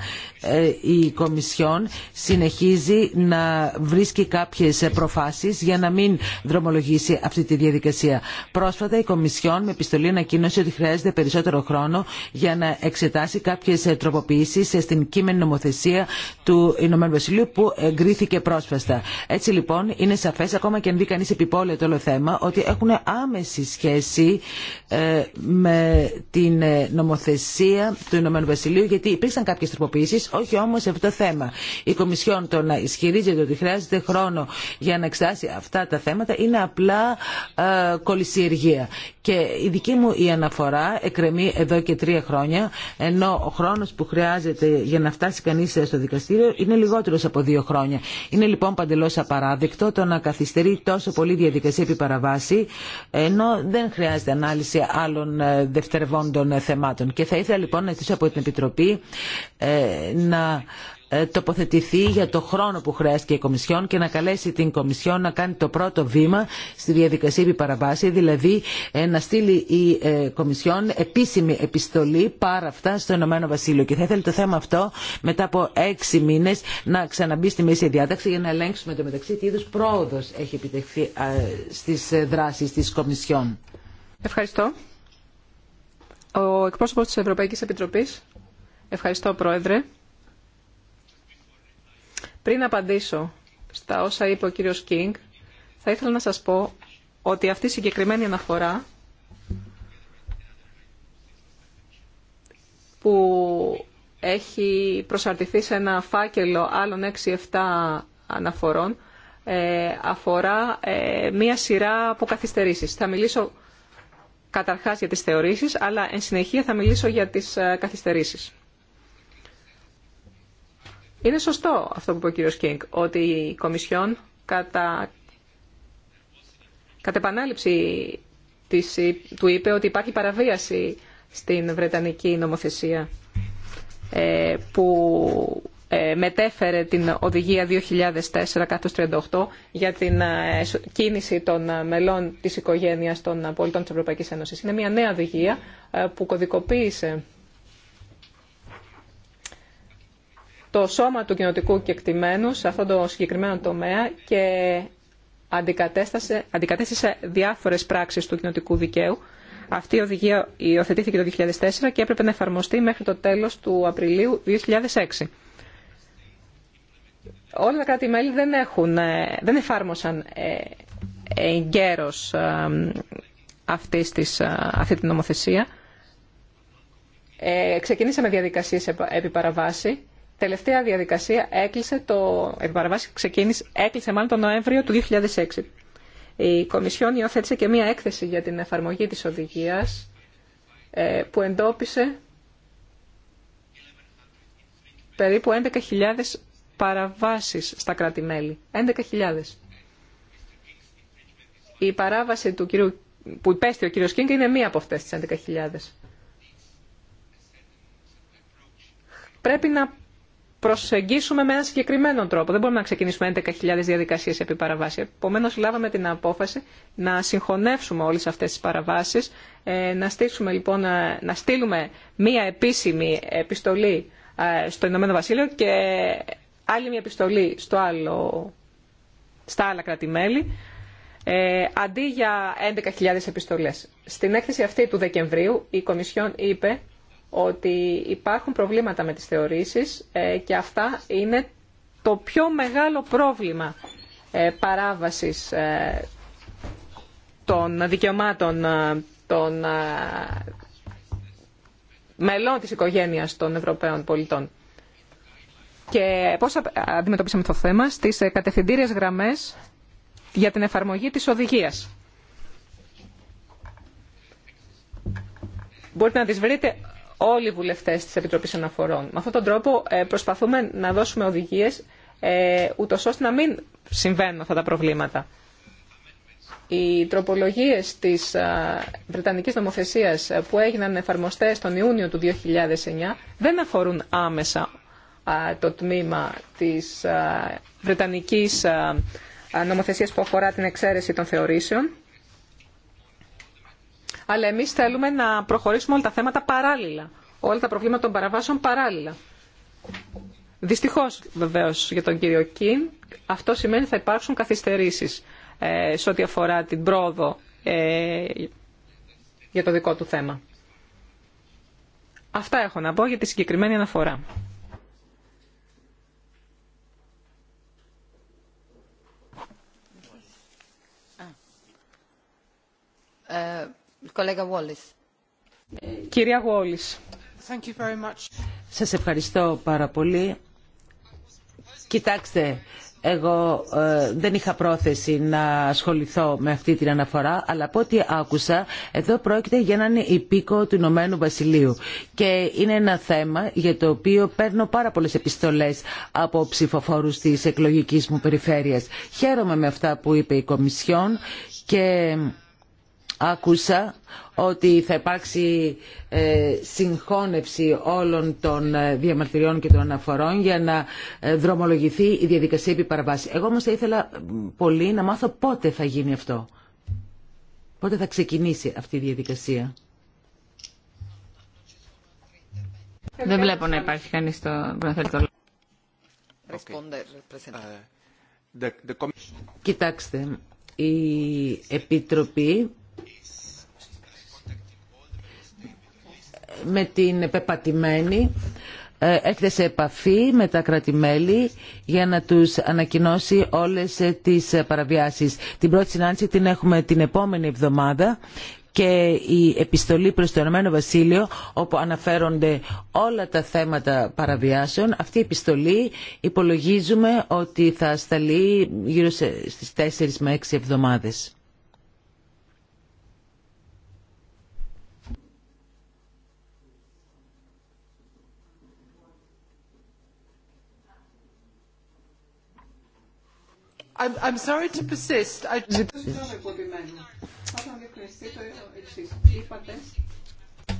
η Κομισιόν συνεχίζει να βρίσκει κάποιε προφάσεις για να μην δρομολογήσει αυτή τη διαδικασία. Πρόσφατα η Κομισιόν με επιστολή ανακοίνωσε ότι χρειάζεται περισσότερο χρόνο για να εξετάσει κάποιε τροποποιήσει στην κείμενη νομοθεσία του Ηνωμένου Βασιλείου που εγκρίθηκε πρόσφατα έτσι λοιπόν είναι σαφές, ακόμα και αν δει κανείς επιπόλαιο το όλο θέμα, ότι έχουν άμεση σχέση ε, με την ε, νομοθεσία του Ηνωμένου Βασιλείου, γιατί υπήρξαν κάποιες τροποποιήσεις, όχι όμως σε αυτό το θέμα. Η Κομισιόν το να ισχυρίζεται ότι χρειάζεται χρόνο για να εξετάσει αυτά τα θέματα είναι απλά ε, Και η δική μου η αναφορά εκρεμεί εδώ και τρία χρόνια, ενώ ο χρόνος που χρειάζεται για να φτάσει κανείς στο δικαστήριο είναι λιγότερος από δύο χρόνια. Είναι λοιπόν εντελώ απαράδεκτο το να καθυστερεί τόσο πολύ διαδικασία επί παραβάση, ενώ δεν χρειάζεται ανάλυση άλλων ε, δευτερευόντων ε, θεμάτων. Και θα ήθελα λοιπόν να ζητήσω από την Επιτροπή ε, να ε, τοποθετηθεί για το χρόνο που χρειάστηκε η Κομισιόν και να καλέσει την Κομισιόν να κάνει το πρώτο βήμα στη διαδικασία επιπαραβάση, δηλαδή ε, να στείλει η ε, Κομισιόν επίσημη επιστολή πάρα αυτά στο Ηνωμένο Βασίλειο. Και θα ήθελε το θέμα αυτό μετά από έξι μήνε να ξαναμπεί στη μέση διάταξη για να ελέγξουμε το μεταξύ τι είδου πρόοδο έχει επιτευχθεί στι δράσει τη Κομισιόν. Ευχαριστώ. Ο εκπρόσωπος της Ευρωπαϊκής Επιτροπής. Ευχαριστώ, Πρόεδρε. Πριν απαντήσω στα όσα είπε ο κύριος Κίνγκ, θα ήθελα να σας πω ότι αυτή η συγκεκριμένη αναφορά που έχει προσαρτηθεί σε ένα φάκελο άλλων 6-7 αναφορών ε, αφορά ε, μία σειρά από καθυστερήσεις. Θα μιλήσω καταρχάς για τις θεωρήσεις, αλλά εν συνεχεία θα μιλήσω για τις ε, καθυστερήσεις. Είναι σωστό αυτό που είπε ο κύριο Κίνγκ, ότι η Κομισιόν κατά, κατά επανάληψη της, του είπε ότι υπάρχει παραβίαση στην Βρετανική νομοθεσία ε, που ε, μετέφερε την Οδηγία 2004-38 για την ε, κίνηση των ε, μελών της οικογένειας των πολιτών της Ευρωπαϊκής Ένωσης. Είναι μια νέα οδηγία που κωδικοποίησε το σώμα του κοινοτικού κεκτημένου σε αυτό το συγκεκριμένο τομέα και αντικατέστασε, αντικατέστησε διάφορες πράξεις του κοινοτικού δικαίου. Αυτή η οδηγία υιοθετήθηκε το 2004 και έπρεπε να εφαρμοστεί μέχρι το τέλος του Απριλίου 2006. Όλα τα κράτη-μέλη δεν, έχουν, ε, δεν εφάρμοσαν ε, εγκαίρως ε, της, αυτή την νομοθεσία. Ε, ξεκινήσαμε διαδικασίες επί παραβάση τελευταία διαδικασία έκλεισε το, ξεκίνησε, έκλεισε μάλλον τον Νοέμβριο του 2006. Η Κομισιόν υιοθέτησε και μία έκθεση για την εφαρμογή της οδηγίας ε, που εντόπισε περίπου 11.000 παραβάσεις στα κράτη-μέλη. 11.000. Η παράβαση του κυρίου, που υπέστη ο κύριος Κίνγκ είναι μία από αυτές τις 11.000. Πρέπει να προσεγγίσουμε με έναν συγκεκριμένο τρόπο. Δεν μπορούμε να ξεκινήσουμε 11.000 διαδικασίε επί παραβάση. Επομένω, λάβαμε την απόφαση να συγχωνεύσουμε όλε αυτέ τι παραβάσει, ε, να, λοιπόν, ε, να στείλουμε μία επίσημη επιστολή ε, στο Ηνωμένο Βασίλειο και άλλη μία επιστολή στο άλλο, στα άλλα κράτη-μέλη, αντί για 11.000 επιστολές. Στην έκθεση αυτή του Δεκεμβρίου η Κομισιόν είπε ότι υπάρχουν προβλήματα με τις θεωρήσεις ε, και αυτά είναι το πιο μεγάλο πρόβλημα ε, παράβασης ε, των δικαιωμάτων των μελών της οικογένειας των Ευρωπαίων πολιτών. Και πώς αντιμετωπίσαμε το θέμα στις κατευθυντήριες γραμμές για την εφαρμογή της οδηγίας. Μπορείτε να τις βρείτε όλοι οι βουλευτές της Επιτροπής Αναφορών. Με αυτόν τον τρόπο ε, προσπαθούμε να δώσουμε οδηγίες ε, ούτω ώστε να μην συμβαίνουν αυτά τα προβλήματα. Οι τροπολογίες της ε, Βρετανικής νομοθεσίας που έγιναν εφαρμοστές τον Ιούνιο του 2009 δεν αφορούν άμεσα το τμήμα της Βρετανικής νομοθεσίας που αφορά την εξαίρεση των θεωρήσεων αλλά εμείς θέλουμε να προχωρήσουμε όλα τα θέματα παράλληλα, όλα τα προβλήματα των παραβάσεων παράλληλα. Δυστυχώς βεβαίως για τον κύριο Κιν, αυτό σημαίνει ότι θα υπάρξουν καθυστερήσεις ε, σε ό,τι αφορά την πρόοδο ε, για το δικό του θέμα. Αυτά έχω να πω για τη συγκεκριμένη αναφορά. Κυρία Γουόλης, σας ευχαριστώ πάρα πολύ. Κοιτάξτε, εγώ ε, δεν είχα πρόθεση να ασχοληθώ με αυτή την αναφορά, αλλά από ό,τι άκουσα, εδώ πρόκειται για έναν υπήκο του Ηνωμένου Βασιλείου. Και είναι ένα θέμα για το οποίο παίρνω πάρα πολλέ επιστολέ από ψηφοφόρου τη εκλογική μου περιφέρεια. Χαίρομαι με αυτά που είπε η Κομισιόν και άκουσα ότι θα υπάρξει ε, συγχώνευση όλων των ε, διαμαρτυριών και των αναφορών για να ε, δρομολογηθεί η διαδικασία επί παραβάση. Εγώ όμως θα ήθελα πολύ να μάθω πότε θα γίνει αυτό. Πότε θα ξεκινήσει αυτή η διαδικασία. Δεν βλέπω να υπάρχει κανείς το... Okay. Κοιτάξτε, η Επιτροπή με την πεπατημένη ε, έρχεται σε επαφή με τα κρατημέλη για να τους ανακοινώσει όλες ε, τις ε, παραβιάσεις. Την πρώτη συνάντηση την έχουμε την επόμενη εβδομάδα και η επιστολή προς το Ηνωμένο Βασίλειο όπου αναφέρονται όλα τα θέματα παραβιάσεων. Αυτή η επιστολή υπολογίζουμε ότι θα σταλεί γύρω στις 4 με 6 εβδομάδες.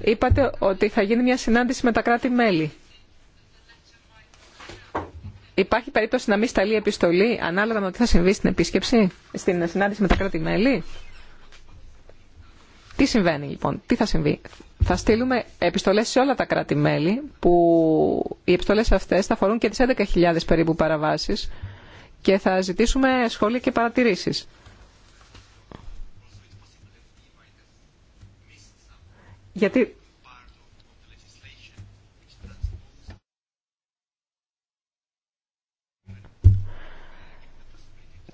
Είπατε... ότι θα γίνει μια συνάντηση με τα κράτη-μέλη. Υπάρχει περίπτωση να μην σταλεί επιστολή ανάλογα με τι θα συμβεί στην επίσκεψη, στην συνάντηση με τα κράτη-μέλη. Τι συμβαίνει λοιπόν, τι θα συμβεί. Θα στείλουμε επιστολές σε όλα τα κράτη-μέλη που οι επιστολές αυτές θα αφορούν και τις 11.000 περίπου παραβάσεις και θα ζητήσουμε σχόλια και παρατηρήσεις. Γιατί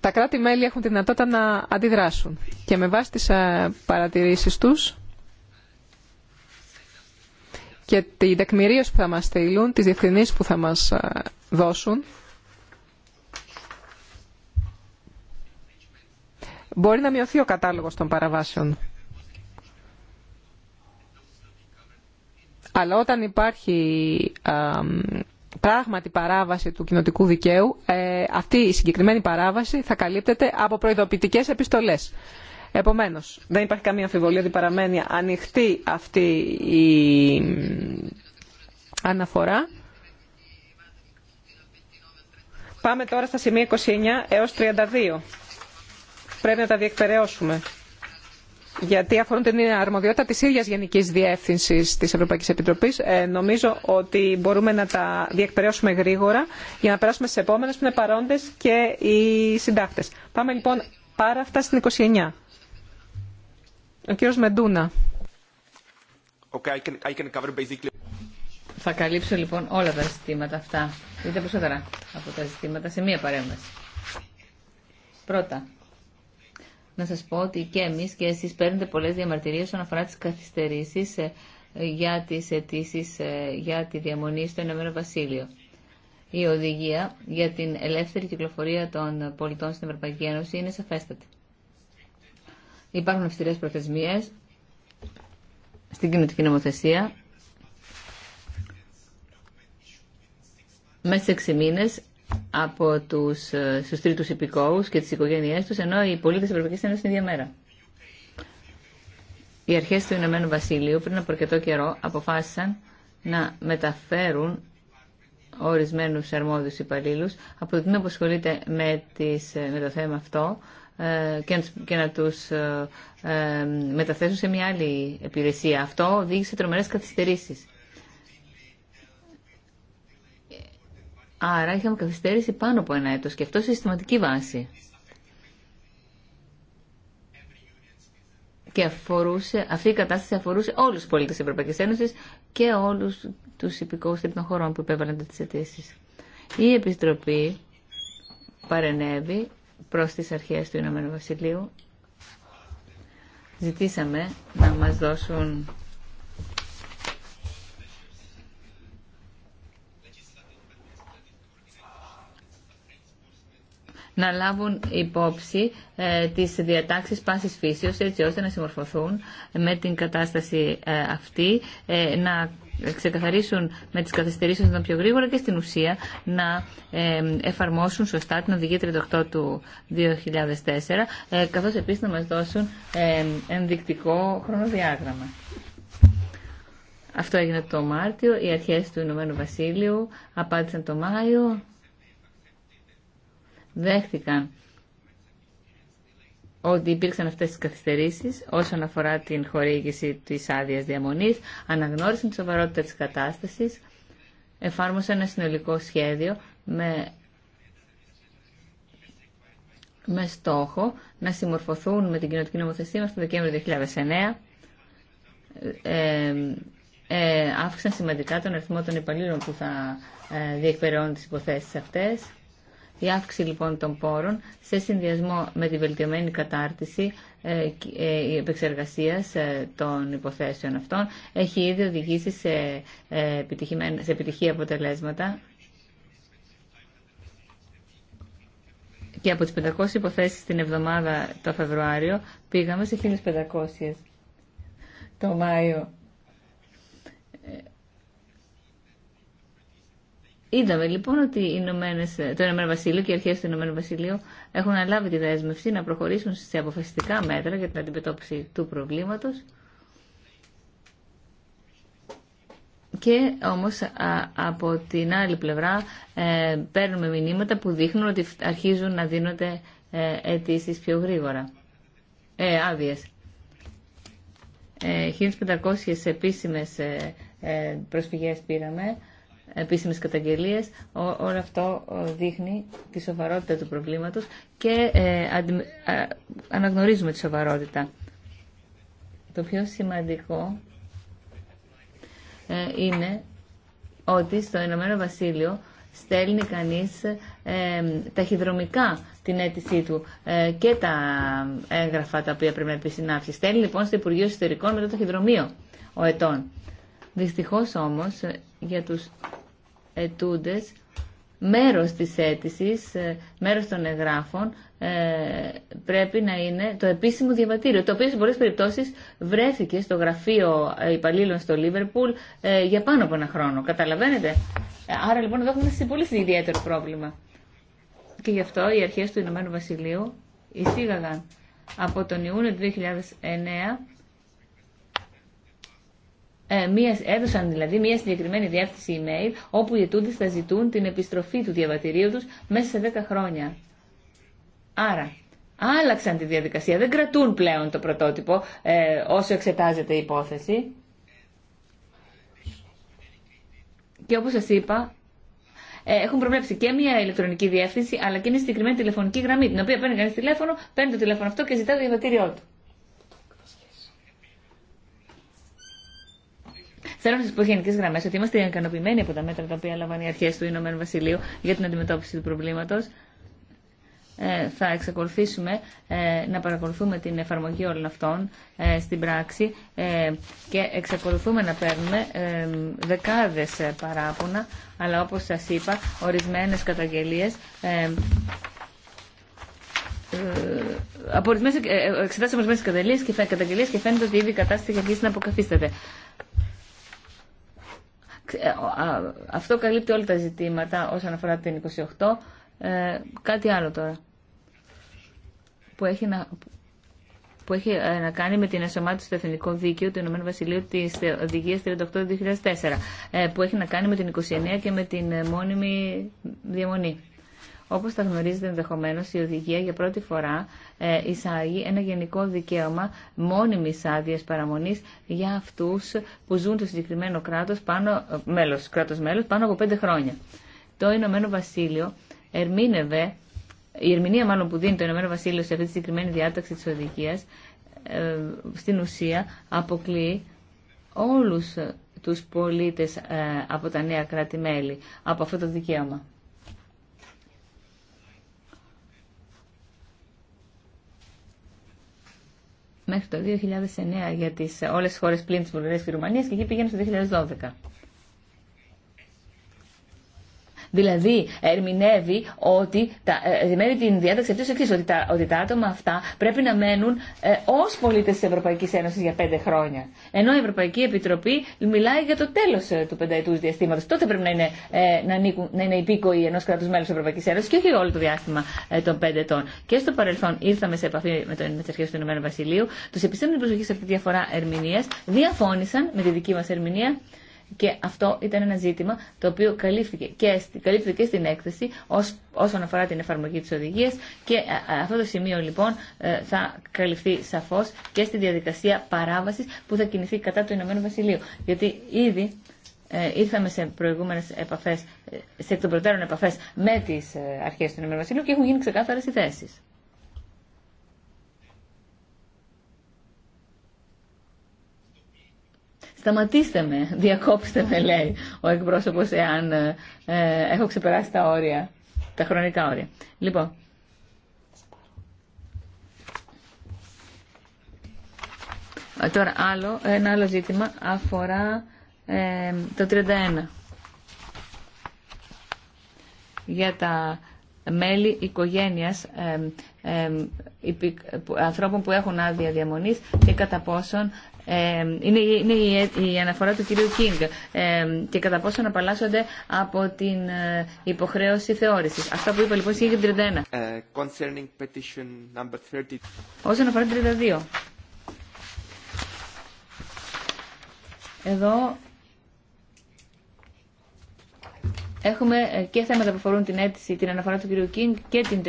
τα κράτη-μέλη έχουν τη δυνατότητα να αντιδράσουν και με βάση τις ε, παρατηρήσεις τους και την τεκμηρίωση που θα μας στείλουν, τις διευθυνήσεις που θα μας ε, δώσουν, μπορεί να μειωθεί ο κατάλογος των παραβάσεων. Αλλά όταν υπάρχει α, πράγματι παράβαση του κοινοτικού δικαίου, ε, αυτή η συγκεκριμένη παράβαση θα καλύπτεται από προειδοποιητικές επιστολές. Επομένως, δεν υπάρχει καμία αμφιβολία ότι παραμένει ανοιχτή αυτή η αναφορά. Πάμε τώρα στα σημεία 29 έως 32 πρέπει να τα διεκπαιρεώσουμε. Γιατί αφορούν την αρμοδιότητα της ίδιας Γενικής Διεύθυνσης της Ευρωπαϊκής Επιτροπής. Ε, νομίζω ότι μπορούμε να τα διεκπαιρεώσουμε γρήγορα για να περάσουμε στι επόμενες που είναι παρόντες και οι συντάκτες. Πάμε λοιπόν πάρα αυτά στην 29. Ο κύριος Μεντούνα. Okay, basically... Θα καλύψω λοιπόν όλα τα ζητήματα αυτά, είτε περισσότερα από τα ζητήματα, σε μία παρέμβαση. Πρώτα, να σας πω ότι και εμείς και εσείς παίρνετε πολλές διαμαρτυρίες όσον αφορά τις καθυστερήσεις ε, για τις αιτήσει ε, για τη διαμονή στο Ηνωμένο Βασίλειο. Η οδηγία για την ελεύθερη κυκλοφορία των πολιτών στην Ευρωπαϊκή Ένωση είναι σαφέστατη. Υπάρχουν αυστηρές προθεσμίες στην κοινωτική νομοθεσία. Μέσα σε 6 μήνες από τους, ε, στους τρίτους και τις οικογένειές τους, ενώ οι πολίτες της Ευρωπαϊκής Ένωσης την ίδια μέρα. Οι αρχές του Ηνωμένου Βασιλείου πριν από αρκετό καιρό αποφάσισαν να μεταφέρουν ορισμένους αρμόδιους υπαλλήλους από το τμήμα που ασχολείται με, τις, ε, με το θέμα αυτό ε, και να τους μεταθέσουν σε μια άλλη υπηρεσία. Αυτό οδήγησε τρομερές καθυστερήσεις. Άρα είχαμε καθυστέρηση πάνω από ένα έτος και αυτό σε συστηματική βάση. Και αφορούσε, αυτή η κατάσταση αφορούσε όλους τους πολίτες της Ευρωπαϊκής Ένωσης και όλους τους υπηκόους τρίτων χωρών που υπέβαλαν τις αιτήσει. Η Επιστροπή παρενέβη προς τις αρχές του Ηνωμένου Βασιλείου. Ζητήσαμε να μας δώσουν να λάβουν υπόψη ε, τις διατάξεις πάσης φύσεως έτσι ώστε να συμμορφωθούν με την κατάσταση ε, αυτή, ε, να ξεκαθαρίσουν με τις καθυστερήσεις να πιο γρήγορα και στην ουσία να ε, εφαρμόσουν σωστά την οδηγία 38 του 2004 καθώς επίσης να μας δώσουν ενδεικτικό χρονοδιάγραμμα. Αυτό έγινε το Μάρτιο, οι αρχές του Ηνωμένου Βασίλειου απάντησαν το Μάιο δέχτηκαν ότι υπήρξαν αυτές τις καθυστερήσεις όσον αφορά την χορήγηση της άδειας διαμονής, αναγνώρισαν τη σοβαρότητα της κατάστασης, εφάρμοσαν ένα συνολικό σχέδιο με, με στόχο να συμμορφωθούν με την κοινωτική νομοθεσία μας το Δεκέμβριο 2009, ε, ε, ε, αύξησαν σημαντικά τον αριθμό των υπαλλήλων που θα ε, διεκπαιρεώνουν τις υποθέσεις αυτές η αύξηση λοιπόν των πόρων σε συνδυασμό με τη βελτιωμένη κατάρτιση η ε, ε, επεξεργασία ε, των υποθέσεων αυτών έχει ήδη οδηγήσει σε, σε επιτυχή αποτελέσματα και από τις 500 υποθέσεις την εβδομάδα το Φεβρουάριο πήγαμε σε 1500 το Μάιο. Είδαμε λοιπόν ότι Ηνωμένες, το Ηνωμένο Βασίλειο και οι αρχέ του Ηνωμένου Βασιλείου έχουν αναλάβει τη δέσμευση να προχωρήσουν σε αποφασιστικά μέτρα για την αντιμετώπιση του προβλήματο. Και όμως από την άλλη πλευρά ε, παίρνουμε μηνύματα που δείχνουν ότι αρχίζουν να δίνονται ε, αιτήσει πιο γρήγορα. Ε, Άδειε. 1500 ε, επίσημες προσφυγές πήραμε επίσημες καταγγελίες. Όλο αυτό ε, δείχνει τη σοβαρότητα του προβλήματος και ε, ε, αναγνωρίζουμε τη σοβαρότητα. Το πιο σημαντικό είναι ότι στο Ηνωμένο Βασίλειο στέλνει κανείς τα ταχυδρομικά την αίτησή του και τα έγγραφα τα οποία πρέπει να επισυνάψει. Στέλνει λοιπόν στο Υπουργείο Ιστορικών με το ταχυδρομείο ο ετών. Δυστυχώς όμως ε, για τους ετούντες μέρος της αίτηση, ε, μέρος των εγγράφων ε, πρέπει να είναι το επίσημο διαβατήριο, το οποίο σε πολλές περιπτώσεις βρέθηκε στο γραφείο υπαλλήλων στο Λίβερπουλ για πάνω από ένα χρόνο. Καταλαβαίνετε. Άρα λοιπόν εδώ έχουμε ένα πολύ ιδιαίτερο πρόβλημα. Και γι' αυτό οι αρχές του Ηνωμένου Βασιλείου εισήγαγαν από τον Ιούνιο του 2009 ε, μία, έδωσαν δηλαδή μία συγκεκριμένη διεύθυνση email όπου οι ετούντες θα ζητούν την επιστροφή του διαβατηρίου τους μέσα σε 10 χρόνια. Άρα, άλλαξαν τη διαδικασία, δεν κρατούν πλέον το πρωτότυπο ε, όσο εξετάζεται η υπόθεση. Και όπως σας είπα, ε, έχουν προβλέψει και μια ηλεκτρονική διεύθυνση, αλλά και μια συγκεκριμένη τηλεφωνική γραμμή, την οποία παίρνει κανείς τηλέφωνο, παίρνει το τηλέφωνο αυτό και ζητά το διαβατήριό του. Θέλω να σα πω γενικέ γραμμέ ότι είμαστε ικανοποιημένοι από τα μέτρα τα οποία έλαβαν οι αρχέ του Ηνωμένου Βασιλείου για την αντιμετώπιση του προβλήματο. Ε, θα εξακολουθήσουμε ε, να παρακολουθούμε την εφαρμογή όλων αυτών ε, στην πράξη ε, και εξακολουθούμε να παίρνουμε ε, δεκάδες ε, παράπονα, αλλά όπως σας είπα, ορισμένες καταγγελίες ε, εξετάσαμε ορισμένες καταγγελίες και, φαίνεται ότι ήδη η κατάσταση έχει αρχίσει να αποκαθίσταται. Αυτό καλύπτει όλα τα ζητήματα όσον αφορά την 28. Ε, κάτι άλλο τώρα που έχει να, που έχει ε, να κάνει με την ενσωμάτωση του Εθνικού Δίκαιου του Ηνωμένου Βασιλείου τη Οδηγία 38-2004, που έχει να κάνει με την 29 και με την ε, μόνιμη διαμονή. Όπω τα γνωρίζετε ενδεχομένω, η οδηγία για πρώτη φορά ε, εισάγει ένα γενικό δικαίωμα μόνιμη άδεια παραμονή για αυτού που ζουν το συγκεκριμένο κράτο, πάνω, ε, μέλος, κράτος πάνω από πέντε χρόνια. Το Ηνωμένο Βασίλειο ερμήνευε, η ερμηνεία μάλλον που δίνει το Ηνωμένο Βασίλειο σε αυτή τη συγκεκριμένη διάταξη της οδηγίας, ε, στην ουσία αποκλεί όλους τους πολίτες από τα νέα κράτη-μέλη από αυτό το δικαίωμα. μέχρι το 2009 για τις, όλες τις χώρες πλήν της Βουλγαρίας και Ρουμανίας και εκεί πήγαινε στο 2012. Δηλαδή, ερμηνεύει ότι τα, ε, ερμηνεύει την διάταξη αυτή ότι, ότι τα άτομα αυτά πρέπει να μένουν ε, ω πολίτε τη Ευρωπαϊκή Ένωση για πέντε χρόνια. Ενώ η Ευρωπαϊκή Επιτροπή μιλάει για το τέλο ε, του πενταετού διαστήματο. Τότε πρέπει να είναι, ε, να ανήκουν, να είναι υπήκοοι ενό κράτου μέλου τη Ευρωπαϊκή Ένωση και όχι όλο το διάστημα ε, των πέντε ετών. Και στο παρελθόν ήρθαμε σε επαφή με, τον, με τι αρχέ του Ηνωμένου Βασιλείου. Του επιστήμονε προσοχή σε αυτή τη διαφορά ερμηνεία διαφώνησαν με τη δική μα ερμηνεία και αυτό ήταν ένα ζήτημα το οποίο καλύφθηκε και, καλύφθηκε και στην έκθεση ως, όσον αφορά την εφαρμογή της οδηγίας και ε, ε, αυτό το σημείο λοιπόν ε, θα καλυφθεί σαφώς και στη διαδικασία παράβασης που θα κινηθεί κατά του Ηνωμένου Βασιλείου. Γιατί ήδη ήρθαμε σε προηγούμενες επαφές, σε εκ των προτέρων επαφές με τις αρχές του Ηνωμένου Βασιλείου και έχουν γίνει ξεκάθαρες οι θέσεις. Σταματήστε με, διακόψτε με, λέει ο εκπρόσωπο εάν ε, ε, έχω ξεπεράσει τα όρια, τα χρονικά όρια. Λοιπόν, Τώρα άλλο, ένα άλλο ζήτημα αφορά ε, το 31 για τα μέλη οικογένειας ε, ανθρώπων που έχουν άδεια διαμονής και κατά πόσον ε, είναι, είναι η, αναφορά του κυρίου Κίνγκ ε, και κατά πόσο απαλλάσσονται από την ε, υποχρέωση θεώρησης. Αυτά που είπα λοιπόν στην 31. Uh, Όσον αφορά την 32. Εδώ έχουμε και θέματα που αφορούν την αίτηση, την αναφορά του κυρίου Κίνγκ και την 31.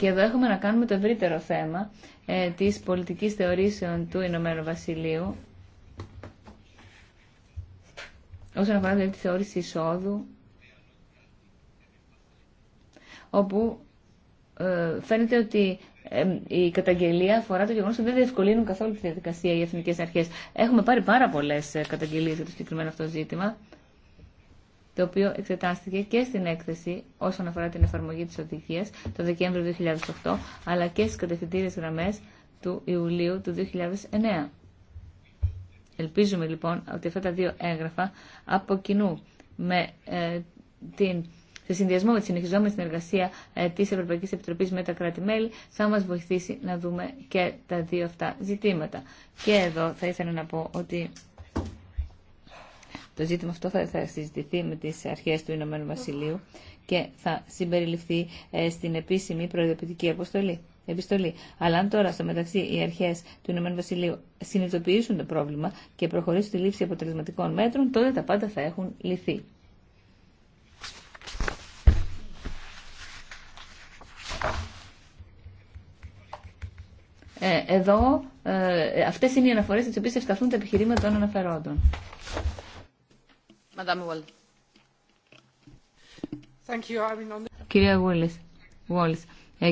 Και εδώ έχουμε να κάνουμε το ευρύτερο θέμα ε, της πολιτικής θεωρήσεων του Ηνωμένου Βασιλείου όσον αφορά δηλαδή, τη θεώρηση εισόδου όπου ε, φαίνεται ότι ε, η καταγγελία αφορά το γεγονό ότι δεν διευκολύνουν καθόλου τη διαδικασία οι εθνικέ αρχέ. Έχουμε πάρει πάρα πολλέ ε, καταγγελίε για το συγκεκριμένο αυτό ζήτημα το οποίο εξετάστηκε και στην έκθεση όσον αφορά την εφαρμογή της οδηγίας το Δεκέμβριο 2008, αλλά και στις κατευθυντήριες γραμμές του Ιουλίου του 2009. Ελπίζουμε λοιπόν ότι αυτά τα δύο έγγραφα από κοινού με ε, την σε συνδυασμό με τη συνεχιζόμενη συνεργασία ε, τη Ευρωπαϊκή Επιτροπή με τα κράτη-μέλη, θα μα βοηθήσει να δούμε και τα δύο αυτά ζητήματα. Και εδώ θα ήθελα να πω ότι το ζήτημα αυτό θα, συζητηθεί με τις αρχές του Ηνωμένου Βασιλείου και θα συμπεριληφθεί ε, στην επίσημη προειδοποιητική αποστολή. Επιστολή. Αλλά αν τώρα στο μεταξύ οι αρχέ του Ηνωμένου Βασιλείου συνειδητοποιήσουν το πρόβλημα και προχωρήσουν τη λήψη αποτελεσματικών μέτρων, τότε τα πάντα θα έχουν λυθεί. Ε, εδώ ε, αυτές είναι οι αναφορές τι οποίες ευσταθούν τα επιχειρήματα των αναφερόντων. Κυρία Γουόλης,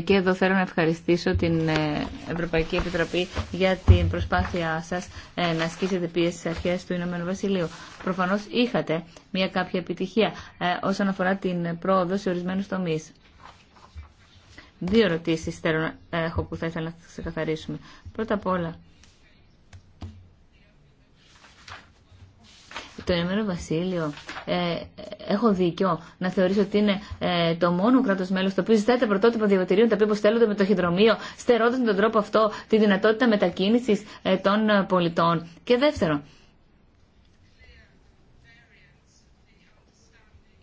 και εδώ θέλω να ευχαριστήσω την ε, Ευρωπαϊκή Επιτροπή για την προσπάθειά σας ε, να ασκήσετε πίεση στις αρχές του Ηνωμένου Βασιλείου. Προφανώς είχατε μια κάποια επιτυχία ε, όσον αφορά την πρόοδο σε ορισμένου τομεί. Δύο ερωτήσει θέλω να έχω που θα ήθελα να ξεκαθαρίσουμε. Πρώτα απ' όλα, το Ηνωμένο Βασίλειο, ε, έχω δίκιο να θεωρήσω ότι είναι ε, το μόνο κράτο μέλο το οποίο ζητάει τα πρωτότυπα διαβατηρίων τα οποία υποστέλλονται με το χειδρομείο, στερώντα με τον τρόπο αυτό τη δυνατότητα μετακίνηση ε, των ε, πολιτών. Και δεύτερο,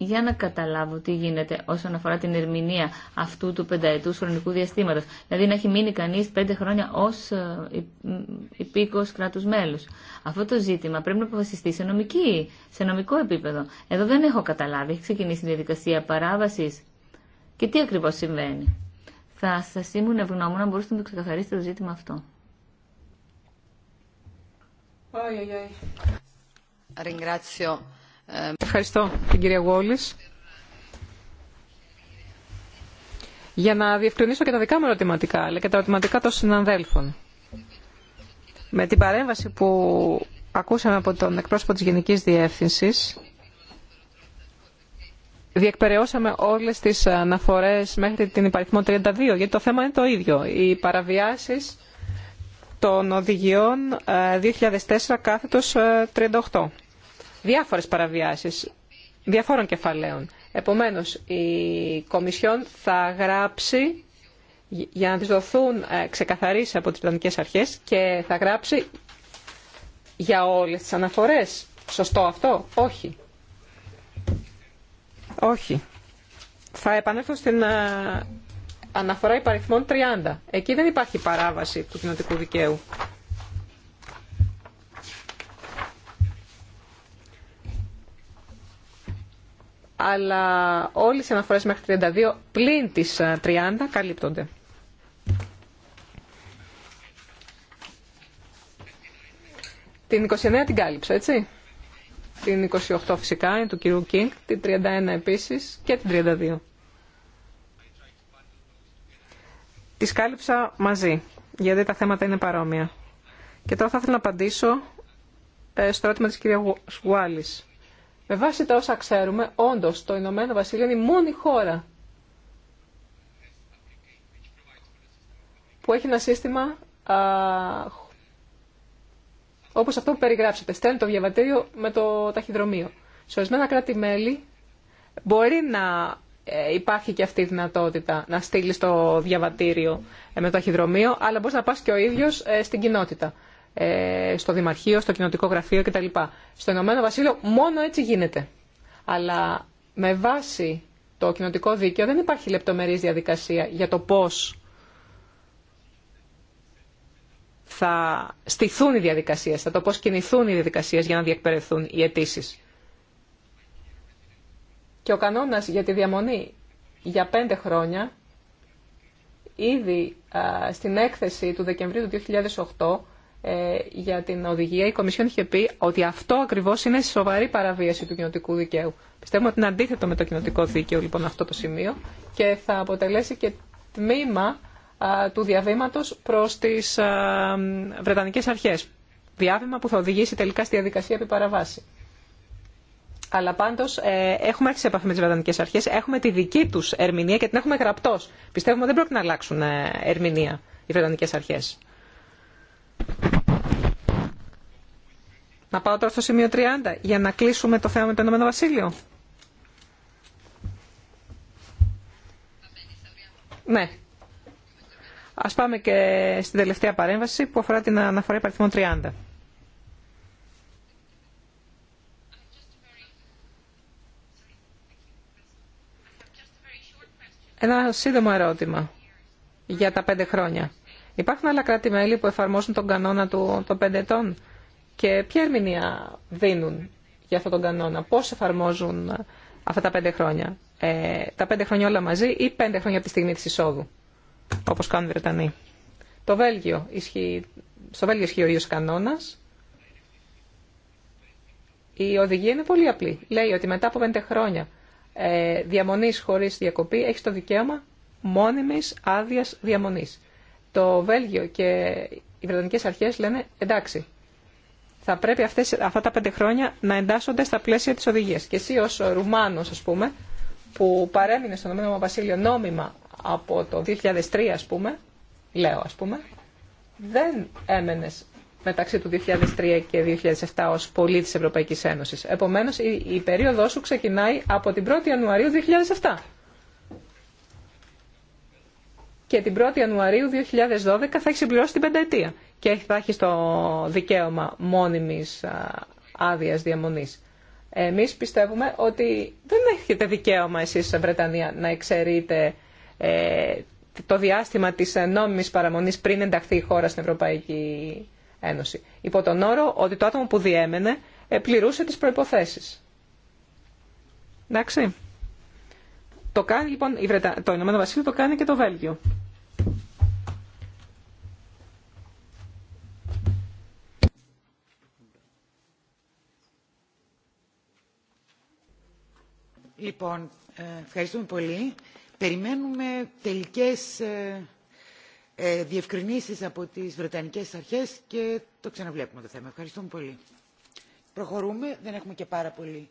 για να καταλάβω τι γίνεται όσον αφορά την ερμηνεία αυτού του πενταετού χρονικού διαστήματο. Δηλαδή να έχει μείνει κανεί πέντε χρόνια ω ε, υπήκο κράτου μέλου. Αυτό το ζήτημα πρέπει να αποφασιστεί σε, νομική, σε νομικό επίπεδο. Εδώ δεν έχω καταλάβει. Έχει ξεκινήσει η διαδικασία παράβαση. Και τι ακριβώ συμβαίνει. Θα σα ήμουν ευγνώμων να μπορούσατε να το ξεκαθαρίσετε το ζήτημα αυτό. Ευχαριστώ την κυρία Γουόλης. Για να διευκρινίσω και τα δικά μου ερωτηματικά, αλλά και τα ερωτηματικά των συναδέλφων. Με την παρέμβαση που ακούσαμε από τον εκπρόσωπο της Γενικής Διεύθυνσης, διεκπαιρεώσαμε όλες τις αναφορές μέχρι την υπαριθμό 32, γιατί το θέμα είναι το ίδιο. Οι παραβιάσεις των οδηγιών 2004 ε, κάθετος 38. Ε, διάφορες παραβιάσεις διαφόρων κεφαλαίων. Επομένως, η Κομισιόν θα γράψει για να τις δοθούν ε, ξεκαθαρίσει από τις Βρετανικές Αρχές και θα γράψει για όλες τις αναφορές. Σωστό αυτό? Όχι. Όχι. Θα επανέλθω στην ε, αναφορά υπαριθμών 30. Εκεί δεν υπάρχει παράβαση του κοινωτικού δικαίου. αλλά όλες οι αναφορές μέχρι 32 πλην τις 30 ε, καλύπτονται. Την 29 την κάλυψα, έτσι. Την 28 φυσικά είναι του κυρίου Κίνγκ, την 31 επίσης και την 32. Τις κάλυψα μαζί, γιατί τα θέματα είναι παρόμοια. Και τώρα θα ήθελα να απαντήσω ε, στο ερώτημα της κυρίας Γουάλης. Με βάση τα όσα ξέρουμε, όντω το Ηνωμένο Βασίλειο είναι η μόνη χώρα που έχει ένα σύστημα α, όπως αυτό που περιγράψετε. Στέλνει το διαβατήριο με το ταχυδρομείο. Σε ορισμένα κράτη-μέλη μπορεί να ε, υπάρχει και αυτή η δυνατότητα να στείλει το διαβατήριο ε, με το ταχυδρομείο, αλλά μπορεί να πας και ο ίδιος ε, στην κοινότητα. Ε, στο Δημαρχείο, στο Κοινοτικό Γραφείο κτλ. Στο Ηνωμένο Βασίλειο μόνο έτσι γίνεται. Αλλά με βάση το κοινοτικό δίκαιο δεν υπάρχει λεπτομερής διαδικασία για το πώς θα στηθούν οι διαδικασίες, θα το πώς κινηθούν οι διαδικασίες για να διεκπαιρεθούν οι αιτήσει. Και ο κανόνας για τη διαμονή για πέντε χρόνια, ήδη στην έκθεση του Δεκεμβρίου του 2008, ε, για την οδηγία, η Κομισιόν είχε πει ότι αυτό ακριβώ είναι σοβαρή παραβίαση του κοινοτικού δικαίου. Πιστεύουμε ότι είναι αντίθετο με το κοινοτικό δίκαιο λοιπόν αυτό το σημείο και θα αποτελέσει και τμήμα του διαβήματο προ τι Βρετανικέ Αρχέ. Διάβημα που θα οδηγήσει τελικά στη διαδικασία επί παραβάση. Αλλά πάντω ε, έχουμε έρθει σε επαφή με τι Βρετανικέ Αρχέ, έχουμε τη δική του ερμηνεία και την έχουμε γραπτό. Πιστεύουμε ότι δεν πρέπει να αλλάξουν ε, ερμηνεία οι Βρετανικέ Αρχέ. Να πάω τώρα στο σημείο 30 για να κλείσουμε το θέμα με το Ηνωμένο Βασίλειο. Ναι. Ας πάμε και στην τελευταία παρέμβαση που αφορά την αναφορά υπαριθμών 30. Ένα σύντομο ερώτημα για τα πέντε χρόνια. Υπάρχουν άλλα κράτη-μέλη που εφαρμόζουν τον κανόνα του, των πέντε ετών και ποια ερμηνεία δίνουν για αυτόν τον κανόνα, Πώ εφαρμόζουν αυτά τα πέντε χρόνια. Ε, τα πέντε χρόνια όλα μαζί ή πέντε χρόνια από τη στιγμή της εισόδου, όπως κάνουν οι Βρετανοί. Το Βέλγιο ισχύει, στο Βέλγιο ισχύει ο ίδιος κανόνας. Η οδηγία είναι πολύ απλή. Λέει ότι τη πέντε οπω ε, διαμονής χωρίς διακοπή έχεις το βελγιο ισχυει στο βελγιο ισχυει ο ιδιο κανονα μόνιμης άδεια διακοπη εχει το δικαιωμα μονιμης αδεια διαμονή. Το Βέλγιο και οι Βρετανικές αρχές λένε εντάξει, θα πρέπει αυτές, αυτά τα πέντε χρόνια να εντάσσονται στα πλαίσια της οδηγίας. Και εσύ ως Ρουμάνος, ας πούμε, που παρέμεινε στον Ηνωμένο Βασίλειο νόμιμα από το 2003, ας πούμε, λέω, ας πούμε, δεν έμενες μεταξύ του 2003 και 2007 ως πολίτης Ευρωπαϊκής Ένωσης. Επομένως, η, η περίοδός σου ξεκινάει από την 1η Ιανουαρίου 2007 και την 1η Ιανουαρίου 2012 θα έχει συμπληρώσει την πενταετία και θα έχει το δικαίωμα μόνιμης άδειας διαμονής. Εμείς πιστεύουμε ότι δεν έχετε δικαίωμα εσείς σε Βρετανία να εξαιρείτε ε, το διάστημα της νόμιμης παραμονής πριν ενταχθεί η χώρα στην Ευρωπαϊκή Ένωση. Υπό τον όρο ότι το άτομο που διέμενε ε, πληρούσε τις προϋποθέσεις. Εντάξει. Το, κάνει, λοιπόν, το Ηνωμένο Βασίλειο το κάνει και το Βέλγιο. Λοιπόν, ε, ευχαριστούμε πολύ. Περιμένουμε τελικές ε, ε, διευκρινήσεις από τις Βρετανικές Αρχές και το ξαναβλέπουμε το θέμα. Ευχαριστούμε πολύ. Προχωρούμε, δεν έχουμε και πάρα πολύ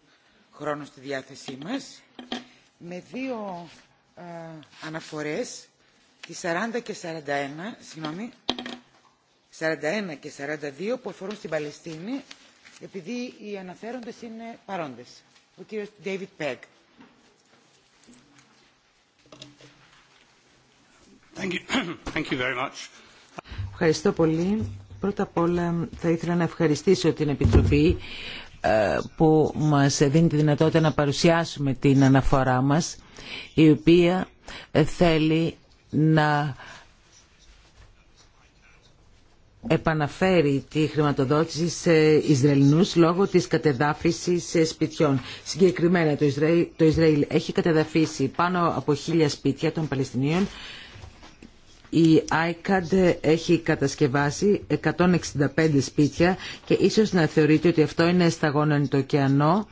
χρόνο στη διάθεσή μας, με δύο ε, αναφορές, τη 40 και 41, συγγνώμη, 41 και 42 που αφορούν στην Παλαιστίνη, επειδή οι αναφέροντες είναι παρόντες. Ο κύριος David Pegg. Ευχαριστώ πολύ. Πρώτα απ' όλα θα ήθελα να ευχαριστήσω την Επιτροπή ε, που μας δίνει τη δυνατότητα να παρουσιάσουμε την αναφορά μας η οποία ε, θέλει να επαναφέρει τη χρηματοδότηση σε Ισραηλινούς λόγω της κατεδάφισης σπιτιών. Συγκεκριμένα το Ισραήλ, το Ισραήλ έχει κατεδαφίσει πάνω από χίλια σπίτια των Παλαιστινίων η ICAD έχει κατασκευάσει 165 σπίτια και ίσως να θεωρείτε ότι αυτό είναι σταγόνα το ωκεανό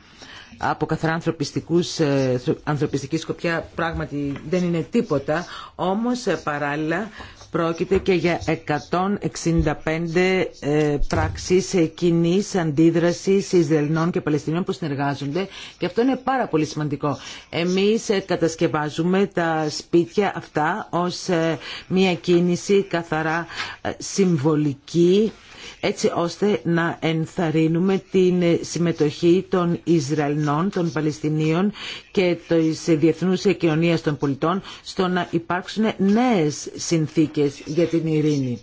από καθαρά ανθρωπιστικούς, ε, ανθρωπιστική σκοπιά πράγματι δεν είναι τίποτα, όμως ε, παράλληλα Πρόκειται και για 165 ε, πράξεις ε, κοινή αντίδρασης Ισραηλινών και Παλαιστινίων που συνεργάζονται και αυτό είναι πάρα πολύ σημαντικό. Εμείς ε, κατασκευάζουμε τα σπίτια αυτά ως μια κίνηση καθαρά συμβολική έτσι ώστε να ενθαρρύνουμε την συμμετοχή των Ισραηλινών, των Παλαιστινίων και της διεθνούς κοινωνίας των πολιτών στο να υπάρξουν νέες συνθήκες για την ειρήνη.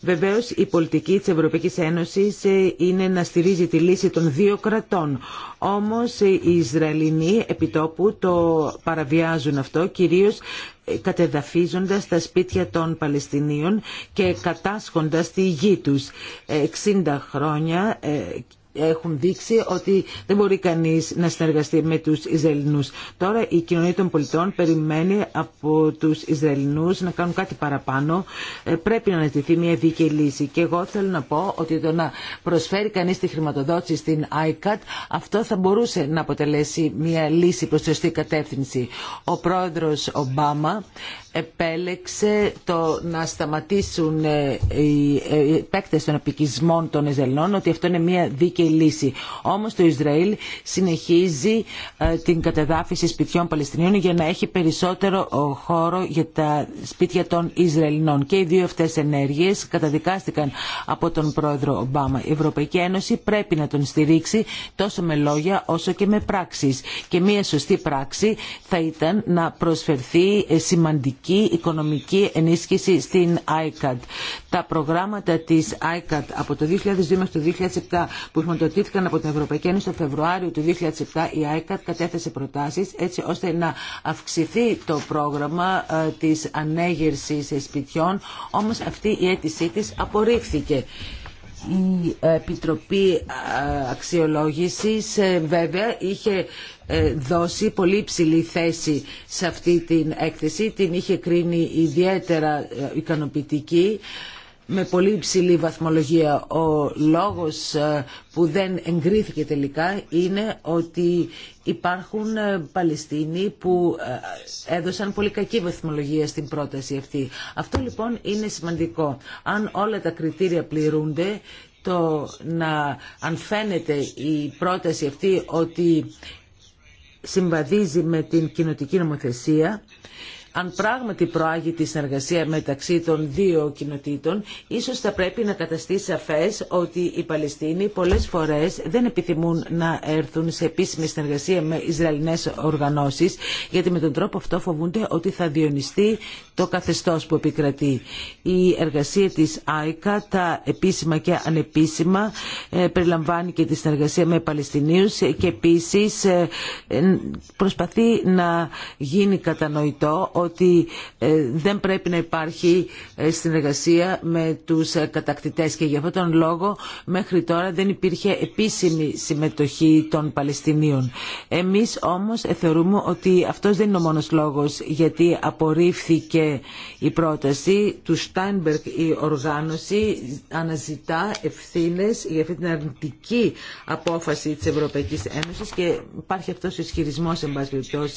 Βεβαίω, η πολιτική τη Ευρωπαϊκή Ένωση ε, είναι να στηρίζει τη λύση των δύο κρατών. Όμως ε, οι Ισραηλινοί επιτόπου το παραβιάζουν αυτό, κυρίω ε, κατεδαφίζοντας τα σπίτια των Παλαιστινίων και κατάσχοντας τη γη τους. 60 χρόνια έχουν δείξει ότι δεν μπορεί κανείς να συνεργαστεί με τους Ισραηλινούς. Τώρα η κοινωνία των πολιτών περιμένει από τους Ισραηλινούς να κάνουν κάτι παραπάνω. Ε, πρέπει να αναζητηθεί μια δίκαιη λύση. Και εγώ θέλω να πω ότι το να προσφέρει κανείς τη χρηματοδότηση στην ICAT αυτό θα μπορούσε να αποτελέσει μια λύση προς τη σωστή κατεύθυνση. Ο πρόεδρος Ομπάμα επέλεξε το να σταματήσουν ε, ε, οι παίκτες των επικισμών των Ισραηλινών ότι αυτό είναι μια δίκαιη η λύση. Όμως το Ισραήλ συνεχίζει ε, την κατεδάφιση σπιτιών Παλαιστινίων για να έχει περισσότερο χώρο για τα σπίτια των Ισραηλινών. Και οι δύο αυτές ενέργειες καταδικάστηκαν από τον πρόεδρο Ομπάμα. Η Ευρωπαϊκή Ένωση πρέπει να τον στηρίξει τόσο με λόγια όσο και με πράξεις. Και μία σωστή πράξη θα ήταν να προσφερθεί ε, σημαντική οικονομική ενίσχυση στην ICAD. Τα προγράμματα της από το 2002 μέχρι το 2007 χρηματοδοτήθηκαν από την Ευρωπαϊκή Ένωση το Φεβρουάριο του 2007, η ΆΕΚΑΤ κατέθεσε προτάσεις έτσι ώστε να αυξηθεί το πρόγραμμα ε, της ανέγερσης σπιτιών, όμως αυτή η αίτησή της απορρίφθηκε. Η Επιτροπή ε, Αξιολόγησης ε, βέβαια είχε δώσει πολύ ψηλή θέση σε αυτή την έκθεση, την είχε κρίνει ιδιαίτερα ικανοποιητική με πολύ υψηλή βαθμολογία. Ο λόγος ε, που δεν εγκρίθηκε τελικά είναι ότι υπάρχουν ε, Παλαιστίνοι που ε, έδωσαν πολύ κακή βαθμολογία στην πρόταση αυτή. Αυτό λοιπόν είναι σημαντικό. Αν όλα τα κριτήρια πληρούνται, το να αν φαίνεται η πρόταση αυτή ότι συμβαδίζει με την κοινοτική νομοθεσία αν πράγματι προάγει τη συνεργασία μεταξύ των δύο κοινοτήτων, ίσω θα πρέπει να καταστεί σαφές ότι οι Παλαιστίνοι πολλέ φορές δεν επιθυμούν να έρθουν σε επίσημη συνεργασία με Ισραηλινές οργανώσει, γιατί με τον τρόπο αυτό φοβούνται ότι θα διονυστεί το καθεστώ που επικρατεί. Η εργασία τη ΆΙΚΑ, τα επίσημα και ανεπίσημα, ε, περιλαμβάνει και τη συνεργασία με Παλαιστινίου, και επίσης ε, ε, προσπαθεί να γίνει κατανοητό ότι ε, δεν πρέπει να υπάρχει ε, συνεργασία με τους ε, κατακτητές και γι' αυτόν τον λόγο μέχρι τώρα δεν υπήρχε επίσημη συμμετοχή των Παλαιστινίων. Εμείς όμως θεωρούμε ότι αυτός δεν είναι ο μόνος λόγος γιατί απορρίφθηκε η πρόταση του Στάινμπερκ η οργάνωση αναζητά ευθύνες για αυτή την αρνητική απόφαση της Ευρωπαϊκής Ένωσης και υπάρχει αυτός ο ισχυρισμός εν αυτή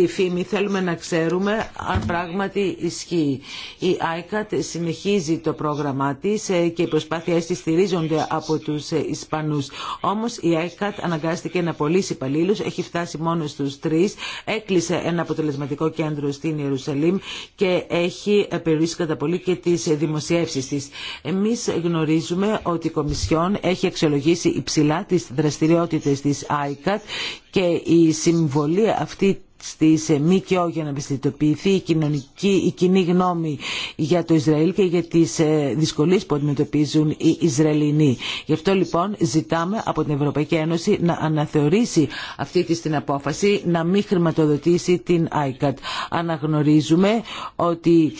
η φήμη θέλουμε να ξέρουμε αν πράγματι ισχύει. Η ICAT συνεχίζει το πρόγραμμά της ε, και οι προσπάθειές της στηρίζονται από τους ε, Ισπανούς. Όμως η ICAT αναγκάστηκε να πωλήσει υπαλλήλους, έχει φτάσει μόνο στους τρεις, έκλεισε ένα αποτελεσματικό κέντρο στην Ιερουσαλήμ και έχει περιορίσει κατά πολύ και τις δημοσιεύσεις της. Εμείς γνωρίζουμε ότι η Κομισιόν έχει αξιολογήσει υψηλά τις δραστηριότητες της ICAT και η συμβολή αυτή στις ε, ΜΚΟ για να ευαισθητοποιηθεί η, κοινωνική, η κοινή γνώμη για το Ισραήλ και για τις ε, δυσκολίες που αντιμετωπίζουν οι Ισραηλινοί. Γι' αυτό λοιπόν ζητάμε από την Ευρωπαϊκή Ένωση να αναθεωρήσει αυτή τη την απόφαση να μην χρηματοδοτήσει την ICAT. Αναγνωρίζουμε ότι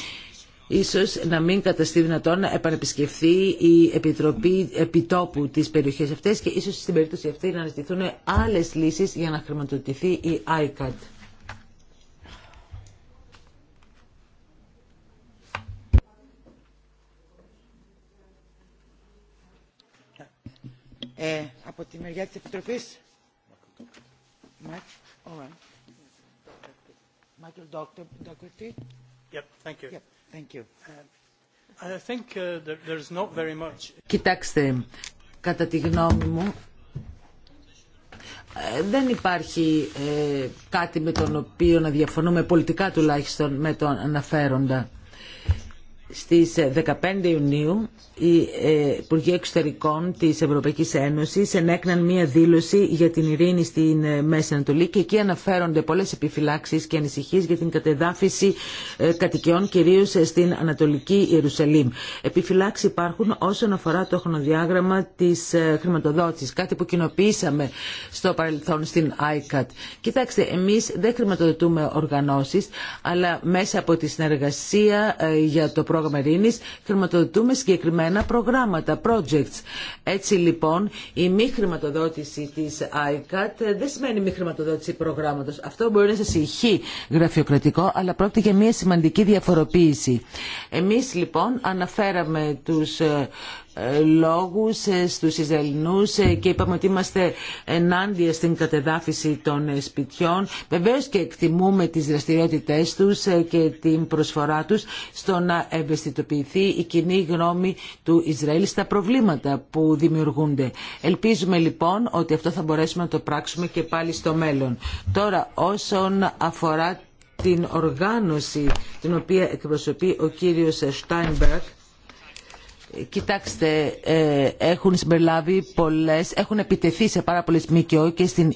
ίσως να μην καταστεί δυνατόν να επανεπισκεφθεί η Επιτροπή Επιτόπου της περιοχής αυτές και ίσως στην περίπτωση αυτή να αναζητηθούν άλλες λύσεις για να χρηματοδοτηθεί η ICAT. Ε, από τη μεριά της Κοιτάξτε, κατά τη γνώμη μου, ε, δεν υπάρχει ε, κάτι με τον οποίο να διαφωνούμε πολιτικά τουλάχιστον με τον αναφέροντα. Στις 15 ε, Ιουνίου οι ε, Υπουργοί Εξωτερικών της Ευρωπαϊκής Ένωσης ενέκναν μία δήλωση για την ειρήνη στην ε, Μέση Ανατολή και εκεί αναφέρονται πολλές επιφυλάξεις και ανησυχίες για την κατεδάφιση κατοικιών κυρίως στην Ανατολική Ιερουσαλήμ. Επιφυλάξεις υπάρχουν όσον αφορά το χρονοδιάγραμμα της χρηματοδότησης, κάτι που κοινοποιήσαμε στο παρελθόν στην ICAT. Κοιτάξτε, εμείς δεν χρηματοδοτούμε οργανώσεις, αλλά μέσα από τη συνεργασία για το χρηματοδοτούμε συγκεκριμένα προγράμματα, projects. Έτσι λοιπόν η μη χρηματοδότηση της ICAT δεν σημαίνει μη χρηματοδότηση προγράμματος. Αυτό μπορεί να σας ηχεί γραφειοκρατικό αλλά πρόκειται για μια σημαντική διαφοροποίηση. Εμείς λοιπόν αναφέραμε τους ε, λόγους ε, στους Ισραηλινούς ε, και είπαμε ότι είμαστε ενάντια στην κατεδάφιση των ε, σπιτιών. Βεβαίως και εκτιμούμε τις δραστηριότητές τους και την προσφορά τους στο να ευαισθητοποιηθεί η κοινή γνώμη του Ισραήλ στα προβλήματα που δημιουργούνται. Ελπίζουμε λοιπόν ότι αυτό θα μπορέσουμε να το πράξουμε και πάλι στο μέλλον. Τώρα όσον αφορά την οργάνωση την οποία εκπροσωπεί ο κύριος Στάινμπεργκ. Κοιτάξτε, ε, έχουν συμπεριλάβει πολλές, έχουν επιτεθεί σε πάρα πολλές ΜΚΟ και στην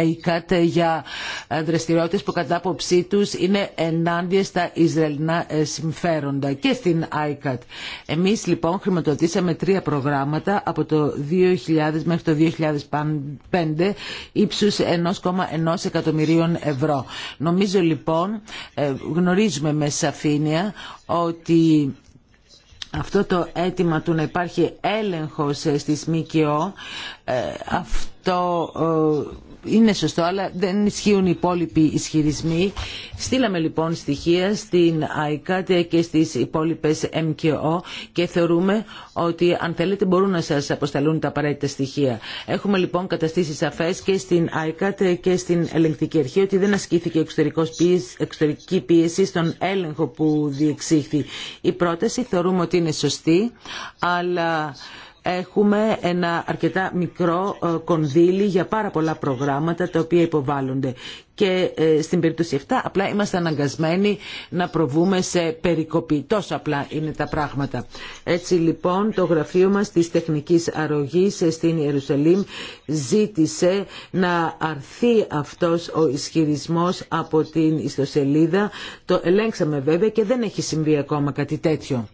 ΕΙΚΑΤ για ε, δραστηριότητες που κατά άποψή τους είναι ενάντια στα Ισραηλινά ε, συμφέροντα και στην ΙΚΑΤ. Εμείς λοιπόν χρηματοδοτήσαμε τρία προγράμματα από το 2000 μέχρι το 2005 ύψους 1,1 εκατομμυρίων ευρώ. Νομίζω λοιπόν, γνωρίζουμε με σαφήνεια ότι αυτό το αίτημα του να υπάρχει έλεγχος ε, στις ΜΚΟ ε, αυτό ε, είναι σωστό, αλλά δεν ισχύουν οι υπόλοιποι ισχυρισμοί. Στείλαμε λοιπόν στοιχεία στην ΑΙΚΑΤΕ και στις υπόλοιπες ΜΚΟ και θεωρούμε ότι αν θέλετε μπορούν να σας αποσταλούν τα απαραίτητα στοιχεία. Έχουμε λοιπόν καταστήσει σαφές και στην ΑΙΚΑΤΕ και στην ελεγκτική αρχή ότι δεν ασκήθηκε εξωτερική πίεση στον έλεγχο που διεξήχθη. Η πρόταση θεωρούμε ότι είναι σωστή, αλλά έχουμε ένα αρκετά μικρό ε, κονδύλι για πάρα πολλά προγράμματα τα οποία υποβάλλονται. Και ε, στην περίπτωση αυτά απλά είμαστε αναγκασμένοι να προβούμε σε περικοπή. Τόσο απλά είναι τα πράγματα. Έτσι λοιπόν το γραφείο μας της τεχνικής αρρωγής ε, στην Ιερουσαλήμ ζήτησε να αρθεί αυτός ο ισχυρισμός από την ιστοσελίδα. Το ελέγξαμε βέβαια και δεν έχει συμβεί ακόμα κάτι τέτοιο.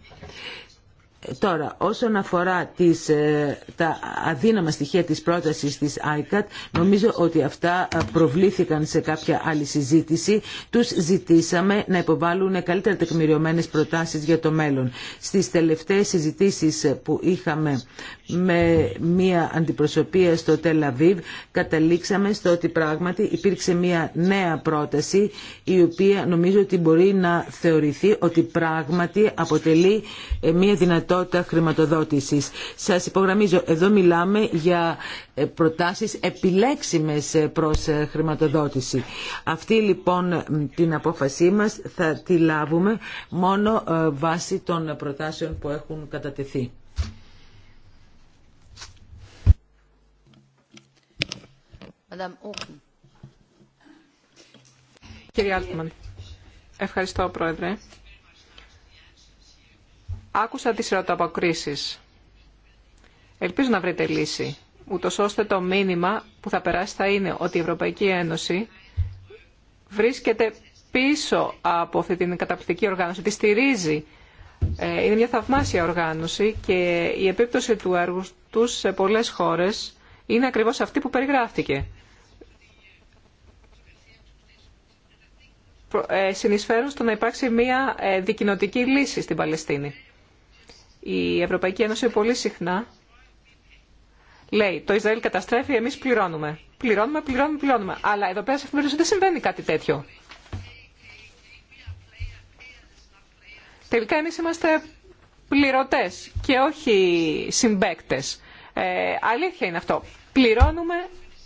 Τώρα, όσον αφορά τις, ε, τα αδύναμα στοιχεία της πρότασης της ICAT, νομίζω ότι αυτά προβλήθηκαν σε κάποια άλλη συζήτηση. Τους ζητήσαμε να υποβάλουν καλύτερα τεκμηριωμένες προτάσεις για το μέλλον. Στις τελευταίες συζητήσεις που είχαμε με μία αντιπροσωπεία στο Τελαβίβ καταλήξαμε στο ότι πράγματι υπήρξε μία νέα πρόταση η οποία νομίζω ότι μπορεί να θεωρηθεί ότι πράγματι αποτελεί ε, μία δυνατότητα χρηματοδότησης. Σας υπογραμμίζω, εδώ μιλάμε για ε, προτάσεις επιλέξιμες ε, προς χρηματοδότηση. Αυτή λοιπόν την απόφασή μας θα τη λάβουμε μόνο βάσει των προτάσεων που έχουν κατατεθεί. Κύριε Άλτμαν, ευχαριστώ Πρόεδρε. Άκουσα τις ερωταποκρίσεις. Ελπίζω να βρείτε λύση, ούτως ώστε το μήνυμα που θα περάσει θα είναι ότι η Ευρωπαϊκή Ένωση βρίσκεται πίσω από αυτή την καταπληκτική οργάνωση, τη στηρίζει. Ε, είναι μια θαυμάσια οργάνωση και η επίπτωση του έργου τους σε πολλές χώρες είναι ακριβώς αυτή που περιγράφτηκε. Ε, συνεισφέρουν στο να υπάρξει μια ε, δικοινοτική λύση στην Παλαιστίνη. Η Ευρωπαϊκή Ένωση πολύ συχνά λέει το Ισραήλ καταστρέφει, εμείς πληρώνουμε. Πληρώνουμε, πληρώνουμε, πληρώνουμε. Αλλά εδώ πέρα σε εφημερίδες δεν συμβαίνει κάτι τέτοιο. Τελικά εμείς είμαστε πληρωτές και όχι συμπέκτες. Ε, αλήθεια είναι αυτό. Πληρώνουμε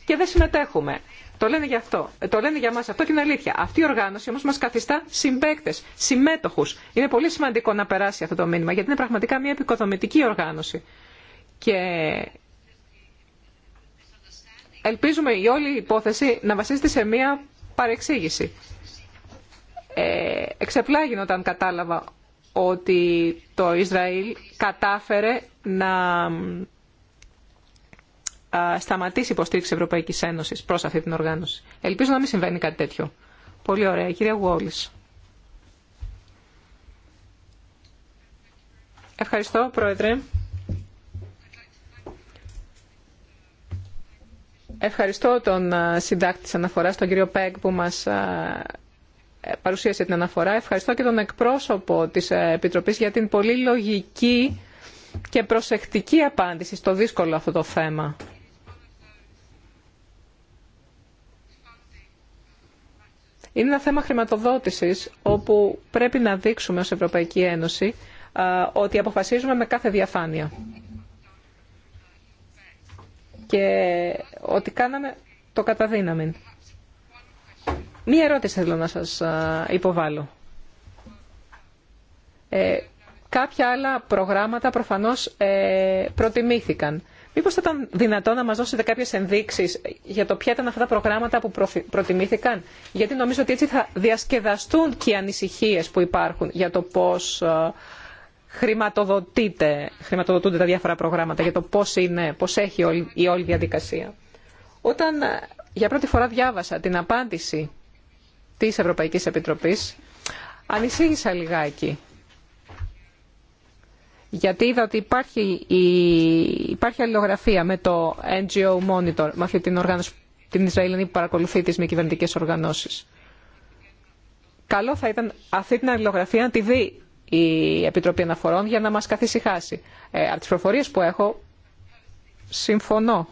και δεν συμμετέχουμε. Το λένε για αυτό. Ε, το λένε για μα αυτό και είναι αλήθεια. Αυτή η οργάνωση όμω μα καθιστά συμπαίκτε, συμμέτοχου. Είναι πολύ σημαντικό να περάσει αυτό το μήνυμα γιατί είναι πραγματικά μια επικοδομητική οργάνωση. Και ελπίζουμε η όλη υπόθεση να βασίζεται σε μια παρεξήγηση. Ε, εξεπλάγει όταν κατάλαβα ότι το Ισραήλ κατάφερε να σταματήσει η υποστήριξη Ευρωπαϊκής Ένωση προ αυτή την οργάνωση. Ελπίζω να μην συμβαίνει κάτι τέτοιο. Πολύ ωραία. Η κυρία Γουόλη. Ευχαριστώ, Πρόεδρε. Ευχαριστώ τον συντάκτη της αναφοράς, τον κύριο Πέγκ που μας παρουσίασε την αναφορά. Ευχαριστώ και τον εκπρόσωπο της ε, Επιτροπής για την πολύ λογική και προσεκτική απάντηση στο δύσκολο αυτό το θέμα. Είναι ένα θέμα χρηματοδότησης όπου πρέπει να δείξουμε ως Ευρωπαϊκή Ένωση ότι αποφασίζουμε με κάθε διαφάνεια. Και ότι κάναμε το καταδύναμη. Μία ερώτηση θέλω να σας υποβάλω. Ε, κάποια άλλα προγράμματα προφανώς ε, προτιμήθηκαν. Μήπω θα ήταν δυνατό να μας δώσετε κάποιε ενδείξεις για το ποια ήταν αυτά τα προγράμματα που προτιμήθηκαν. Γιατί νομίζω ότι έτσι θα διασκεδαστούν και οι ανησυχίες που υπάρχουν για το πώς ε, χρηματοδοτούνται τα διάφορα προγράμματα, για το πώς, είναι, πώς έχει η όλη διαδικασία. Όταν ε, για πρώτη φορά διάβασα την απάντηση της Ευρωπαϊκής Επιτροπής, ανησύγησα λιγάκι γιατί είδα ότι υπάρχει, η, υπάρχει αλληλογραφία με το NGO Monitor, με αυτή την οργάνωση την Ισραηλινή που παρακολουθεί τις με κυβερνητικές οργανώσεις. Καλό θα ήταν αυτή την αλληλογραφία να τη δει η Επιτροπή Αναφορών για να μας καθησυχάσει. Ε, από τις προφορίες που έχω, συμφωνώ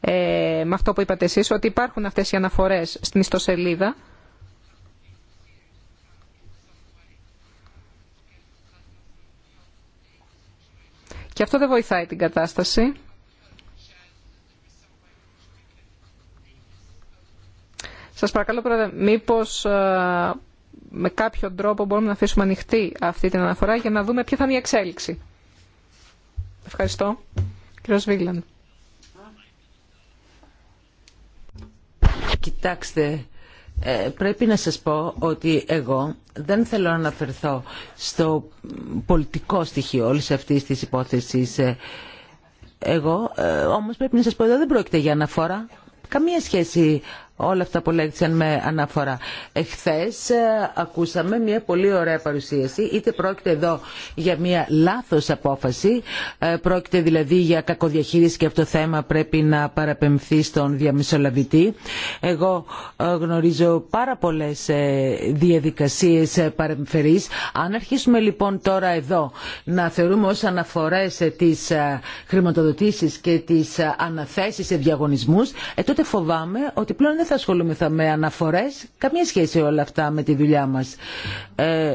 ε, με αυτό που είπατε εσείς, ότι υπάρχουν αυτές οι αναφορές στην ιστοσελίδα Και αυτό δεν βοηθάει την κατάσταση. Σας παρακαλώ, πρόεδρε, μήπως ε, με κάποιο τρόπο μπορούμε να αφήσουμε ανοιχτή αυτή την αναφορά για να δούμε ποια θα είναι η εξέλιξη. Ευχαριστώ. Κύριος Βίγλαν. Κοιτάξτε, ε, πρέπει να σας πω ότι εγώ δεν θέλω να αναφερθώ στο πολιτικό στοιχείο όλης αυτής της υπόθεσης. Ε, εγώ όμω ε, όμως πρέπει να σας πω ότι δεν πρόκειται για αναφορά. Καμία σχέση όλα αυτά που λέγησαν με αναφορά. Εχθές ε, ακούσαμε μια πολύ ωραία παρουσίαση, είτε πρόκειται εδώ για μια λάθος απόφαση, ε, πρόκειται δηλαδή για κακοδιαχείριση και αυτό το θέμα πρέπει να παραπεμφθεί στον διαμεσολαβητή. Εγώ ε, γνωρίζω πάρα πολλές διαδικασίες παρεμφερείς. Αν αρχίσουμε λοιπόν τώρα εδώ να θεωρούμε ως αναφορές τις χρηματοδοτήσεις και τις αναθέσεις σε διαγωνισμούς, τότε φοβάμαι ότι πλέον θα ασχολούμεθα με αναφορές, καμία σχέση όλα αυτά με τη δουλειά μας. Ε,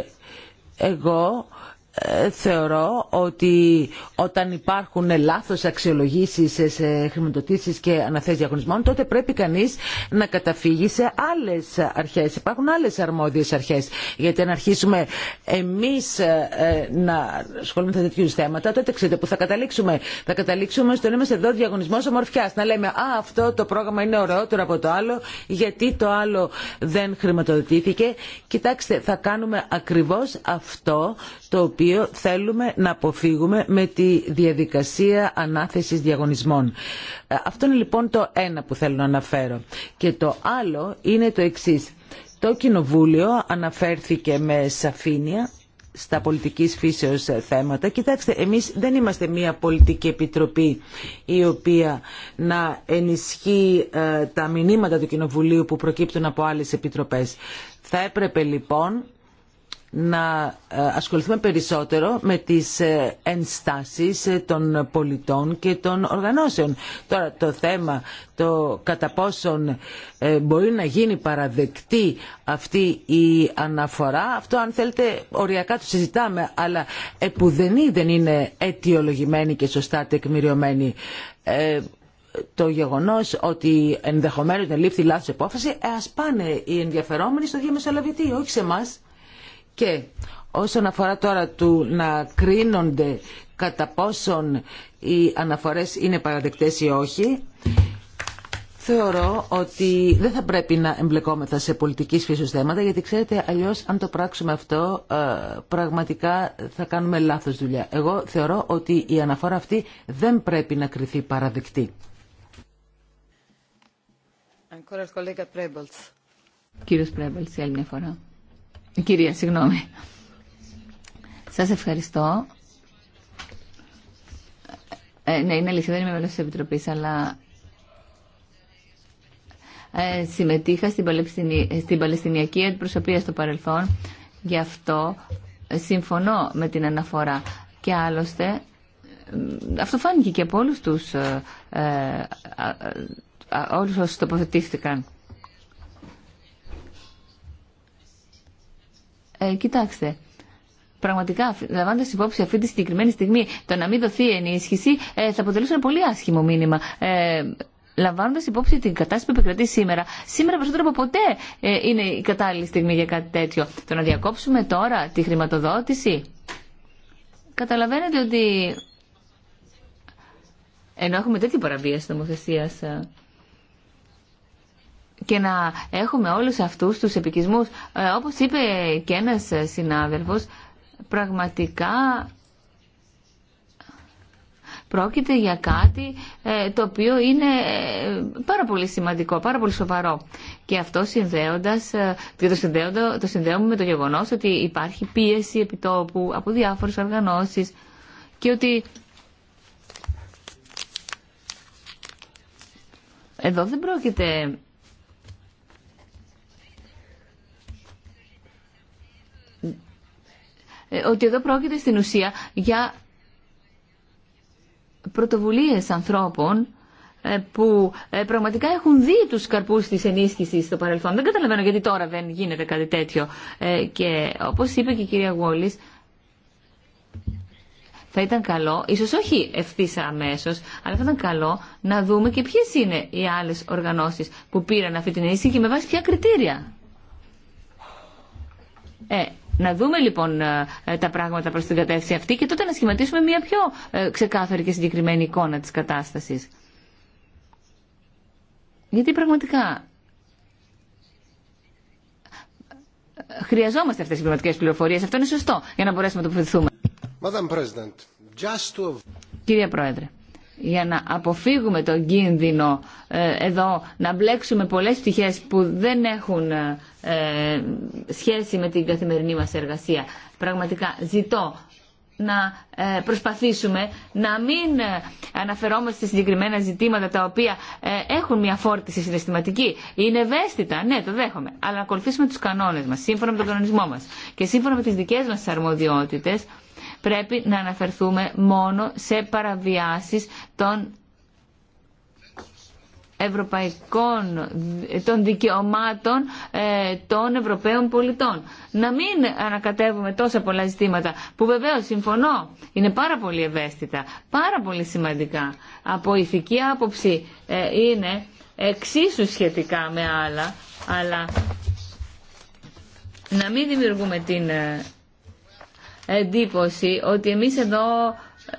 εγώ ε, θεωρώ ότι όταν υπάρχουν λάθος αξιολογήσεις σε χρηματοτήσεις και αναθέσεις διαγωνισμών τότε πρέπει κανείς να καταφύγει σε άλλες αρχές. Υπάρχουν άλλες αρμόδιες αρχές γιατί αν αρχίσουμε εμείς ε, ε, να ασχολούμαστε τέτοιου θέματα τότε ξέρετε που θα καταλήξουμε. Θα καταλήξουμε στον είμαστε εδώ διαγωνισμός ομορφιάς. Να λέμε α αυτό το πρόγραμμα είναι ωραιότερο από το άλλο γιατί το άλλο δεν χρηματοδοτήθηκε. Κοιτάξτε θα κάνουμε ακριβώς αυτό το οποίο οποίο θέλουμε να αποφύγουμε με τη διαδικασία ανάθεσης διαγωνισμών. Ε, αυτό είναι λοιπόν το ένα που θέλω να αναφέρω. Και το άλλο είναι το εξής. Το Κοινοβούλιο αναφέρθηκε με σαφήνεια στα πολιτικής φύσεως θέματα. Κοιτάξτε, εμείς δεν είμαστε μια πολιτική επιτροπή η οποία να ενισχύει ε, τα μηνύματα του Κοινοβουλίου που προκύπτουν από άλλες επιτροπές. Θα έπρεπε λοιπόν να ε, ασχοληθούμε περισσότερο με τις ε, ενστάσεις ε, των πολιτών και των οργανώσεων. Τώρα το θέμα το κατά πόσον μπορεί να γίνει παραδεκτή αυτή η αναφορά αυτό αν θέλετε οριακά το συζητάμε αλλά επουδενή δεν είναι αιτιολογημένη και σωστά τεκμηριωμένη το γεγονός ότι ενδεχομένως να λήφθη λάθος απόφαση ας πάνε οι ενδιαφερόμενοι στο διαμεσολαβητή όχι σε εμάς. Και όσον αφορά τώρα του να κρίνονται κατά πόσον οι αναφορές είναι παραδεκτές ή όχι, θεωρώ ότι δεν θα πρέπει να εμπλεκόμεθα σε πολιτική φύσης θέματα, γιατί ξέρετε αλλιώς αν το πράξουμε αυτό ε, πραγματικά θα κάνουμε λάθος δουλειά. Εγώ θεωρώ ότι η αναφορά αυτή δεν πρέπει να κριθεί παραδεκτή. Κύριος άλλη μια φορά. Κυρία, συγγνώμη. Σας ευχαριστώ. Ε, ναι, είναι αλήθεια, δεν είμαι μέλος της Επιτροπής, αλλά ε, συμμετείχα στην, Παλαιστινιακή, στην Παλαιστινιακή Αντιπροσωπεία στο παρελθόν. Γι' αυτό ε, συμφωνώ με την αναφορά. Και άλλωστε, αυτό φάνηκε και από όλους τους, ε, όλους όσους τοποθετήθηκαν. Ε, κοιτάξτε, πραγματικά, λαμβάνοντα υπόψη αυτή τη συγκεκριμένη στιγμή το να μην δοθεί ενίσχυση, ε, θα αποτελούσε ένα πολύ άσχημο μήνυμα. Ε, Λαμβάνοντα υπόψη την κατάσταση που επικρατεί σήμερα, σήμερα περισσότερο από ποτέ ε, είναι η κατάλληλη στιγμή για κάτι τέτοιο. Το να διακόψουμε τώρα τη χρηματοδότηση. Καταλαβαίνετε ότι ενώ έχουμε τέτοια παραβίαση νομοθεσία ε, και να έχουμε όλους αυτούς τους επικισμούς. Ε, όπως είπε και ένας ε, συνάδελφος, πραγματικά πρόκειται για κάτι ε, το οποίο είναι πάρα πολύ σημαντικό, πάρα πολύ σοβαρό. Και αυτό συνδέοντας, και το, συνδέοντα, το συνδέουμε με το γεγονός ότι υπάρχει πίεση επιτόπου από διάφορες οργανώσεις και ότι εδώ δεν πρόκειται ότι εδώ πρόκειται στην ουσία για πρωτοβουλίες ανθρώπων ε, που ε, πραγματικά έχουν δει τους καρπούς της ενίσχυσης στο παρελθόν. Δεν καταλαβαίνω γιατί τώρα δεν γίνεται κάτι τέτοιο. Ε, και όπως είπε και η κυρία Γόλης, θα ήταν καλό, ίσως όχι ευθύ αμέσω, αλλά θα ήταν καλό να δούμε και ποιες είναι οι άλλες οργανώσεις που πήραν αυτή την ενίσχυση και με βάση ποια κριτήρια. Ε, να δούμε λοιπόν ε, τα πράγματα προς την κατεύθυνση αυτή και τότε να σχηματίσουμε μια πιο ε, ξεκάθαρη και συγκεκριμένη εικόνα της κατάστασης. Γιατί πραγματικά ε, χρειαζόμαστε αυτές τις πραγματικές πληροφορίες. Αυτό είναι σωστό για να μπορέσουμε να το Κυρία Πρόεδρε για να αποφύγουμε τον κίνδυνο ε, εδώ να μπλέξουμε πολλές πτυχές που δεν έχουν ε, ε, σχέση με την καθημερινή μας εργασία. Πραγματικά ζητώ να προσπαθήσουμε να μην αναφερόμαστε σε συγκεκριμένα ζητήματα τα οποία έχουν μια φόρτιση συναισθηματική. Είναι ευαίσθητα, ναι, το δέχομαι, αλλά να ακολουθήσουμε τους κανόνες μας, σύμφωνα με τον κανονισμό μας και σύμφωνα με τις δικές μας αρμοδιότητες πρέπει να αναφερθούμε μόνο σε παραβιάσεις των ευρωπαϊκών των δικαιωμάτων ε, των Ευρωπαίων πολιτών. Να μην ανακατεύουμε τόσα πολλά ζητήματα που βεβαίως συμφωνώ είναι πάρα πολύ ευαίσθητα, πάρα πολύ σημαντικά. Από ηθική άποψη ε, είναι εξίσου σχετικά με άλλα, αλλά να μην δημιουργούμε την ε, εντύπωση ότι εμείς εδώ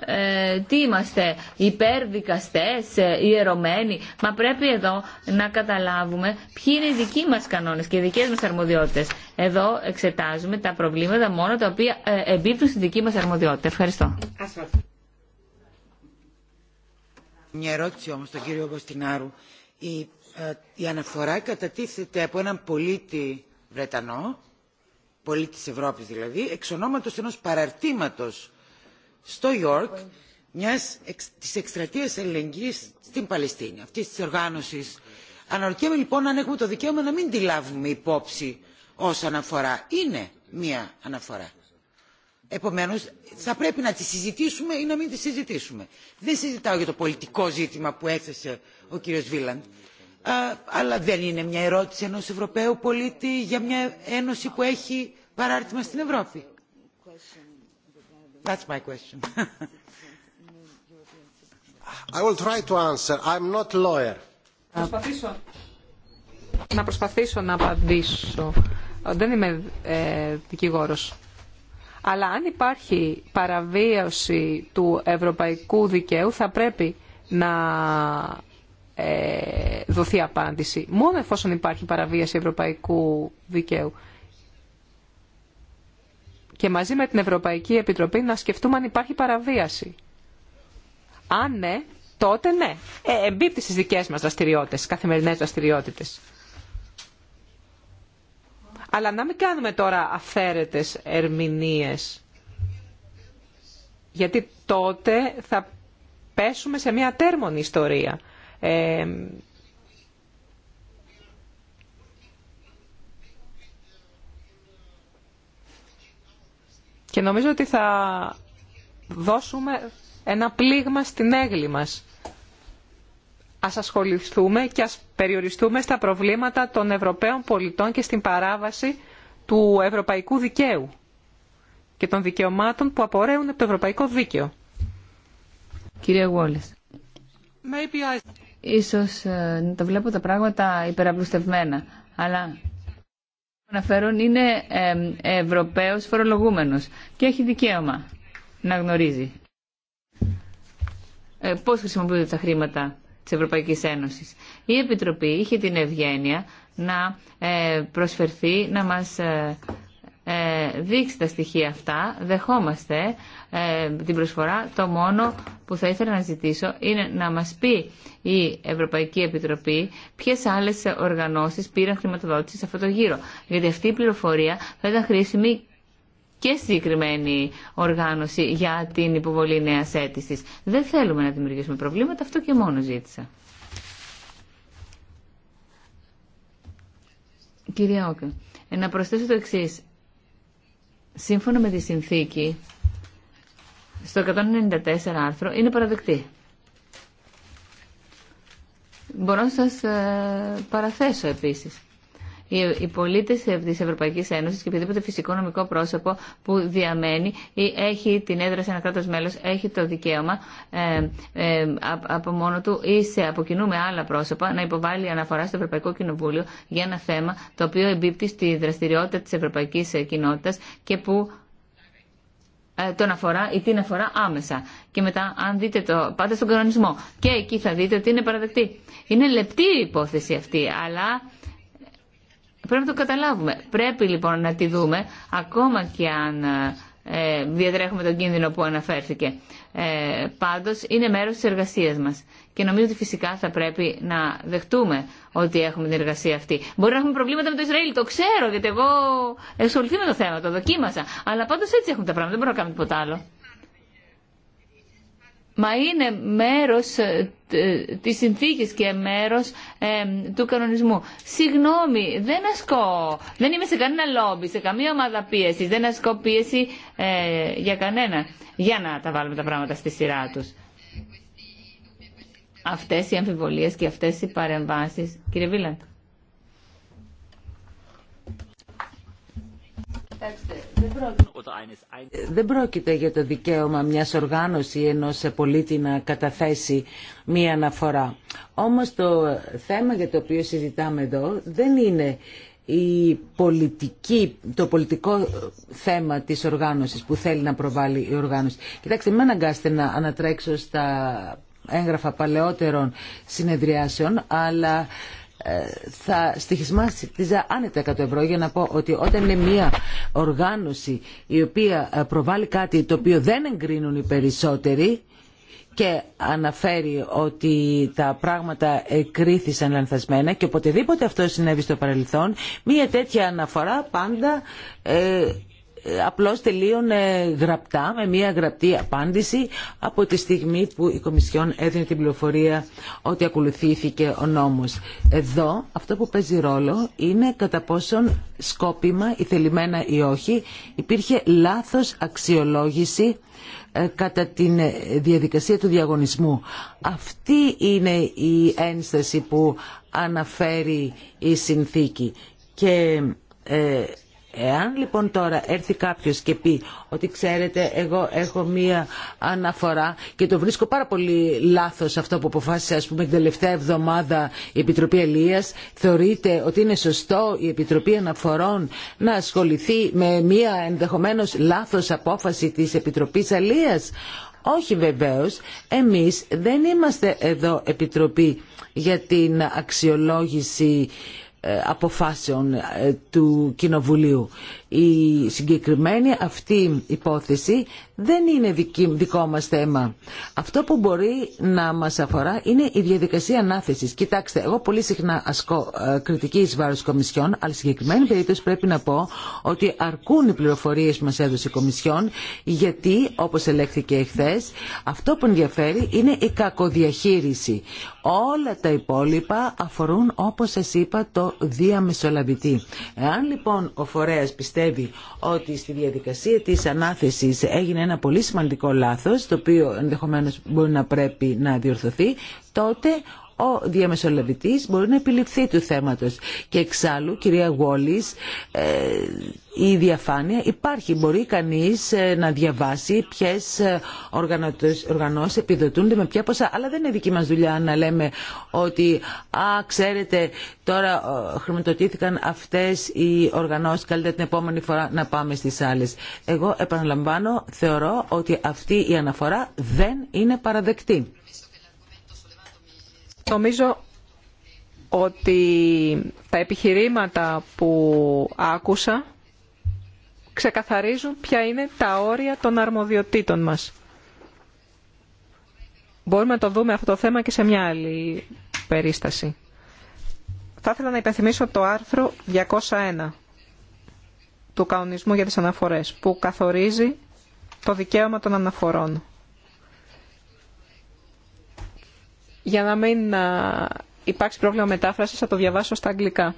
ε, τι είμαστε, υπερδικαστές, ε, ιερωμένοι. Μα πρέπει εδώ να καταλάβουμε ποιοι είναι οι δικοί μας κανόνες και οι δικές μας αρμοδιότητες. Εδώ εξετάζουμε τα προβλήματα μόνο τα οποία ε, εμπίπτουν στη δική μας αρμοδιότητα. Ευχαριστώ. Μια ερώτηση όμως στον κύριο Βοστινάρου Η, η αναφορά κατατίθεται από έναν πολίτη Βρετανό πολίτη της Ευρώπης δηλαδή, εξ ονόματος ενός παραρτήματος στο Ιόρκ μιας, της εκστρατείας ελληνικής στην Παλαιστίνη, αυτής της οργάνωσης. Αναρωτιέμαι λοιπόν αν έχουμε το δικαίωμα να μην τη λάβουμε υπόψη ως αναφορά. Είναι μία αναφορά. Επομένως, θα πρέπει να τη συζητήσουμε ή να μην τη συζητήσουμε. Δεν συζητάω για το πολιτικό ζήτημα που έθεσε ο κύριος Βίλαντ αλλά δεν είναι μια ερώτηση ενός Ευρωπαίου πολίτη για μια ένωση που έχει παράρτημα στην Ευρώπη. Να προσπαθήσω να απαντήσω. Δεν είμαι ε, δικηγόρος. Αλλά αν υπάρχει παραβίαση του ευρωπαϊκού δικαίου θα πρέπει να ε, δοθεί απάντηση, μόνο εφόσον υπάρχει παραβίαση ευρωπαϊκού δικαίου. Και μαζί με την Ευρωπαϊκή Επιτροπή να σκεφτούμε αν υπάρχει παραβίαση. Αν ναι, τότε ναι. Ε, εμπίπτει στις δικές μας δραστηριότητες, στις καθημερινές δραστηριότητες. Αλλά να μην κάνουμε τώρα αφαίρετες ερμηνείες. Γιατί τότε θα πέσουμε σε μια τέρμονη ιστορία και νομίζω ότι θα δώσουμε ένα πλήγμα στην έγκλη μας. Ας ασχοληθούμε και ας περιοριστούμε στα προβλήματα των Ευρωπαίων πολιτών και στην παράβαση του ευρωπαϊκού δικαίου και των δικαιωμάτων που απορρέουν από το ευρωπαϊκό δίκαιο. Κυρία Γουόλης. Ίσως να ε, το βλέπω τα πράγματα υπεραπλουστευμένα, αλλά αναφέρον είναι Ευρωπαίος φορολογούμενος και έχει δικαίωμα να γνωρίζει ε, πώς χρησιμοποιούνται τα χρήματα της Ευρωπαϊκής Ένωσης. Η Επιτροπή είχε την ευγένεια να ε, προσφερθεί να μας ε, δείξει τα στοιχεία αυτά, δεχόμαστε ε, την προσφορά. Το μόνο που θα ήθελα να ζητήσω είναι να μας πει η Ευρωπαϊκή Επιτροπή ποιες άλλες οργανώσεις πήραν χρηματοδότηση σε αυτό το γύρο. Γιατί αυτή η πληροφορία θα ήταν χρήσιμη και συγκεκριμένη οργάνωση για την υποβολή νέα αίτηση. Δεν θέλουμε να δημιουργήσουμε προβλήματα, αυτό και μόνο ζήτησα. Κυρία Όκα, να προσθέσω το εξή σύμφωνα με τη συνθήκη στο 194 άρθρο είναι παραδεκτή. Μπορώ να σας ε, παραθέσω επίσης οι πολίτες της Ευρωπαϊκής Ένωσης και οποιοδήποτε φυσικό νομικό πρόσωπο που διαμένει ή έχει την έδρα σε ένα κράτος μέλος έχει το δικαίωμα ε, ε, από μόνο του ή σε αποκοινού με άλλα πρόσωπα να υποβάλει αναφορά στο Ευρωπαϊκό Κοινοβούλιο για ένα θέμα το οποίο εμπίπτει στη δραστηριότητα της Ευρωπαϊκής Κοινότητας και που ε, τον αφορά ή την αφορά άμεσα. Και μετά, αν δείτε το, πάτε στον κανονισμό. Και εκεί θα δείτε ότι είναι παραδεκτή. Είναι λεπτή η υπόθεση αυτή, αλλά Πρέπει να το καταλάβουμε. Πρέπει λοιπόν να τη δούμε, ακόμα και αν ε, ε, διατρέχουμε τον κίνδυνο που αναφέρθηκε. Ε, πάντως είναι μέρος της εργασίας μας και νομίζω ότι φυσικά θα πρέπει να δεχτούμε ότι έχουμε την εργασία αυτή. Μπορεί να έχουμε προβλήματα με το Ισραήλ, το ξέρω γιατί εγώ εσωληθεί με το θέμα, το δοκίμασα. Αλλά πάντως έτσι έχουν τα πράγματα, δεν μπορούμε να κάνουμε τίποτα άλλο. Μα είναι μέρος ε, της συνθήκης και μέρος ε, του κανονισμού. Συγγνώμη, δεν ασκώ, δεν είμαι σε κανένα λόμπι, σε καμία ομάδα πίεση, δεν ασκώ πίεση ε, για κανένα. Για να τα βάλουμε τα πράγματα στη σειρά τους. Αυτές οι αμφιβολίες και αυτές οι παρεμβάσεις. Κύριε Βίλαντ. Δεν πρόκειται για το δικαίωμα μιας οργάνωσης ή ενός πολίτη να καταθέσει μία αναφορά. Όμως το θέμα για το οποίο συζητάμε εδώ δεν είναι η πολιτική, το πολιτικό θέμα της οργάνωσης που θέλει να προβάλλει η οργάνωση. Κοιτάξτε, μην αναγκάστε να ανατρέξω στα έγγραφα παλαιότερων συνεδριάσεων, αλλά ε, θα τις άνετα 100 ευρώ για να πω ότι όταν είναι μια οργάνωση η οποία ε, προβάλλει κάτι το οποίο δεν εγκρίνουν οι περισσότεροι και αναφέρει ότι τα πράγματα εκρίθησαν λανθασμένα και οποτεδήποτε αυτό συνέβη στο παρελθόν, μία τέτοια αναφορά πάντα ε, απλώς τελείωνε γραπτά με μια γραπτή απάντηση από τη στιγμή που η Κομισιόν έδινε την πληροφορία ότι ακολουθήθηκε ο νόμος. Εδώ αυτό που παίζει ρόλο είναι κατά πόσον σκόπιμα ή θελημένα ή όχι υπήρχε λάθος αξιολόγηση ε, κατά τη ε, διαδικασία του διαγωνισμού. Αυτή είναι η ένσταση που αναφέρει η συνθήκη και ε, Εάν λοιπόν τώρα έρθει κάποιος και πει ότι ξέρετε εγώ έχω μία αναφορά και το βρίσκω πάρα πολύ λάθος αυτό που αποφάσισε ας πούμε την τελευταία εβδομάδα η Επιτροπή Ελίας θεωρείτε ότι είναι σωστό η Επιτροπή Αναφορών να ασχοληθεί με μία ενδεχομένως λάθος απόφαση της Επιτροπής Ελίας όχι βεβαίως, εμείς δεν είμαστε εδώ επιτροπή για την αξιολόγηση ε, αποφάσεων ε, του Κοινοβουλίου η συγκεκριμένη αυτή υπόθεση δεν είναι δικό μας θέμα. Αυτό που μπορεί να μας αφορά είναι η διαδικασία ανάθεσης. Κοιτάξτε, εγώ πολύ συχνά ασκώ ε, κριτική εις βάρος Κομισιόν, αλλά συγκεκριμένη περίπτωση πρέπει να πω ότι αρκούν οι πληροφορίες που μας έδωσε η Κομισιόν, γιατί, όπως ελέγχθηκε εχθέ, αυτό που ενδιαφέρει είναι η κακοδιαχείριση. Όλα τα υπόλοιπα αφορούν, όπως σας είπα, το διαμεσολαβητή. Εάν λοιπόν ο φορέας πιστεύει ότι στη διαδικασία της ανάθεσης έγινε ένα πολύ σημαντικό λάθος, το οποίο ενδεχομένως μπορεί να πρέπει να διορθωθεί, τότε ο διαμεσολαβητής μπορεί να επιληφθεί του θέματος. Και εξάλλου, κυρία Γόλης, η διαφάνεια υπάρχει. Μπορεί κανείς ε, να διαβάσει ποιες ε, οργανώσεις επιδοτούνται με ποια ποσά. Αλλά δεν είναι δική μας δουλειά να λέμε ότι «Α, ξέρετε, τώρα ε, χρηματοδοτήθηκαν αυτές οι οργανώσεις, καλύτερα την επόμενη φορά να πάμε στις άλλες». Εγώ επαναλαμβάνω, θεωρώ ότι αυτή η αναφορά δεν είναι παραδεκτή. Νομίζω ότι τα επιχειρήματα που άκουσα ξεκαθαρίζουν ποια είναι τα όρια των αρμοδιοτήτων μας. Μπορούμε να το δούμε αυτό το θέμα και σε μια άλλη περίσταση. Θα ήθελα να υπενθυμίσω το άρθρο 201 του Κανονισμού για τις Αναφορές, που καθορίζει το δικαίωμα των αναφορών. Για να μην υπάρξει πρόβλημα μετάφρασης, θα το διαβάσω στα αγγλικά.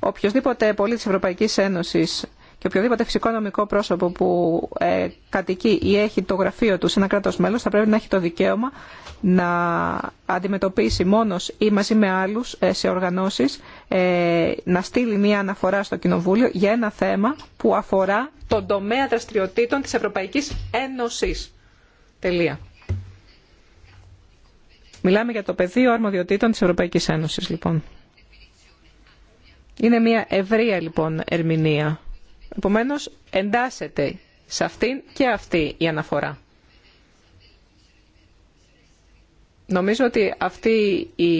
Οποιοδήποτε πολίτης Ευρωπαϊκής Ένωσης και οποιοδήποτε φυσικό νομικό πρόσωπο που ε, κατοικεί ή έχει το γραφείο του σε ένα κρατό μέλο θα πρέπει να έχει το δικαίωμα να αντιμετωπίσει μόνος ή μαζί με άλλους ε, σε οργανώσεις ε, να στείλει μια αναφορά στο Κοινοβούλιο για ένα θέμα που αφορά τον τομέα δραστηριοτήτων της Ευρωπαϊκής Ένωσης. Τελεία. Μιλάμε για το πεδίο αρμοδιοτήτων της Ευρωπαϊκής Ένωσης, λοιπόν. Είναι μια ευρεία, λοιπόν, ερμηνεία Επομένως, εντάσσεται σε αυτήν και αυτή η αναφορά. Νομίζω ότι αυτή η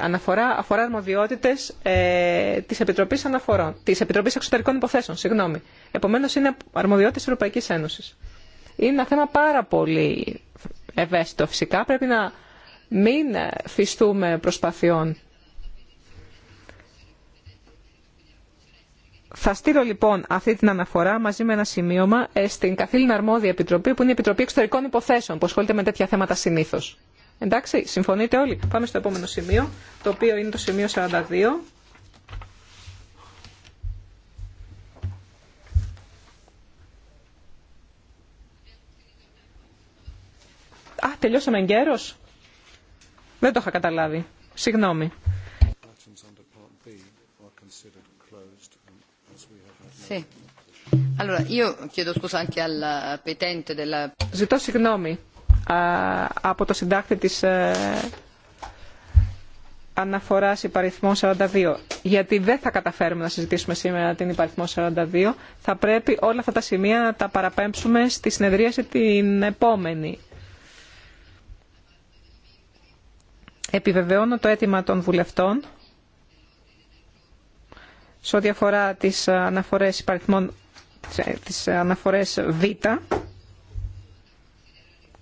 αναφορά αφορά αρμοδιότητες ε, της, Επιτροπής Αναφορών, της Επιτροπής Εξωτερικών Υποθέσεων. Συγγνώμη. Επομένως, είναι αρμοδιότητες της Ευρωπαϊκής Ένωσης. Είναι ένα θέμα πάρα πολύ ευαίσθητο φυσικά. Πρέπει να μην φυστούμε προσπαθειών Θα στείλω λοιπόν αυτή την αναφορά μαζί με ένα σημείωμα ε, στην καθήλυνα αρμόδια επιτροπή που είναι η Επιτροπή Εξωτερικών Υποθέσεων που ασχολείται με τέτοια θέματα συνήθω. Εντάξει, συμφωνείτε όλοι. Πάμε στο επόμενο σημείο, το οποίο είναι το σημείο 42. Α, τελειώσαμε εγκαίρος. Δεν το είχα καταλάβει. Συγγνώμη. Ζητώ συγγνώμη από το συντάκτη της ε, αναφοράς υπαριθμών 42, γιατί δεν θα καταφέρουμε να συζητήσουμε σήμερα την υπαριθμό 42. Θα πρέπει όλα αυτά τα σημεία να τα παραπέμψουμε στη συνεδρίαση την επόμενη. Επιβεβαιώνω το αίτημα των βουλευτών σε ό,τι αφορά τις αναφορές υπαριθμών, της αναφορές Β,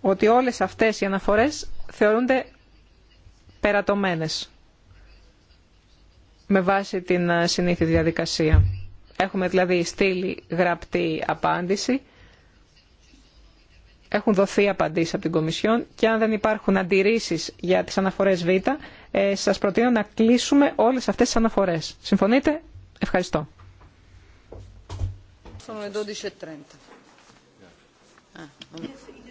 ότι όλες αυτές οι αναφορές θεωρούνται περατωμένες με βάση την συνήθη διαδικασία. Έχουμε δηλαδή στείλει γραπτή απάντηση, έχουν δοθεί απαντήσεις από την Κομισιόν και αν δεν υπάρχουν αντιρρήσεις για τις αναφορές Β, ε, σας προτείνω να κλείσουμε όλες αυτές τις αναφορές. Συμφωνείτε? Ευχαριστώ. Sono 12.30.